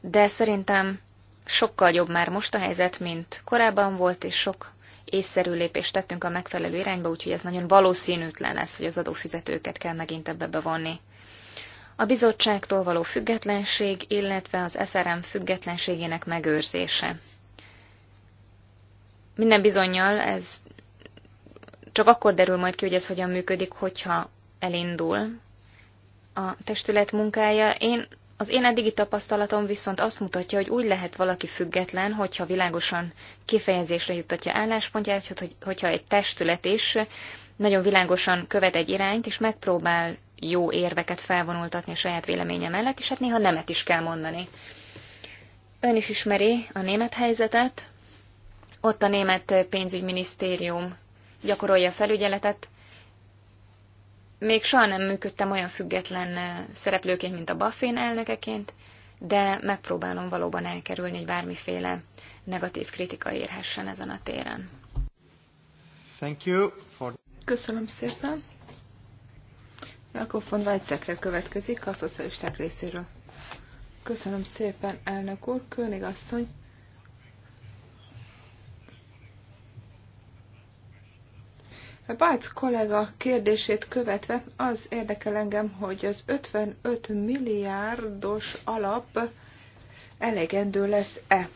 de szerintem sokkal jobb már most a helyzet, mint korábban volt, és sok észszerű lépést tettünk a megfelelő irányba, úgyhogy ez nagyon valószínűtlen lesz, hogy az adófizetőket kell megint ebbe bevonni. A bizottságtól való függetlenség, illetve az SRM függetlenségének megőrzése. Minden bizonyal ez csak akkor derül majd ki, hogy ez hogyan működik, hogyha elindul a testület munkája. Én az én eddigi tapasztalatom viszont azt mutatja, hogy úgy lehet valaki független, hogyha világosan kifejezésre juttatja álláspontját, hogyha egy testület is nagyon világosan követ egy irányt, és megpróbál jó érveket felvonultatni a saját véleménye mellett, és hát néha nemet is kell mondani. Ön is ismeri a német helyzetet, ott a német pénzügyminisztérium gyakorolja felügyeletet, még soha nem működtem olyan független szereplőként, mint a Baffin elnökeként, de megpróbálom valóban elkerülni, hogy bármiféle negatív kritika érhessen ezen a téren. Thank you for... Köszönöm szépen. Jakob von Weizsäcker következik a szocialisták részéről. Köszönöm szépen, elnök úr, König asszony. Bác kollega kérdését követve az érdekel engem, hogy az 55 milliárdos alap elegendő lesz-e,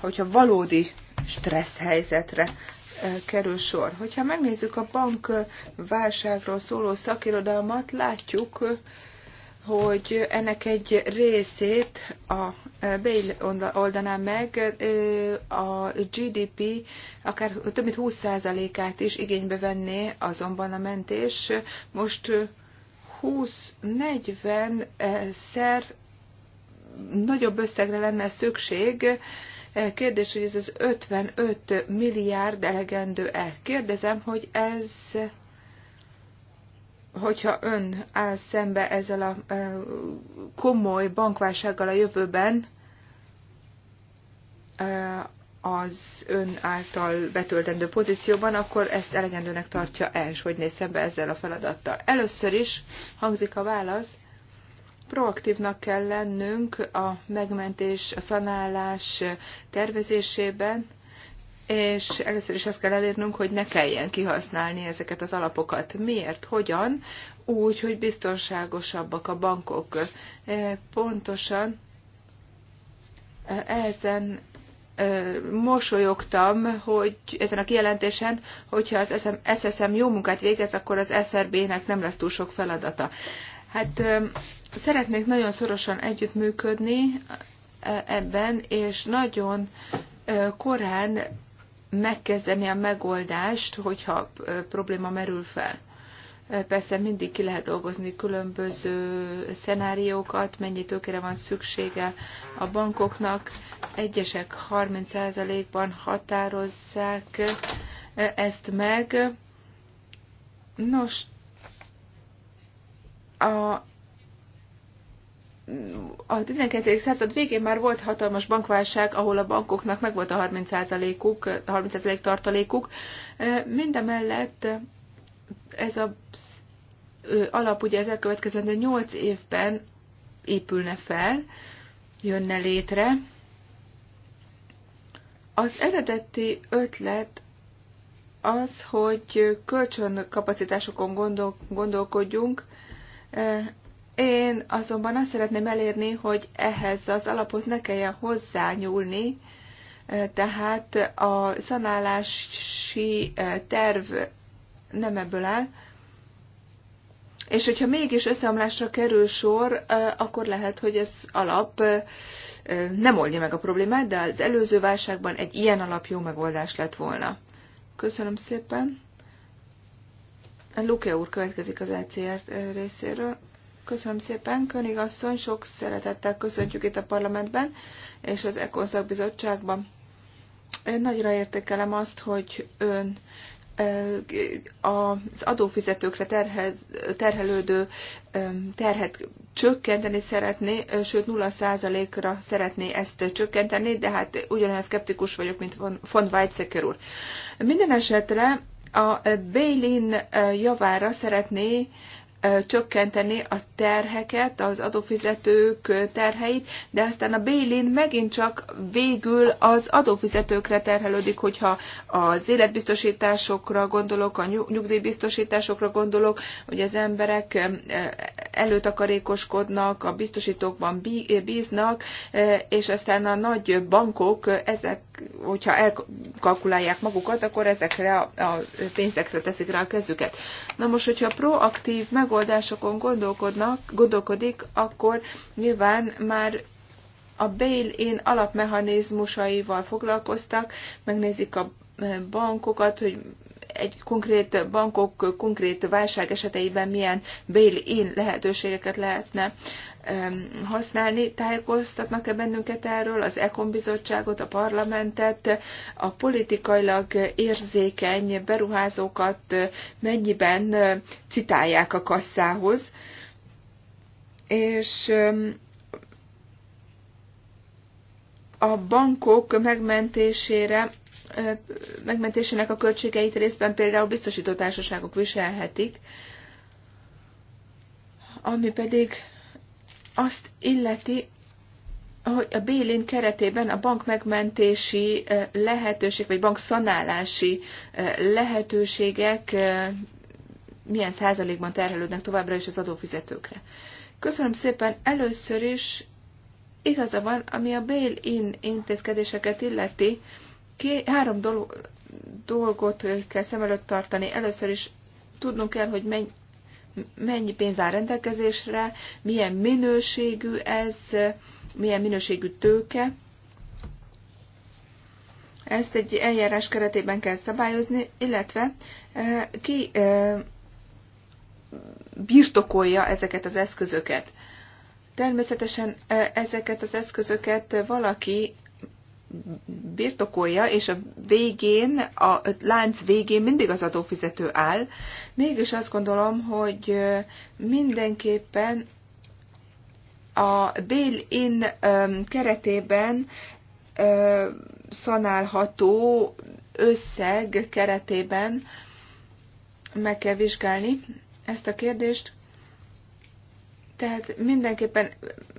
hogyha valódi stressz helyzetre e, kerül sor. Hogyha megnézzük a bank válságról szóló szakirodalmat, látjuk, hogy ennek egy részét a e, Bail oldaná meg e, a GDP akár több mint 20%-át is igénybe venné azonban a mentés. Most 20-40 e, szer nagyobb összegre lenne szükség, Kérdés, hogy ez az 55 milliárd elegendő-e? Kérdezem, hogy ez hogyha ön áll szembe ezzel a komoly bankválsággal a jövőben, az ön által betöltendő pozícióban, akkor ezt elegendőnek tartja el, és hogy néz szembe ezzel a feladattal. Először is hangzik a válasz, proaktívnak kell lennünk a megmentés, a szanálás tervezésében, és először is azt kell elérnünk, hogy ne kelljen kihasználni ezeket az alapokat. Miért? Hogyan? Úgy, hogy biztonságosabbak a bankok. E, pontosan e, ezen e, mosolyogtam, hogy ezen a kijelentésen, hogyha az SSM jó munkát végez, akkor az SRB-nek nem lesz túl sok feladata. Hát szeretnék nagyon szorosan együttműködni ebben, és nagyon korán megkezdeni a megoldást, hogyha probléma merül fel. Persze mindig ki lehet dolgozni különböző szenáriókat, mennyi tőkére van szüksége a bankoknak. Egyesek 30%-ban határozzák ezt meg. Nos, a a 19. század végén már volt hatalmas bankválság, ahol a bankoknak megvolt a 30%-uk, 30% tartalékuk. Mindemellett ez a alap ugye ezzel következő 8 évben épülne fel, jönne létre. Az eredeti ötlet az, hogy kölcsönkapacitásokon gondol, gondolkodjunk, én azonban azt szeretném elérni, hogy ehhez az alaphoz ne kelljen hozzányúlni, tehát a szanálási terv nem ebből áll, és hogyha mégis összeomlásra kerül sor, akkor lehet, hogy ez alap nem oldja meg a problémát, de az előző válságban egy ilyen alap jó megoldás lett volna. Köszönöm szépen. Luke úr következik az ECR részéről. Köszönöm szépen, König asszony, sok szeretettel köszöntjük itt a parlamentben és az Ekonszak bizottságban. Én nagyra értékelem azt, hogy ön az adófizetőkre terhez, terhelődő terhet csökkenteni szeretné, sőt 0%-ra szeretné ezt csökkenteni, de hát ugyanolyan szkeptikus vagyok, mint von Weizsäcker úr. Minden esetre a Bélin javára szeretné csökkenteni a terheket, az adófizetők terheit, de aztán a bélin megint csak végül az adófizetőkre terhelődik, hogyha az életbiztosításokra gondolok, a nyugdíjbiztosításokra gondolok, hogy az emberek előtakarékoskodnak, a biztosítókban bíznak, és aztán a nagy bankok ezek, hogyha elkalkulálják magukat, akkor ezekre a pénzekre teszik rá a kezüket. Na most, hogyha proaktív meg megoldásokon gondolkodnak, gondolkodik, akkor nyilván már a bail-in alapmechanizmusaival foglalkoztak, megnézik a eh, bankokat, hogy egy konkrét bankok konkrét válság eseteiben milyen bail-in lehetőségeket lehetne használni. Tájékoztatnak-e bennünket erről az Ekon bizottságot, a parlamentet, a politikailag érzékeny beruházókat mennyiben citálják a kasszához? És a bankok megmentésére megmentésének a költségeit részben például biztosító társaságok viselhetik, ami pedig azt illeti, hogy a Bélin keretében a bank megmentési lehetőség, vagy bank szanálási lehetőségek milyen százalékban terhelődnek továbbra is az adófizetőkre. Köszönöm szépen először is, igaza van, ami a bail-in intézkedéseket illeti, Ké, három dolog, dolgot kell szem előtt tartani. Először is tudnunk kell, hogy mennyi, mennyi pénz áll rendelkezésre, milyen minőségű ez, milyen minőségű tőke. Ezt egy eljárás keretében kell szabályozni, illetve eh, ki eh, birtokolja ezeket az eszközöket. Természetesen eh, ezeket az eszközöket valaki birtokolja, és a végén, a lánc végén mindig az adófizető áll. Mégis azt gondolom, hogy mindenképpen a bail-in keretében szanálható összeg keretében meg kell vizsgálni ezt a kérdést. Tehát mindenképpen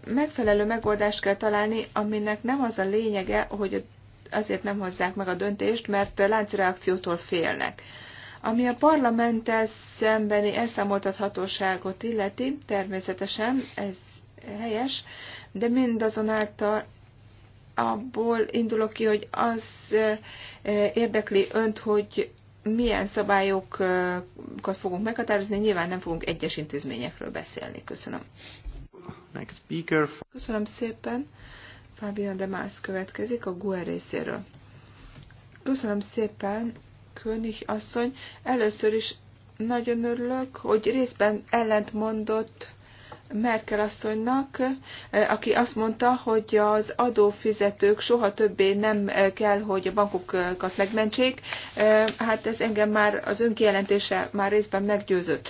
megfelelő megoldást kell találni, aminek nem az a lényege, hogy azért nem hozzák meg a döntést, mert láncreakciótól félnek. Ami a parlamenttel szembeni elszámoltathatóságot illeti, természetesen ez helyes, de mindazonáltal abból indulok ki, hogy az eh, érdekli önt, hogy milyen szabályokat fogunk meghatározni, nyilván nem fogunk egyes intézményekről beszélni. Köszönöm. Next speaker. Köszönöm szépen. Fábia de Mász következik a GUE részéről. Köszönöm szépen, König asszony. Először is nagyon örülök, hogy részben ellentmondott Merkel asszonynak, eh, aki azt mondta, hogy az adófizetők soha többé nem eh, kell, hogy a bankokat megmentsék. Eh, hát ez engem már az önkijelentése már részben meggyőzött.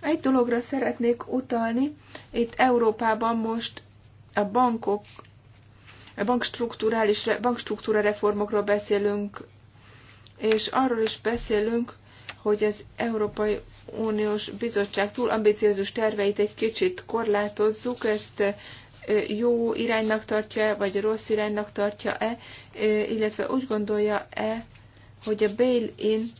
Egy dologra szeretnék utalni. Itt Európában most a bankok, a bankstruktúrális, bankstruktúra reformokról beszélünk, és arról is beszélünk, hogy az Európai Uniós Bizottság túl ambiciózus terveit egy kicsit korlátozzuk, ezt jó iránynak tartja-e, vagy rossz iránynak tartja-e, illetve úgy gondolja-e, hogy a bail-in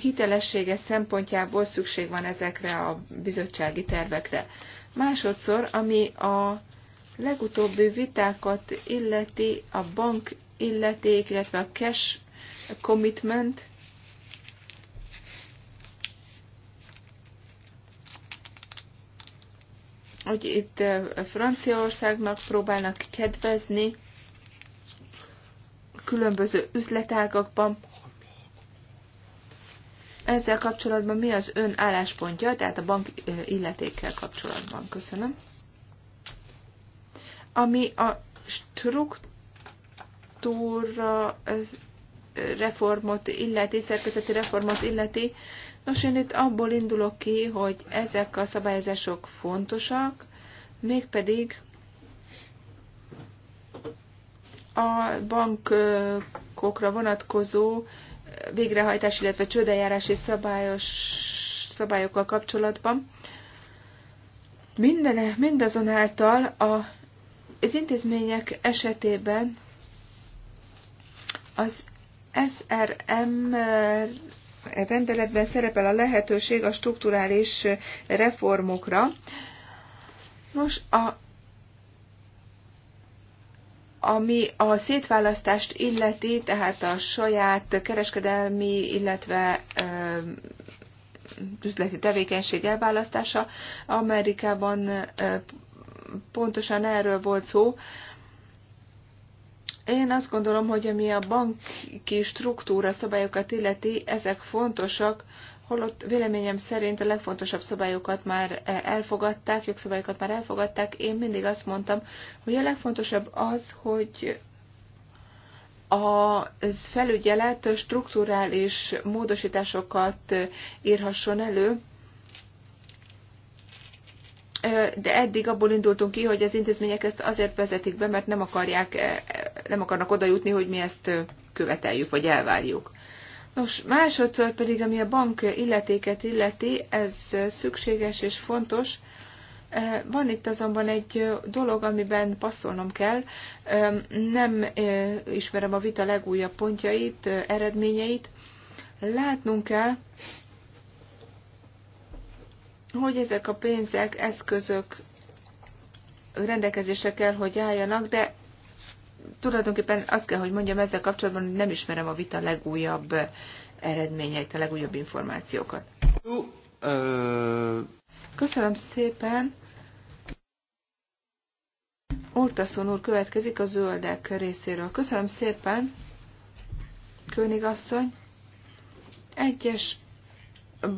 hitelessége szempontjából szükség van ezekre a bizottsági tervekre. Másodszor, ami a legutóbbi vitákat illeti, a bank illeték, illetve a cash commitment, hogy itt Franciaországnak próbálnak kedvezni különböző üzletágakban. Ezzel kapcsolatban mi az ön álláspontja, tehát a bank illetékkel kapcsolatban? Köszönöm. Ami a struktúra reformot illeti, szerkezeti reformot illeti, Nos, én itt abból indulok ki, hogy ezek a szabályozások fontosak, mégpedig a bankokra vonatkozó végrehajtás, illetve csődeljárási szabályos, szabályokkal kapcsolatban. Minden, mindazonáltal a, az intézmények esetében az SRM rendeletben szerepel a lehetőség a strukturális reformokra. Nos, a ami a szétválasztást illeti, tehát a saját kereskedelmi, illetve üzleti tevékenység elválasztása. Amerikában pontosan erről volt szó, én azt gondolom, hogy ami a banki struktúra szabályokat illeti, ezek fontosak, holott véleményem szerint a legfontosabb szabályokat már elfogadták, jogszabályokat már elfogadták. Én mindig azt mondtam, hogy a legfontosabb az, hogy a felügyelet struktúrális módosításokat írhasson elő, de eddig abból indultunk ki, hogy az intézmények ezt azért vezetik be, mert nem akarják nem akarnak oda jutni, hogy mi ezt követeljük, vagy elvárjuk. Nos, másodszor pedig, ami a bank illetéket illeti, ez szükséges és fontos. Van itt azonban egy dolog, amiben passzolnom kell. Nem ismerem a vita legújabb pontjait, eredményeit. Látnunk kell, hogy ezek a pénzek, eszközök rendelkezésre kell, hogy álljanak, de tulajdonképpen azt kell, hogy mondjam ezzel kapcsolatban, hogy nem ismerem a vita legújabb eredményeit, a legújabb információkat. Köszönöm szépen. Úrtaszon úr következik a zöldek részéről. Köszönöm szépen, Königasszony. Egyes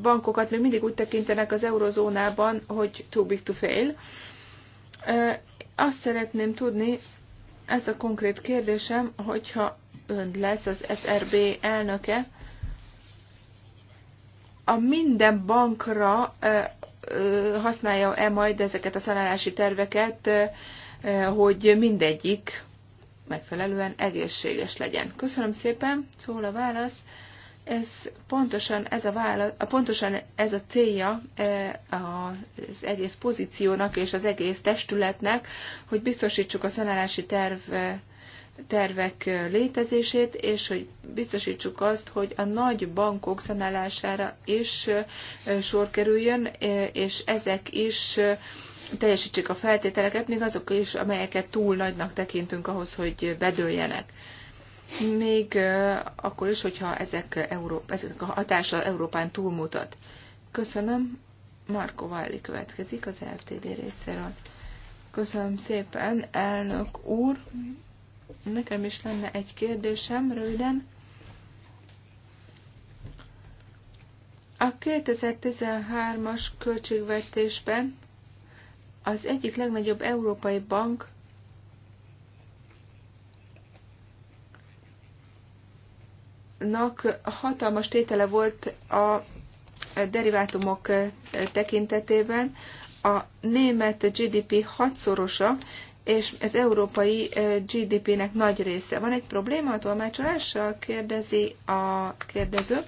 bankokat még mindig úgy tekintenek az eurozónában, hogy too big to fail. Azt szeretném tudni, ez a konkrét kérdésem, hogyha ön lesz az SRB elnöke, a minden bankra használja-e majd ezeket a szanálási terveket, hogy mindegyik megfelelően egészséges legyen. Köszönöm szépen, szól a válasz. Ez pontosan ez a, vála, pontosan ez a célja e, az egész pozíciónak és az egész testületnek, hogy biztosítsuk a szanálási terv e, tervek e, létezését, és hogy biztosítsuk azt, hogy a nagy bankok szanálására is sor kerüljön, és ezek is teljesítsék a feltételeket, még azok is, amelyeket túl nagynak tekintünk ahhoz, hogy bedőljenek még akkor is, hogyha ezek, Európa, ezek a hatása Európán túlmutat. Köszönöm. Marko Valli következik az FTD részéről. Köszönöm szépen, elnök úr. Nekem is lenne egy kérdésem röviden. A 2013-as költségvetésben az egyik legnagyobb európai bank nak hatalmas tétele volt a derivátumok tekintetében. A német GDP hatszorosa, és ez európai GDP-nek nagy része. Van egy probléma a tolmácsolással? Kérdezi a kérdező.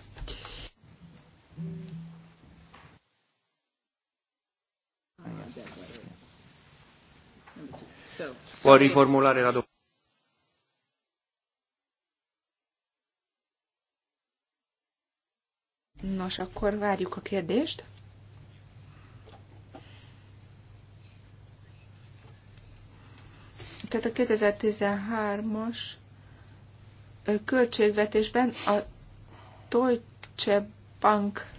Può riformulare la domanda. Nos, akkor várjuk a kérdést. Tehát a 2013-as költségvetésben a Deutsche Bank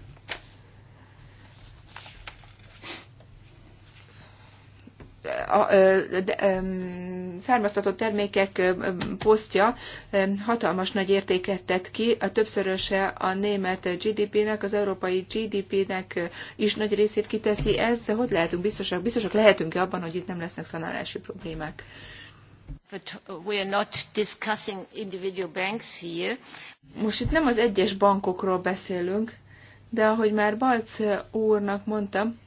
a, a, de, származtatott termékek posztja hatalmas nagy értéket tett ki, a többszöröse a német GDP-nek, az európai GDP-nek is nagy részét kiteszi ez. Hogy lehetünk biztosak? Biztosak lehetünk-e abban, hogy itt nem lesznek szanálási problémák? Most itt nem az egyes bankokról beszélünk, de ahogy már Balc úrnak mondtam,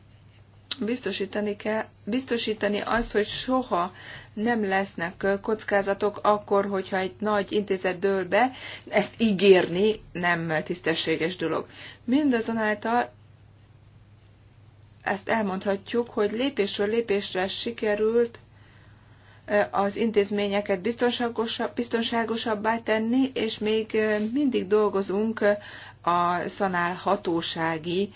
biztosítani, kell, biztosítani azt, hogy soha nem lesznek kockázatok akkor, hogyha egy nagy intézet dől be, ezt ígérni nem tisztességes dolog. Mindazonáltal ezt elmondhatjuk, hogy lépésről lépésre sikerült az intézményeket biztonságosabb, biztonságosabbá tenni, és még mindig dolgozunk a szanálhatósági hatósági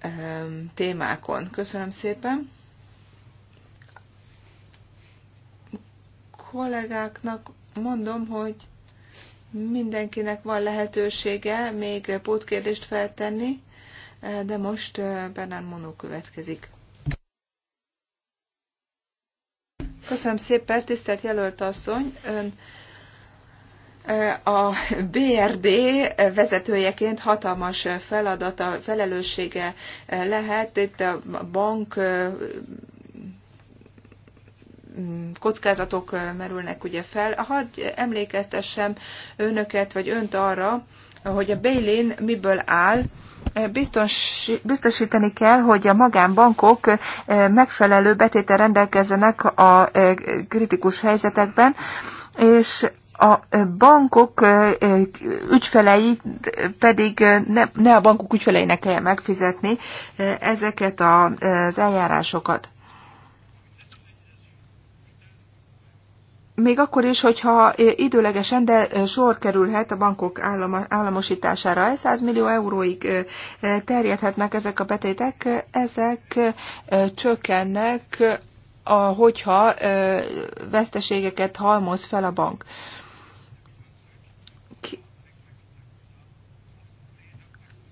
Ehm, témákon. Köszönöm szépen. Kollégáknak mondom, hogy mindenkinek van lehetősége még pótkérdést feltenni, eh, de most eh, Bernán Monó következik. Köszönöm szépen, tisztelt jelölt asszony, ön a BRD vezetőjeként hatalmas feladata, felelőssége lehet. Itt a bank kockázatok merülnek ugye fel. Hadd emlékeztessem önöket vagy önt arra, hogy a bail miből áll, biztosítani kell, hogy a magánbankok megfelelő betéten rendelkezzenek a kritikus helyzetekben, és a bankok ügyfelei pedig ne, ne a bankok ügyfeleinek kell megfizetni ezeket az eljárásokat. Még akkor is, hogyha időlegesen, de sor kerülhet a bankok államosítására, 100 millió euróig terjedhetnek ezek a betétek, ezek csökkennek, hogyha veszteségeket halmoz fel a bank.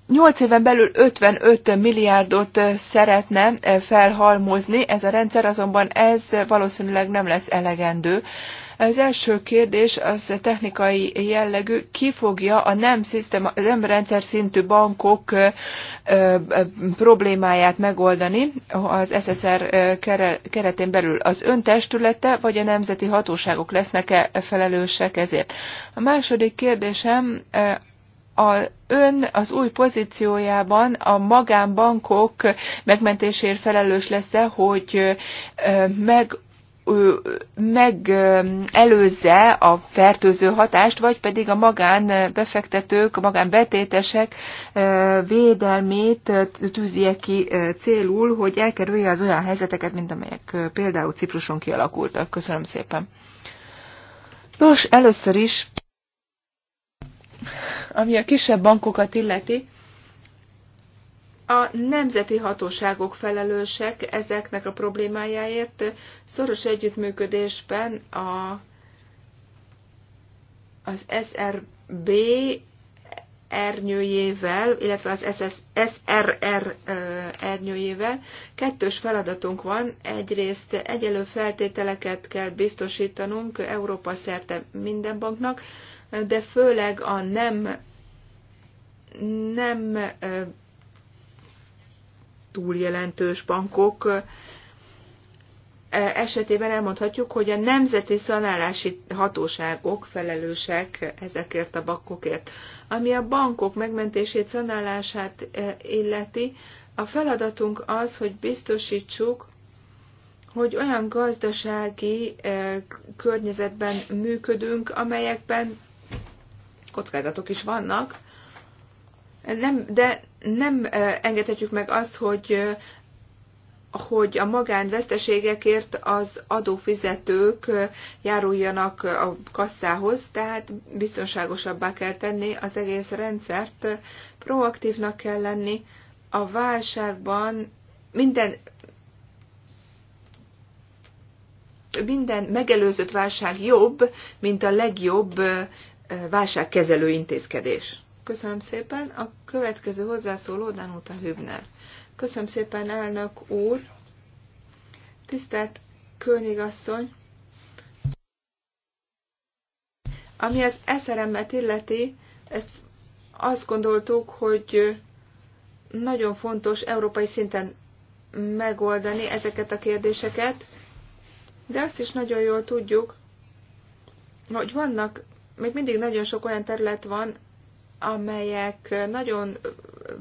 8 éven belül 55 milliárdot szeretne felhalmozni, ez a rendszer azonban ez valószínűleg nem lesz elegendő. Az első kérdés az technikai jellegű, ki fogja a nem, szisztema, nem rendszer szintű bankok problémáját megoldani az SSR keretén belül. Az öntestülete vagy a nemzeti hatóságok lesznek-e felelősek ezért? A második kérdésem a, ön az új pozíciójában a magánbankok megmentésért felelős lesz-e, hogy meg megelőzze a fertőző hatást, vagy pedig a magánbefektetők, a magánbetétesek védelmét tűzje ki célul, hogy elkerülje az olyan helyzeteket, mint amelyek például Cipruson kialakultak. Köszönöm szépen. Nos, először is ami a kisebb bankokat illeti, a nemzeti hatóságok felelősek ezeknek a problémájáért. Szoros együttműködésben a, az SRB ernyőjével, illetve az SS, SRR ernyőjével kettős feladatunk van. Egyrészt egyelő feltételeket kell biztosítanunk Európa szerte minden banknak, de főleg a nem nem túl jelentős bankok e, esetében elmondhatjuk, hogy a nemzeti szanálási hatóságok felelősek ezekért a bankokért. Ami a bankok megmentését, szanálását illeti, a feladatunk az, hogy biztosítsuk, hogy olyan gazdasági környezetben működünk, amelyekben kockázatok is vannak, nem, de nem engedhetjük meg azt, hogy hogy a magánveszteségekért az adófizetők járuljanak a kasszához, tehát biztonságosabbá kell tenni az egész rendszert, proaktívnak kell lenni. A válságban minden minden megelőzött válság jobb, mint a legjobb válságkezelő intézkedés. Köszönöm szépen. A következő hozzászóló Danuta Hübner. Köszönöm szépen, elnök úr. Tisztelt Königasszony. Ami az srm illeti, ezt azt gondoltuk, hogy nagyon fontos európai szinten megoldani ezeket a kérdéseket, de azt is nagyon jól tudjuk, hogy vannak, még mindig nagyon sok olyan terület van, amelyek nagyon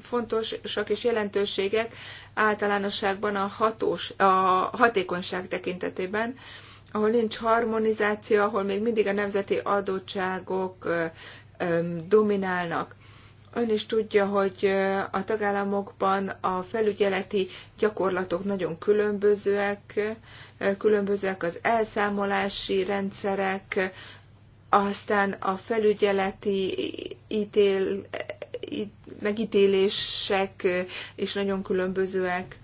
fontosak és jelentőségek általánosságban a, hatós, a hatékonyság tekintetében, ahol nincs harmonizáció, ahol még mindig a nemzeti adottságok dominálnak. Ön is tudja, hogy a tagállamokban a felügyeleti gyakorlatok nagyon különbözőek, különbözőek az elszámolási rendszerek, aztán a felügyeleti ítél, megítélések is nagyon különbözőek.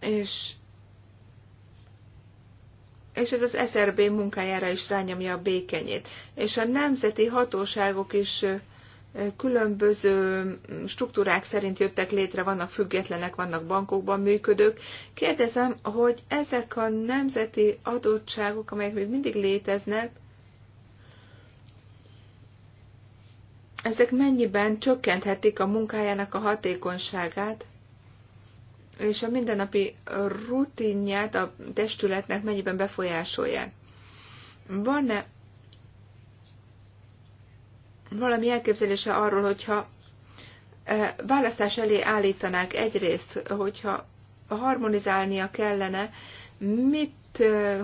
És és ez az SRB munkájára is rányomja a békenyét. És a nemzeti hatóságok is különböző struktúrák szerint jöttek létre, vannak függetlenek, vannak bankokban működők. Kérdezem, hogy ezek a nemzeti adottságok, amelyek még mindig léteznek, ezek mennyiben csökkenthetik a munkájának a hatékonyságát, és a mindennapi rutinját a testületnek mennyiben befolyásolják. Van-e valami elképzelése arról, hogyha e, választás elé állítanák egyrészt, hogyha harmonizálnia kellene, mit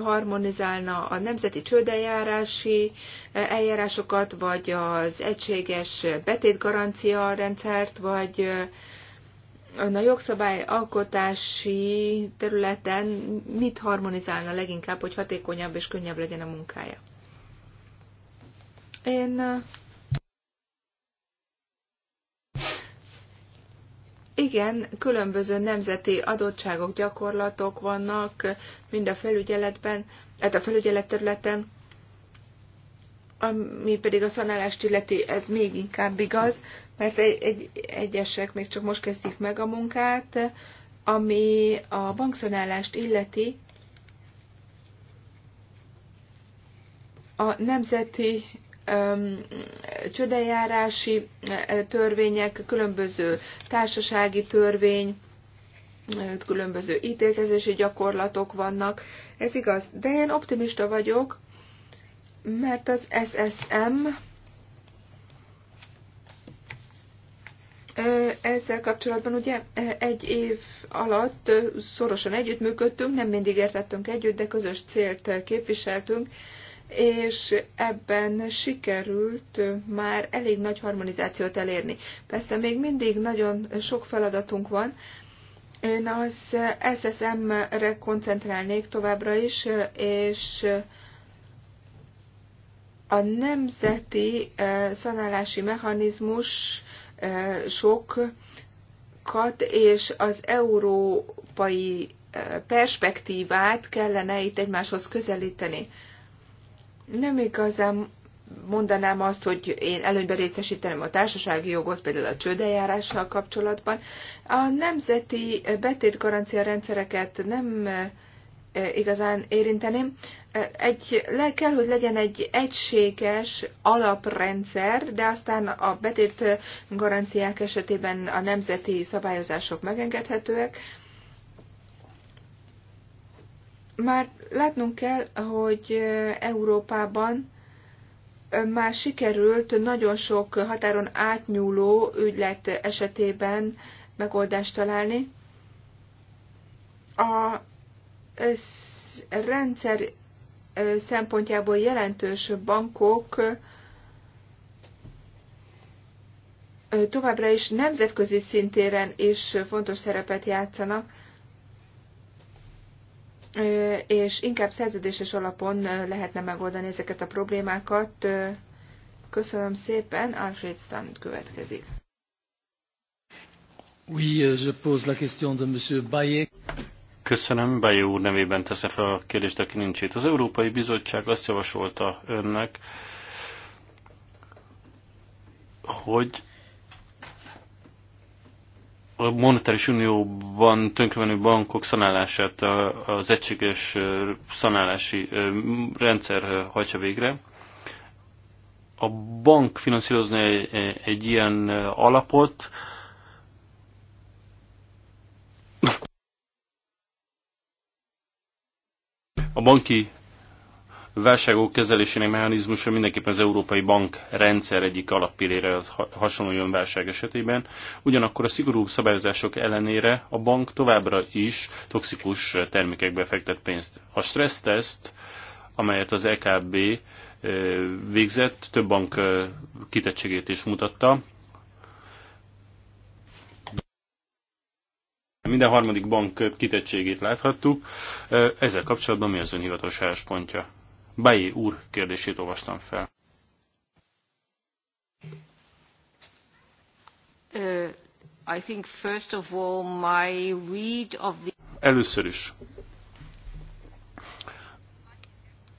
harmonizálna a nemzeti csődeljárási eljárásokat, vagy az egységes betétgarancia rendszert, vagy a jogszabály alkotási területen mit harmonizálna leginkább, hogy hatékonyabb és könnyebb legyen a munkája? Én Igen, különböző nemzeti adottságok, gyakorlatok vannak mind a felügyeletben, tehát a felügyelet területen, ami pedig a szanálást illeti, ez még inkább igaz, mert egy, egy, egyesek még csak most kezdik meg a munkát, ami a bankszanálást illeti, a nemzeti csödejárási törvények, különböző társasági törvény, különböző ítélkezési gyakorlatok vannak. Ez igaz, de én optimista vagyok, mert az SSM ezzel kapcsolatban ugye egy év alatt szorosan együttműködtünk, nem mindig értettünk együtt, de közös célt képviseltünk, és ebben sikerült már elég nagy harmonizációt elérni. Persze még mindig nagyon sok feladatunk van, én az SSM-re koncentrálnék továbbra is, és a nemzeti eh, szanálási mechanizmus eh, sokat és az európai eh, perspektívát kellene itt egymáshoz közelíteni. Nem igazán mondanám azt, hogy én előnyben részesítenem a társasági jogot, például a csődeljárással kapcsolatban. A nemzeti betétgarancia rendszereket nem e, e, igazán érinteném. E, egy, le kell, hogy legyen egy egységes alaprendszer, de aztán a betét garanciák esetében a nemzeti szabályozások megengedhetőek. Már látnunk kell, hogy Európában már sikerült nagyon sok határon átnyúló ügylet esetében megoldást találni. A rendszer szempontjából jelentős bankok továbbra is nemzetközi szintéren is fontos szerepet játszanak, és inkább szerződéses alapon lehetne megoldani ezeket a problémákat. Köszönöm szépen, Alfred Stand következik. Oui, euh, je pose la question de Monsieur Bayet. Köszönöm, Bejé úr nevében teszem fel a kérdést, aki nincs itt. Az Európai Bizottság azt javasolta önnek, hogy a monetáris unióban tönkrevenő bankok szanálását az egységes szanálási rendszer hajtsa végre. A bank finanszírozni egy, egy ilyen alapot, a banki válságok kezelésének mechanizmusa mindenképpen az európai rendszer egyik alappillére hasonlóan válság esetében. Ugyanakkor a szigorú szabályozások ellenére a bank továbbra is toxikus termékekbe fektet pénzt. A stresszteszt, amelyet az EKB végzett, több bank kitettségét is mutatta. Minden harmadik bank kitettségét láthattuk. Ezzel kapcsolatban mi az ön hivatalos álláspontja? Bajé úr kérdését olvastam fel. Uh, I think first of all my read of the... Először is.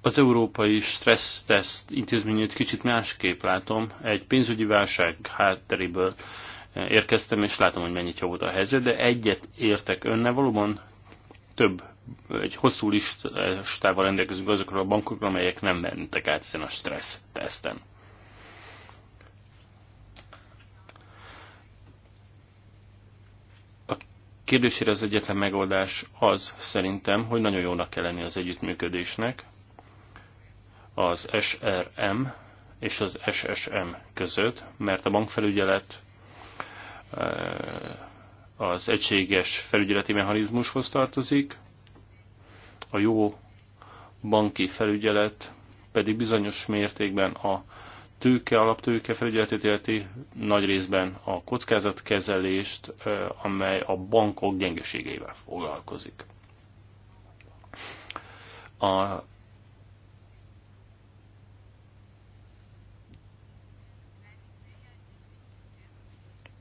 Az európai stresszteszt intézményét kicsit másképp látom. Egy pénzügyi válság hátteréből eh, érkeztem, és látom, hogy mennyit javult a helyzet, de egyet értek önne, valóban több egy hosszú listával rendelkezünk azokról a bankokról, amelyek nem mentek át ezen a stressz teszten. A kérdésére az egyetlen megoldás az szerintem, hogy nagyon jónak kell lenni az együttműködésnek az SRM és az SSM között, mert a bankfelügyelet eh, az egységes felügyeleti mechanizmushoz tartozik, a jó banki felügyelet pedig bizonyos mértékben a tőke, alaptőke felügyeletét illeti nagy részben a kockázatkezelést, amely a bankok gyengeségeivel foglalkozik. A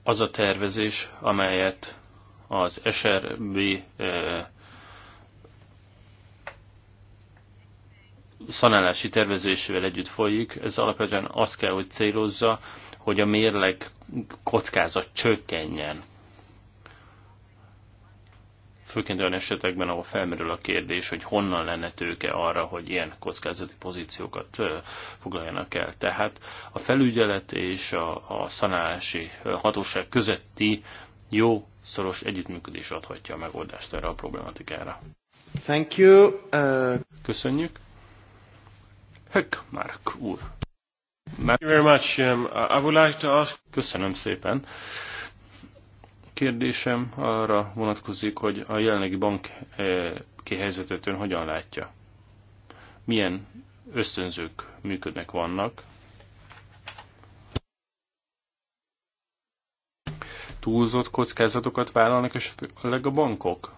az a tervezés, amelyet az SRB szanálási tervezésével együtt folyik, ez alapvetően azt kell, hogy célozza, hogy a mérleg kockázat csökkenjen. Főként olyan esetekben, ahol felmerül a kérdés, hogy honnan lenne tőke arra, hogy ilyen kockázati pozíciókat foglaljanak el. Tehát a felügyelet és a, a szanálási hatóság közötti jó, szoros együttműködés adhatja a megoldást erre a problématikára. Thank you. Uh... Köszönjük. Höckmark úr. Thank you very much. Um, I would like to ask... Köszönöm szépen. Kérdésem arra vonatkozik, hogy a jelenlegi bank eh, kihelyzetet ön hogyan látja? Milyen ösztönzők működnek, vannak? Túlzott kockázatokat vállalnak esetleg a bankok?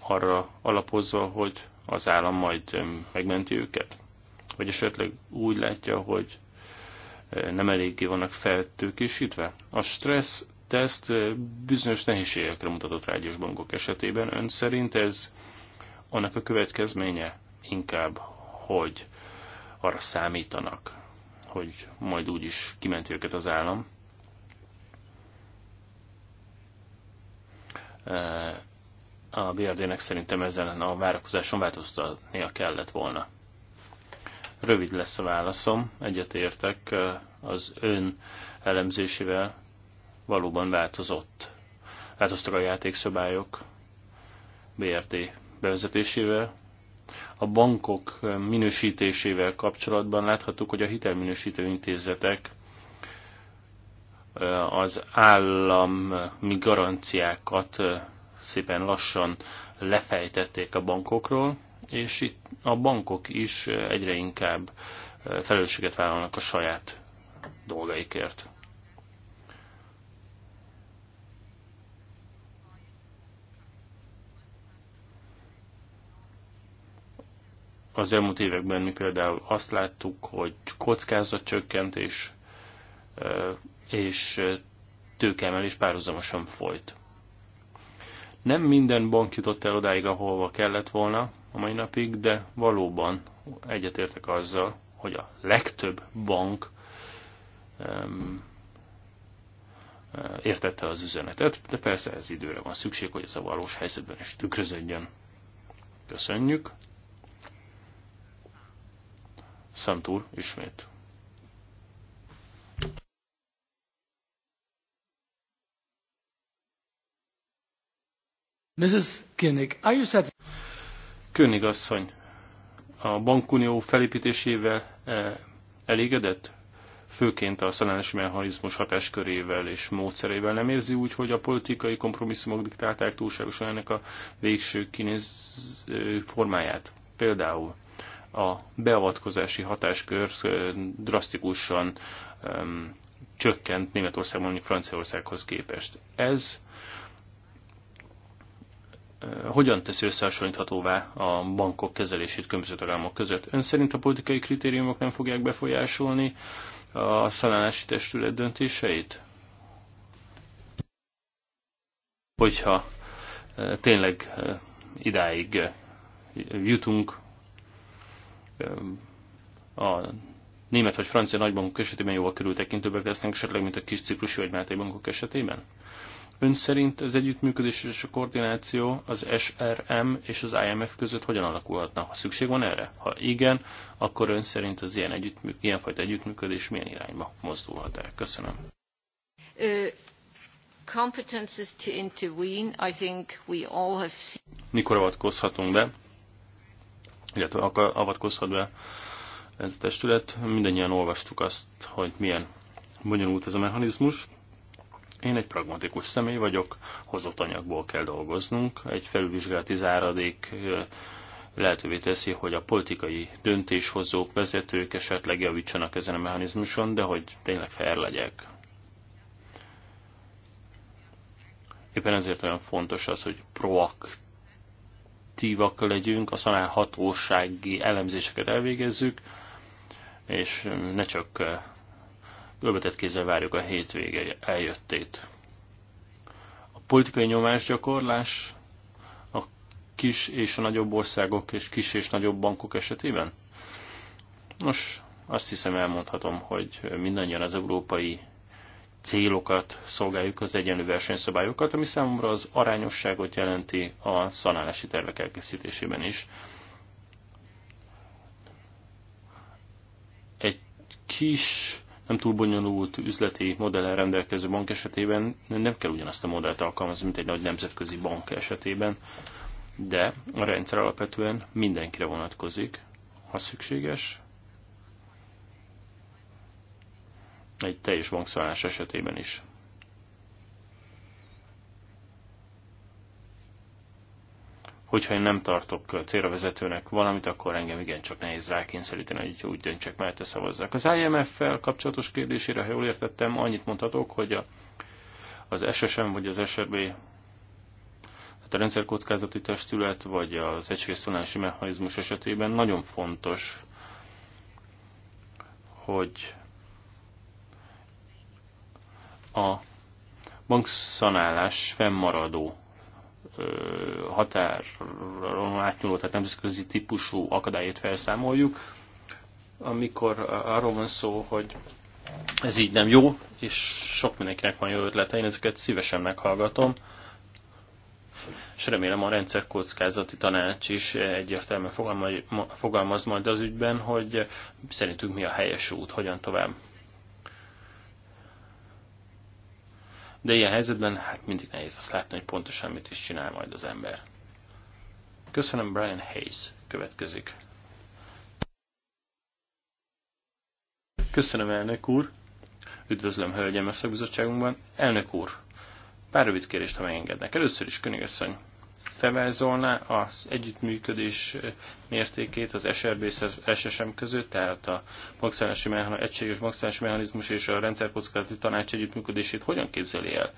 Arra alapozva, hogy az állam majd megmenti őket? Vagy esetleg úgy látja, hogy nem eléggé vannak feltőkésítve? A stressz teszt bizonyos nehézségekre mutatott rágyos bankok esetében. Ön szerint ez annak a következménye inkább, hogy arra számítanak, hogy majd is kimenti őket az állam a BRD-nek szerintem ezzel a várakozáson változtatnia kellett volna. Rövid lesz a válaszom, egyetértek az ön elemzésével, valóban változott. Változtak a játékszabályok BRD bevezetésével. A bankok minősítésével kapcsolatban láthattuk, hogy a hitelminősítő intézetek az állami garanciákat szépen lassan lefejtették a bankokról, és itt a bankok is egyre inkább felelősséget vállalnak a saját dolgaikért. Az elmúlt években mi például azt láttuk, hogy kockázatcsökkentés és tőkeemelés párhuzamosan folyt. Nem minden bank jutott el odáig, ahova kellett volna a mai napig, de valóban egyetértek azzal, hogy a legtöbb bank um, értette az üzenetet, de persze ez időre van szükség, hogy ez a valós helyzetben is tükröződjön. Köszönjük! Szentúr ismét Mrs. König, are you satisfied? asszony, a bankunió felépítésével eh, elégedett? Főként a szalános mechanizmus hatáskörével és módszerével nem érzi úgy, hogy a politikai kompromisszumok diktálták túlságosan ennek a végső kinéz eh, formáját. Például a beavatkozási hatáskör eh, drasztikusan um, csökkent Németországban, mondjuk Franciaországhoz képest. Ez hogyan teszi összehasonlíthatóvá a bankok kezelését különböző tagállamok között. Ön szerint a politikai kritériumok nem fogják befolyásolni a szalánási testület döntéseit? Hogyha tényleg idáig jutunk a német vagy francia nagybankok esetében jóval körültekintőbbek lesznek esetleg, mint a kis ciprusi vagy máltai bankok esetében? Ön szerint az együttműködés és a koordináció az SRM és az IMF között hogyan alakulhatna? Ha szükség van erre? Ha igen, akkor ön szerint az ilyen együttműk, ilyenfajta együttműködés milyen irányba mozdulhat el? Köszönöm. Mikor avatkozhatunk be? Illetve avatkozhat be ez a testület. Mindennyian olvastuk azt, hogy milyen bonyolult ez a mechanizmus én egy pragmatikus személy vagyok, hozott anyagból kell dolgoznunk. Egy felülvizsgálati záradék lehetővé teszi, hogy a politikai döntéshozók, vezetők esetleg javítsanak ezen a mechanizmuson, de hogy tényleg fel legyek. Éppen ezért olyan fontos az, hogy proaktívak legyünk, a szanál hatósági elemzéseket elvégezzük, és ne csak Görbetett kézzel várjuk a hétvége eljöttét. A politikai nyomásgyakorlás a kis és a nagyobb országok és kis és nagyobb bankok esetében? Nos, azt hiszem elmondhatom, hogy mindannyian az európai célokat szolgáljuk, az egyenlő versenyszabályokat, ami számomra az arányosságot jelenti a szanálási tervek elkészítésében is. Egy kis nem túl bonyolult üzleti modellel rendelkező bank esetében nem kell ugyanazt a modellt alkalmazni, mint egy nagy nemzetközi bank esetében, de a rendszer alapvetően mindenkire vonatkozik, ha szükséges. Egy teljes bankszállás esetében is. hogyha én nem tartok célra vezetőnek valamit, akkor engem igencsak nehéz rákényszeríteni, hogy úgy döntsek, mert szavazzak. Az IMF-fel kapcsolatos kérdésére, ha jól értettem, annyit mondhatok, hogy a, az SSM vagy az SRB, tehát a rendszerkockázati testület vagy az egységesztonási mechanizmus esetében nagyon fontos, hogy a bankszanálás fennmaradó határon átnyúló, tehát nemzetközi típusú akadályt felszámoljuk, amikor arról van szó, hogy ez így nem jó, és sok mindenkinek van jó ötlete, én ezeket szívesen meghallgatom, és remélem a rendszer kockázati tanács is egyértelműen fogalmaz majd az ügyben, hogy szerintünk mi a helyes út, hogyan tovább. De ilyen helyzetben hát mindig nehéz azt látni, hogy pontosan mit is csinál majd az ember. Köszönöm, Brian Hayes következik. Köszönöm, elnök úr. Üdvözlöm, hölgyem a szakbizottságunkban. Elnök úr, pár rövid kérést, ha megengednek. Először is, könyögasszony, felvázolná az együttműködés mértékét az SRB és az SSM között, tehát a mechanizmus, egységes maximális mechanizmus és a rendszerkockázati tanács együttműködését hogyan képzeli el?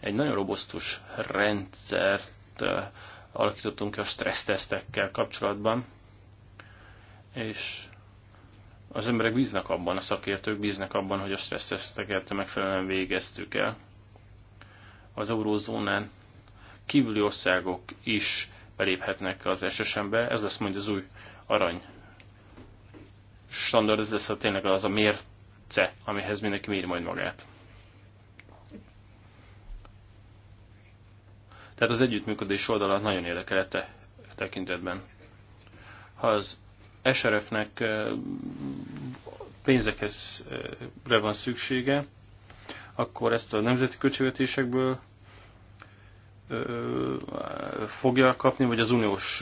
Egy nagyon robosztus rendszert eh, alakítottunk ki a stressztesztekkel kapcsolatban, és az emberek bíznak abban, a szakértők bíznak abban, hogy a stresszteszteket megfelelően végeztük el. Az eurózónán kívüli országok is beléphetnek az SSM-be. Ez lesz majd az új arany standard, ez lesz a tényleg az a mérce, amihez mindenki mér majd magát. Tehát az együttműködés oldala nagyon érdekelete e tekintetben. Ha az SRF-nek pénzekhez van szüksége, akkor ezt a nemzeti költségvetésekből fogja kapni, vagy az uniós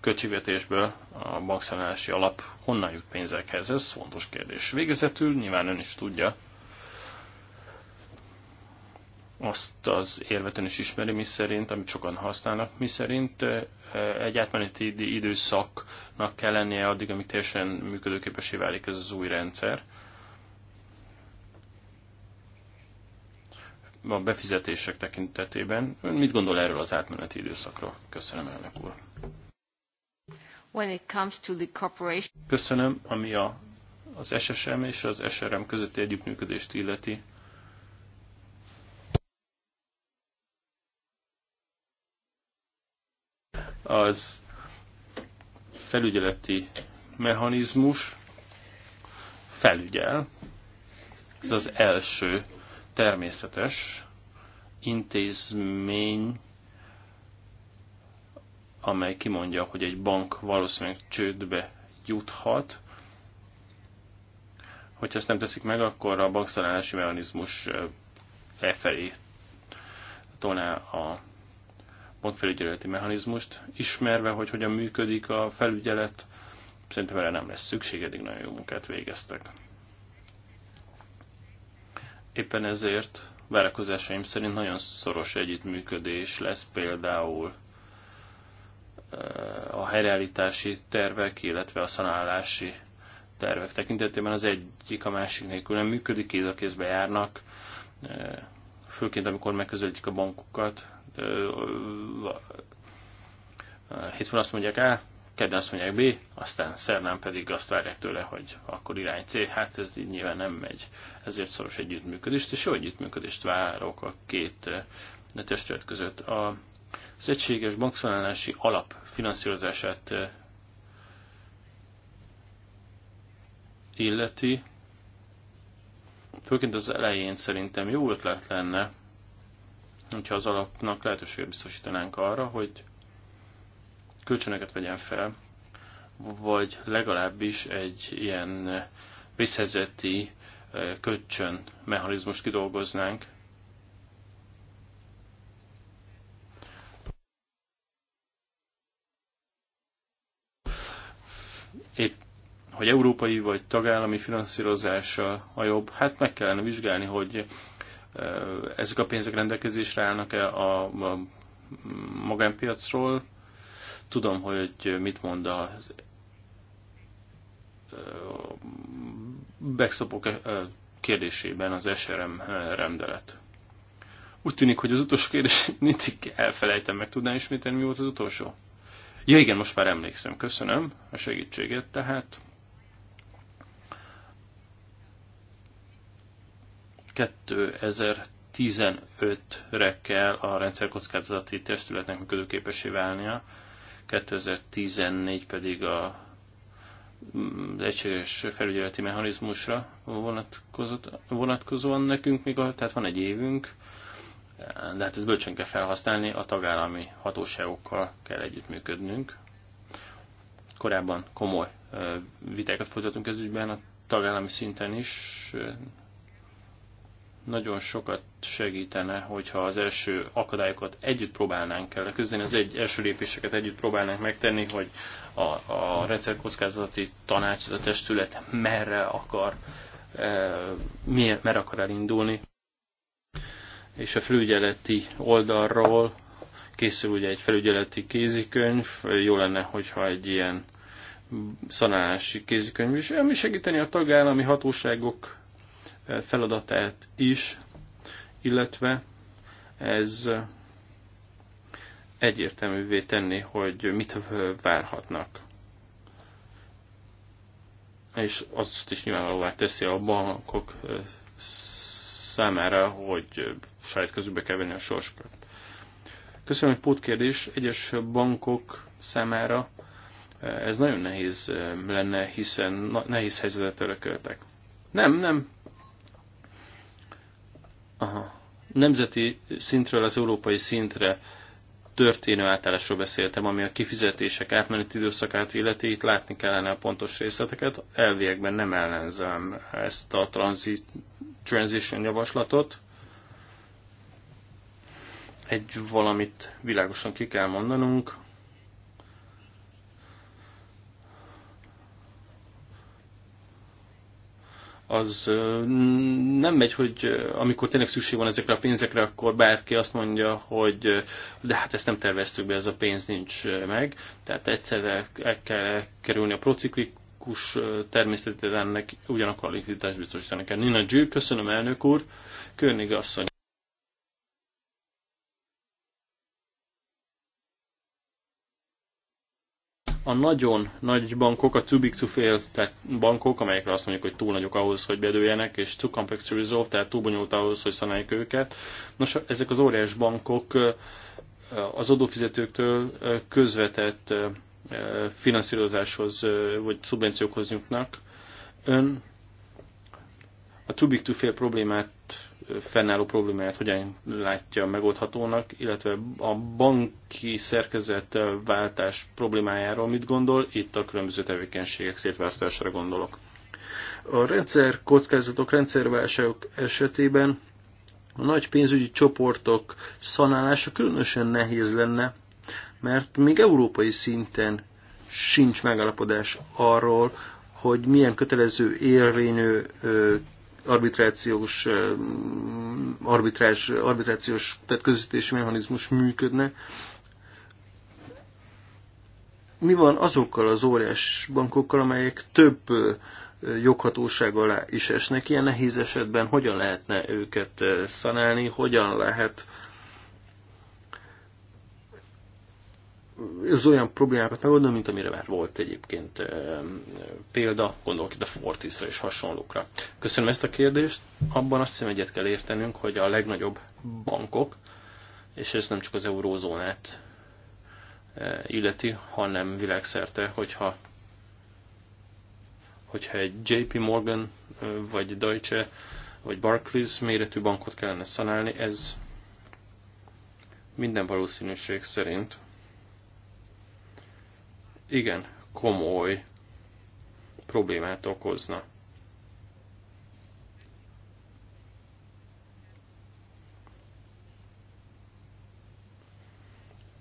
költségvetésből a bankszállási alap honnan jut pénzekhez? Ez fontos kérdés. Végezetül nyilván ön is tudja, azt az érveten is ismeri, mi szerint, amit sokan használnak, mi szerint egy átmeneti időszaknak kell lennie addig, amíg teljesen működőképesé válik ez az új rendszer. a befizetések tekintetében. Ön mit gondol erről az átmeneti időszakról? Köszönöm, elnök úr. When it comes to the corporation... Köszönöm, ami a, az SSM és az SRM közötti együttműködést illeti. Az felügyeleti mechanizmus felügyel. Ez az első természetes intézmény, amely kimondja, hogy egy bank valószínűleg csődbe juthat, hogyha ezt nem teszik meg, akkor a bankszállási mechanizmus e felé tolná a bankfelügyeleti mechanizmust, ismerve, hogy hogyan működik a felügyelet, szerintem erre nem lesz szükség, eddig nagyon jó munkát végeztek. Éppen ezért várakozásaim szerint nagyon szoros együttműködés lesz például eh, a helyreállítási tervek, illetve a szanálási tervek tekintetében az egyik a másik nélkül nem működik, kéz a kézbe járnak, eh, főként amikor megközelítik a bankokat. Hétfőn azt mondják, el, kedden azt mondják B, aztán szerdán pedig azt várják tőle, hogy akkor irány C, hát ez így nyilván nem megy. Ezért szoros együttműködést, és jó együttműködést várok a két eh, a testület között. A, az egységes bankszolálási alap finanszírozását eh, illeti, főként az elején szerintem jó ötlet lenne, hogyha az alapnak lehetőséget biztosítanánk arra, hogy kölcsönöket vegyen fel, vagy legalábbis egy ilyen vészhelyzeti kölcsön mechanizmust kidolgoznánk. Épp hogy európai vagy tagállami finanszírozása a jobb, hát meg kellene vizsgálni, hogy ezek a pénzek rendelkezésre állnak-e a magánpiacról, Tudom, hogy mit mond az backstopok kérdésében az SRM rendelet. Úgy tűnik, hogy az utolsó kérdés [laughs] mindig elfelejtem, meg tudná ismételni, mi volt az utolsó? Ja igen, most már emlékszem, köszönöm a segítséget, tehát 2015-re kell a rendszerkockázati testületnek működőképessé válnia, 2014 pedig a az mm, egységes felügyeleti mechanizmusra vonatkozóan nekünk még, a, tehát van egy évünk, de hát ezt bölcsön kell felhasználni, a tagállami hatóságokkal kell együttműködnünk. Korábban komoly vitákat folytatunk ez ügyben, a tagállami szinten is nagyon sokat segítene, hogyha az első akadályokat együtt próbálnánk el leküzdeni, az egy első lépéseket együtt próbálnánk megtenni, hogy a, a rendszerkockázati tanács, a testület merre akar, e, miért, merre akar elindulni. És a felügyeleti oldalról készül ugye egy felügyeleti kézikönyv, jó lenne, hogyha egy ilyen szanálási kézikönyv is, ami segíteni a tagállami hatóságok feladatát is, illetve ez egyértelművé tenni, hogy mit várhatnak. És azt is nyilvánvalóvá teszi a bankok számára, hogy saját közükbe kell venni a sorsokat. Köszönöm, hogy pótkérdés. Egyes bankok számára ez nagyon nehéz lenne, hiszen nehéz helyzetet örököltek. Nem, nem, Aha. Nemzeti szintről az európai szintre történő átállásról beszéltem, ami a kifizetések átmeneti időszakát illeti, itt látni kellene a pontos részleteket. Elviekben nem ellenzem ezt a transit, transition javaslatot. Egy valamit világosan ki kell mondanunk, az nem megy, hogy amikor tényleg szükség van ezekre a pénzekre, akkor bárki azt mondja, hogy de hát ezt nem terveztük be, ez a pénz nincs meg. Tehát egyszerre el kell kerülni a prociklikus természetet ennek, ugyanakkor a likviditás biztosítani kell. Nina Gyű, köszönöm elnök úr, Körnig asszony. a nagyon nagy bankok, a too big to fail bankok, amelyekre azt mondjuk, hogy túl nagyok ahhoz, hogy bedőjenek, és too complex to resolve, tehát túl bonyolult ahhoz, hogy szanáljuk őket. Nos, ezek az óriás bankok az adófizetőktől közvetett finanszírozáshoz vagy szubvenciókhoz jutnak. Ön a too big to fail problémát fennálló problémáját hogyan látja megoldhatónak, illetve a banki szerkezet váltás problémájáról mit gondol, itt a különböző tevékenységek szétválasztására gondolok. A rendszer kockázatok, rendszerválságok esetében a nagy pénzügyi csoportok szanálása különösen nehéz lenne, mert még európai szinten sincs megállapodás arról, hogy milyen kötelező érvényű arbitrációs, eh, arbitrás, arbitrációs, tehát közvetítési mechanizmus működne. Mi van azokkal az óriás bankokkal, amelyek több eh, joghatóság alá is esnek? Ilyen nehéz esetben hogyan lehetne őket eh, szanálni, hogyan lehet ez olyan problémákat megoldani, mint amire már volt egyébként példa, gondolok itt a Fortisra és hasonlókra. Köszönöm ezt a kérdést. Abban azt hiszem egyet kell értenünk, hogy a legnagyobb bankok, és ez nem csak az eurózónát illeti, hanem világszerte, hogyha hogyha egy JP Morgan, vagy Deutsche, vagy Barclays méretű bankot kellene szanálni, ez minden valószínűség szerint igen komoly problémát okozna.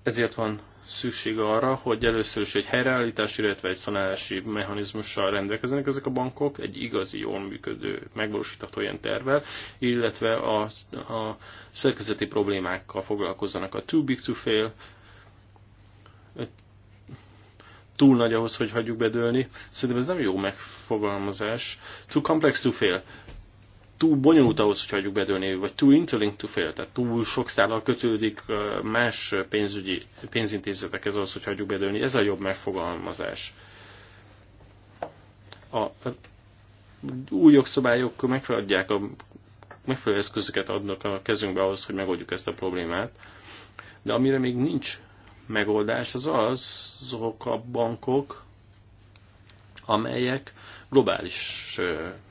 Ezért van szükség arra, hogy először is egy helyreállítás, illetve egy szanálási mechanizmussal rendelkeznek ezek a bankok, egy igazi, jól működő, megvalósítható ilyen tervvel, illetve a, a szerkezeti problémákkal foglalkozzanak. A too big to fail túl nagy ahhoz, hogy hagyjuk bedőlni. Szerintem ez nem jó megfogalmazás. Too complex to fail. Túl bonyolult ahhoz, hogy hagyjuk bedőlni, vagy too interlinked to fail, tehát túl sok szállal kötődik más pénzügyi, pénzintézetekhez ahhoz, hogy hagyjuk bedőlni. Ez a jobb megfogalmazás. A új jogszabályok megfeladják a megfelelő eszközöket adnak a kezünkbe ahhoz, hogy megoldjuk ezt a problémát. De amire még nincs megoldás az az, azok a bankok, amelyek globális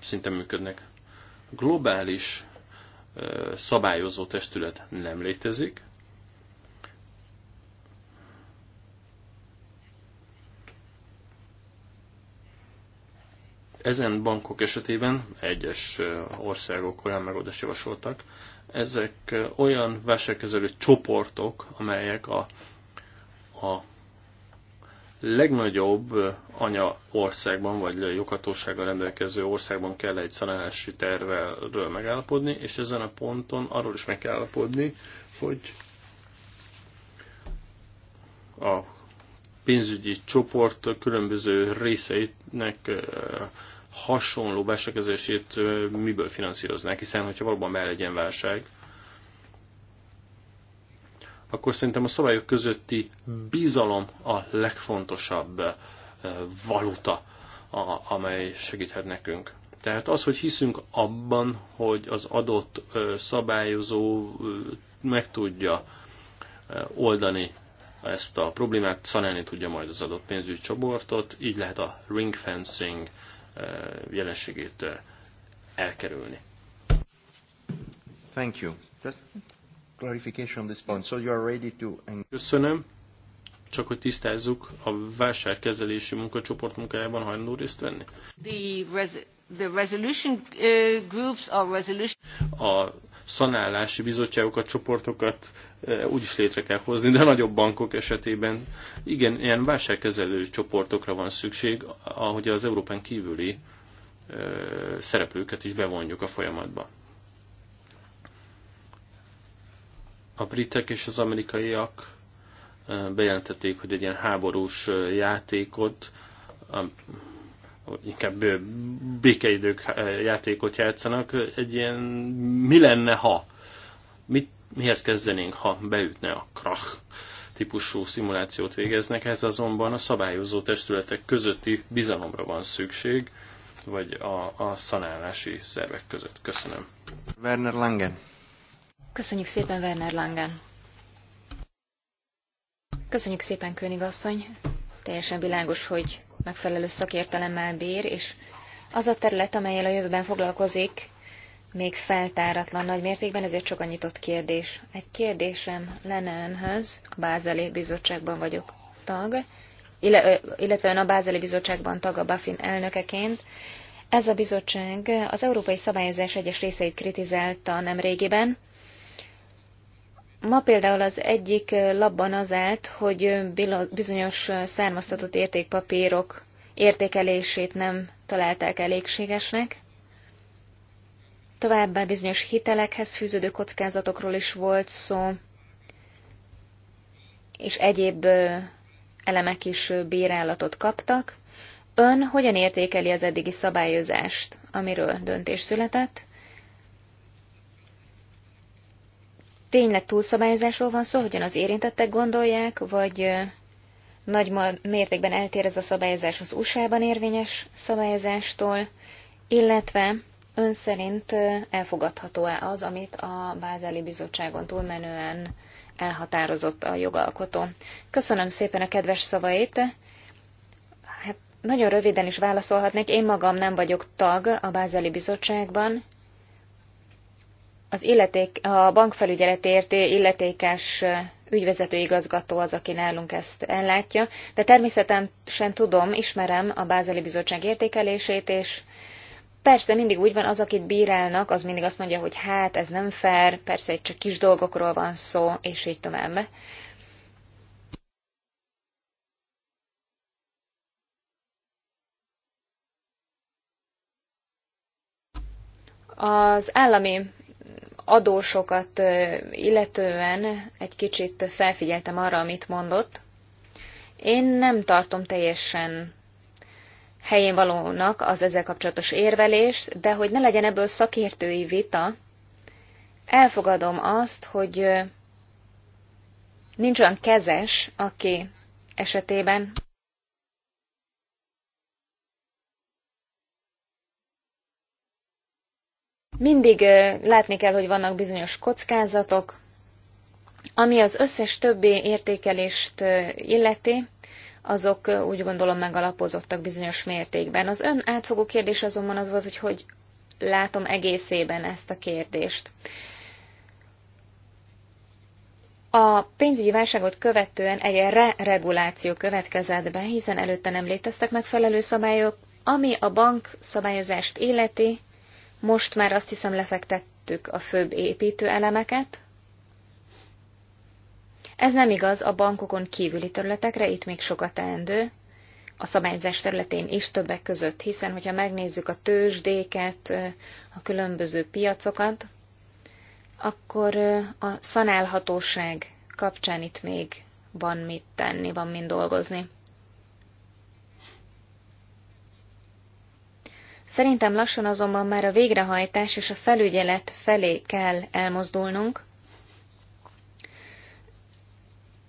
szinten működnek. Globális szabályozó testület nem létezik. Ezen bankok esetében egyes országok olyan megoldást javasoltak, ezek olyan válságkezelő csoportok, amelyek a a legnagyobb anya országban, vagy joghatósággal rendelkező országban kell egy szanálási tervről megállapodni, és ezen a ponton arról is meg kell állapodni, hogy a pénzügyi csoport különböző részeinek hasonló besekezését miből finanszíroznák, hiszen hogyha valóban be legyen válság, akkor szerintem a szabályok közötti bizalom a legfontosabb eh, valuta, amely segíthet nekünk. Tehát az, hogy hiszünk abban, hogy az adott eh, szabályozó eh, meg tudja oldani ezt a problémát, szanálni tudja majd az adott pénzügyi csoportot, így lehet a ring fencing jelenségét elkerülni. Thank you clarification this point. So you are ready to... Köszönöm. Csak hogy tisztázzuk, a válságkezelési munkacsoport munkájában hajlandó részt venni? The, res the resolution uh, groups or resolution... A szanálási bizottságokat, csoportokat uh, úgyis létre kell hozni, de nagyobb bankok esetében igen, ilyen válságkezelő csoportokra van szükség, ahogy az Európán kívüli uh, szereplőket is bevonjuk a folyamatba. A britek és az amerikaiak bejelentették, hogy egy ilyen háborús játékot, inkább békeidők játékot játszanak, egy ilyen mi lenne, ha? Mit, mihez kezdenénk, ha beütne a krach típusú szimulációt végeznek, ez azonban a szabályozó testületek közötti bizalomra van szükség, vagy a, a szanálási szervek között. Köszönöm. Werner Langen. Köszönjük szépen, Werner Langen. Köszönjük szépen, Königasszony. Teljesen világos, hogy megfelelő szakértelemmel bír, és az a terület, amelyel a jövőben foglalkozik, még feltáratlan nagy mértékben, ezért csak a nyitott kérdés. Egy kérdésem lenne önhöz, a Bázeli Bizottságban vagyok tag, illetve ön a Bázeli Bizottságban tag a Buffin elnökeként. Ez a bizottság az európai szabályozás egyes részeit kritizálta nemrégiben, Ma például az egyik labban az állt, hogy bizonyos származtatott értékpapírok értékelését nem találták elégségesnek. Továbbá bizonyos hitelekhez fűződő kockázatokról is volt szó, és egyéb elemek is bírálatot kaptak. Ön hogyan értékeli az eddigi szabályozást, amiről döntés született? tényleg túlszabályozásról van szó, hogyan az érintettek gondolják, vagy nagy mértékben eltér ez a szabályozás az USA-ban érvényes szabályozástól, illetve ön szerint elfogadható-e az, amit a Bázeli Bizottságon túlmenően elhatározott a jogalkotó? Köszönöm szépen a kedves szavait. Hát nagyon röviden is válaszolhatnék, én magam nem vagyok tag a Bázeli Bizottságban, az illeték, a bankfelügyeletért illetékes ügyvezető igazgató az, aki nálunk ezt ellátja, de természetesen tudom, ismerem a Bázeli Bizottság értékelését, és persze mindig úgy van, az, akit bírálnak, az mindig azt mondja, hogy hát ez nem fair, persze itt csak kis dolgokról van szó, és így tovább. Az állami adósokat illetően egy kicsit felfigyeltem arra, amit mondott. Én nem tartom teljesen helyén valónak az ezzel kapcsolatos érvelést, de hogy ne legyen ebből szakértői vita, elfogadom azt, hogy nincs olyan kezes, aki esetében Mindig látni kell, hogy vannak bizonyos kockázatok, ami az összes többi értékelést illeti, azok úgy gondolom megalapozottak bizonyos mértékben. Az ön átfogó kérdés azonban az volt, hogy hogy látom egészében ezt a kérdést. A pénzügyi válságot követően egy re-reguláció következett be, hiszen előtte nem léteztek megfelelő szabályok, ami a bank szabályozást illeti, most már azt hiszem lefektettük a főbb építő elemeket. Ez nem igaz a bankokon kívüli területekre, itt még sokat teendő, a szabályzás területén is többek között, hiszen hogyha megnézzük a tőzsdéket, a különböző piacokat, akkor a szanálhatóság kapcsán itt még van mit tenni, van mind dolgozni. Szerintem lassan azonban már a végrehajtás és a felügyelet felé kell elmozdulnunk.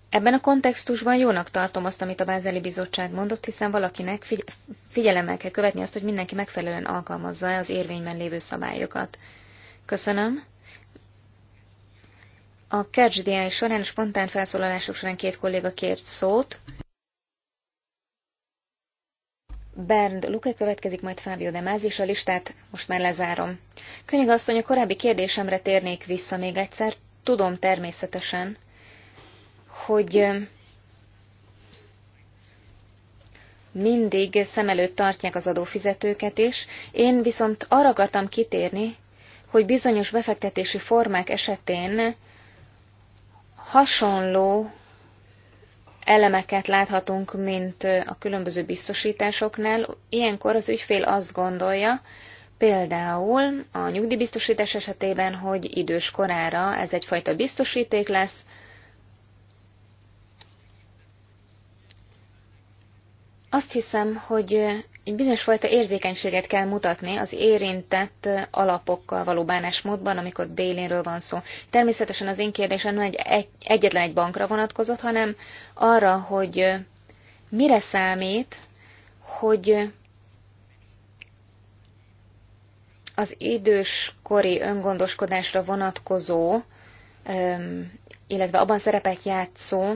Ebben a kontextusban jónak tartom azt, amit a Bázeli Bizottság mondott, hiszen valakinek figy- figyelemmel kell követni azt, hogy mindenki megfelelően alkalmazza-e az érvényben lévő szabályokat. Köszönöm. A Kercs során, spontán felszólalások során két kolléga kért szót. Bernd Luke következik, majd Fábio de Mázis a listát most már lezárom. Könyög asszony, a korábbi kérdésemre térnék vissza még egyszer. Tudom természetesen, hogy mindig szem előtt tartják az adófizetőket is. Én viszont arra akartam kitérni, hogy bizonyos befektetési formák esetén hasonló elemeket láthatunk, mint a különböző biztosításoknál. Ilyenkor az ügyfél azt gondolja, például a nyugdíjbiztosítás esetében, hogy idős korára ez egyfajta biztosíték lesz, Azt hiszem, hogy bizonyos fajta érzékenységet kell mutatni az érintett alapokkal való bánásmódban, amikor bélénről van szó. Természetesen az én kérdésem nem egy, egy, egyetlen egy bankra vonatkozott, hanem arra, hogy mire számít, hogy az időskori öngondoskodásra vonatkozó, illetve abban szerepet játszó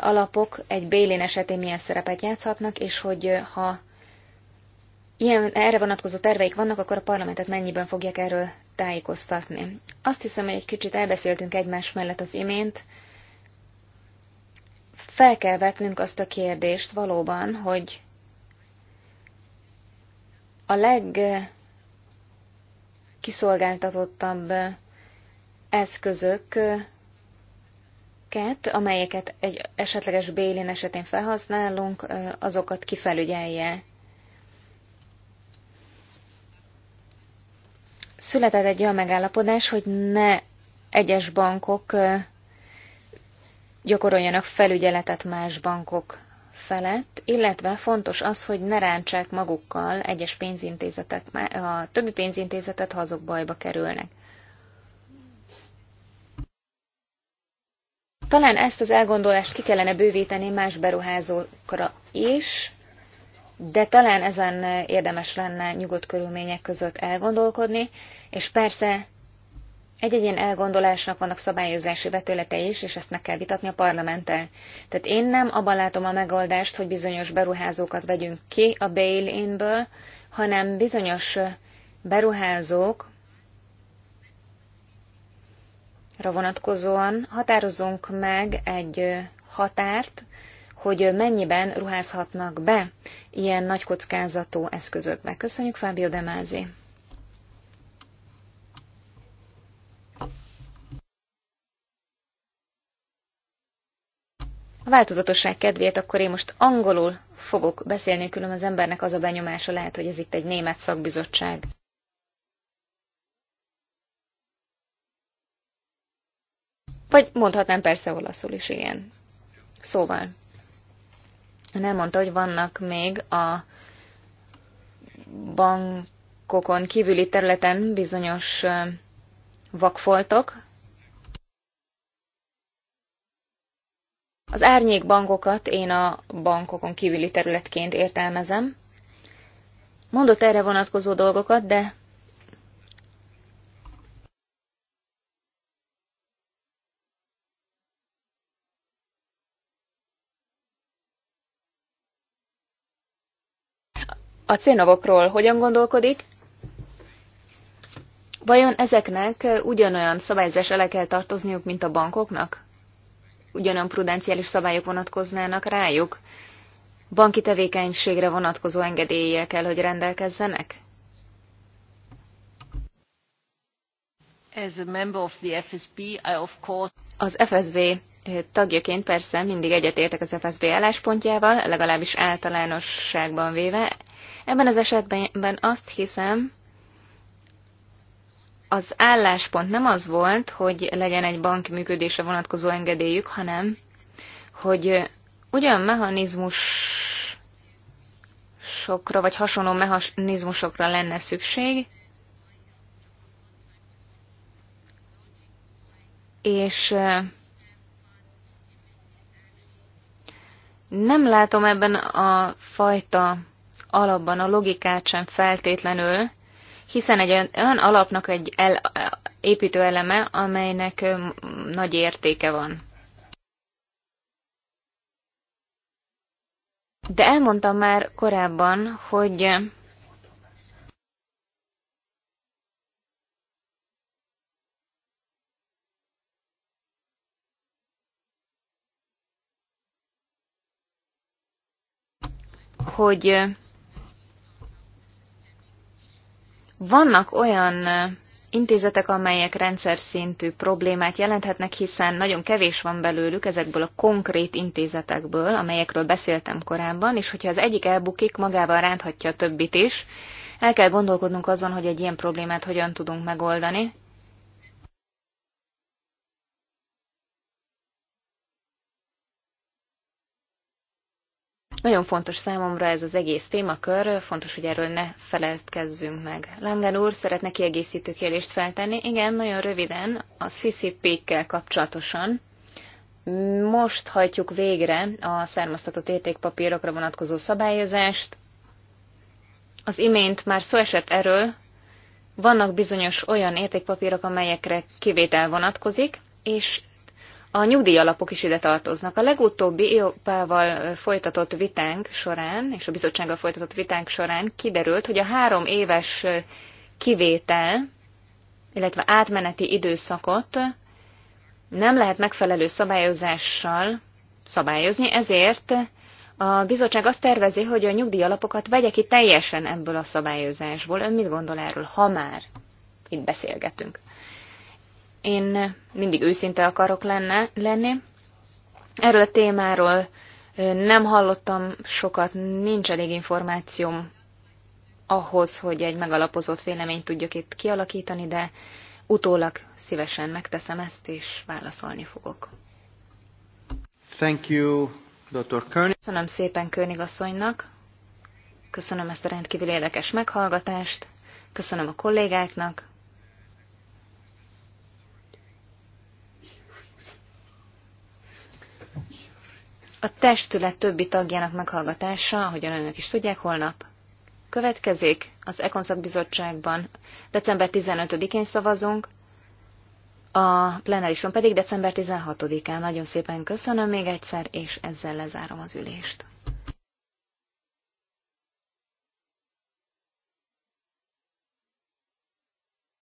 alapok egy Bélén esetén milyen szerepet játszhatnak, és hogy ha ilyen, erre vonatkozó terveik vannak, akkor a parlamentet mennyiben fogják erről tájékoztatni. Azt hiszem, hogy egy kicsit elbeszéltünk egymás mellett az imént. Fel kell vetnünk azt a kérdést valóban, hogy a legkiszolgáltatottabb eszközöket, amelyeket egy esetleges bélén esetén felhasználunk, azokat kifelügyelje született egy olyan megállapodás, hogy ne egyes bankok gyakoroljanak felügyeletet más bankok felett, illetve fontos az, hogy ne rántsák magukkal egyes pénzintézetek, a többi pénzintézetet, ha azok bajba kerülnek. Talán ezt az elgondolást ki kellene bővíteni más beruházókra is, de talán ezen érdemes lenne nyugodt körülmények között elgondolkodni, és persze egy egyén elgondolásnak vannak szabályozási vetületei is, és ezt meg kell vitatni a parlamenttel. Tehát én nem abban látom a megoldást, hogy bizonyos beruházókat vegyünk ki a bail-inből, hanem bizonyos beruházók, vonatkozóan határozzunk meg egy határt, hogy mennyiben ruházhatnak be ilyen nagy kockázatú eszközökbe. Köszönjük, Fábio Demázi! A változatosság kedvéért akkor én most angolul fogok beszélni, külön az embernek az a benyomása lehet, hogy ez itt egy német szakbizottság. Vagy mondhatnám persze olaszul is, igen. Szóval nem mondta, hogy vannak még a bankokon kívüli területen bizonyos vakfoltok. Az árnyék bankokat én a bankokon kívüli területként értelmezem. Mondott erre vonatkozó dolgokat, de A cénovokról hogyan gondolkodik? Vajon ezeknek ugyanolyan szabályzás ele kell tartozniuk, mint a bankoknak? Ugyanolyan prudenciális szabályok vonatkoznának rájuk? Banki tevékenységre vonatkozó engedélyekkel, kell, hogy rendelkezzenek? As a member of the FSB, I of course... Az FSB eh, tagjaként persze mindig egyetértek az FSB álláspontjával, legalábbis általánosságban véve, Ebben az esetben azt hiszem, az álláspont nem az volt, hogy legyen egy bank működésre vonatkozó engedélyük, hanem hogy ugyan mechanizmus sokra, vagy hasonló mechanizmusokra lenne szükség, és nem látom ebben a fajta alapban a logikát sem feltétlenül, hiszen egy olyan alapnak egy el, építő eleme, amelynek nagy értéke van. De elmondtam már korábban, hogy hogy Vannak olyan intézetek, amelyek rendszer szintű problémát jelenthetnek, hiszen nagyon kevés van belőlük ezekből a konkrét intézetekből, amelyekről beszéltem korábban, és hogyha az egyik elbukik, magával ránthatja a többit is. El kell gondolkodnunk azon, hogy egy ilyen problémát hogyan tudunk megoldani, Nagyon fontos számomra ez az egész témakör, fontos, hogy erről ne feledkezzünk meg. Langen úr szeretne kiegészítő kérdést feltenni. Igen, nagyon röviden, a CCP-kkel kapcsolatosan. Most hajtjuk végre a származtatott értékpapírokra vonatkozó szabályozást. Az imént már szó esett erről, vannak bizonyos olyan értékpapírok, amelyekre kivétel vonatkozik, és a nyugdíjalapok is ide tartoznak. A legutóbbi EU-val folytatott vitánk során, és a bizottsággal folytatott vitánk során kiderült, hogy a három éves kivétel, illetve átmeneti időszakot nem lehet megfelelő szabályozással szabályozni, ezért a bizottság azt tervezi, hogy a nyugdíjalapokat vegye ki teljesen ebből a szabályozásból. Ön mit gondol erről, ha már itt beszélgetünk? Én mindig őszinte akarok lenne, lenni. Erről a témáról nem hallottam sokat, nincs elég információm ahhoz, hogy egy megalapozott véleményt tudjak itt kialakítani, de utólag szívesen megteszem ezt, és válaszolni fogok. Thank you, Dr. Kearney. Köszönöm szépen König asszonynak, köszönöm ezt a rendkívül érdekes meghallgatást, köszönöm a kollégáknak, A testület többi tagjának meghallgatása, ahogyan önök is tudják, holnap következik az Ekon szakbizottságban. December 15-én szavazunk, a plenárison pedig december 16-án. Nagyon szépen köszönöm még egyszer, és ezzel lezárom az ülést.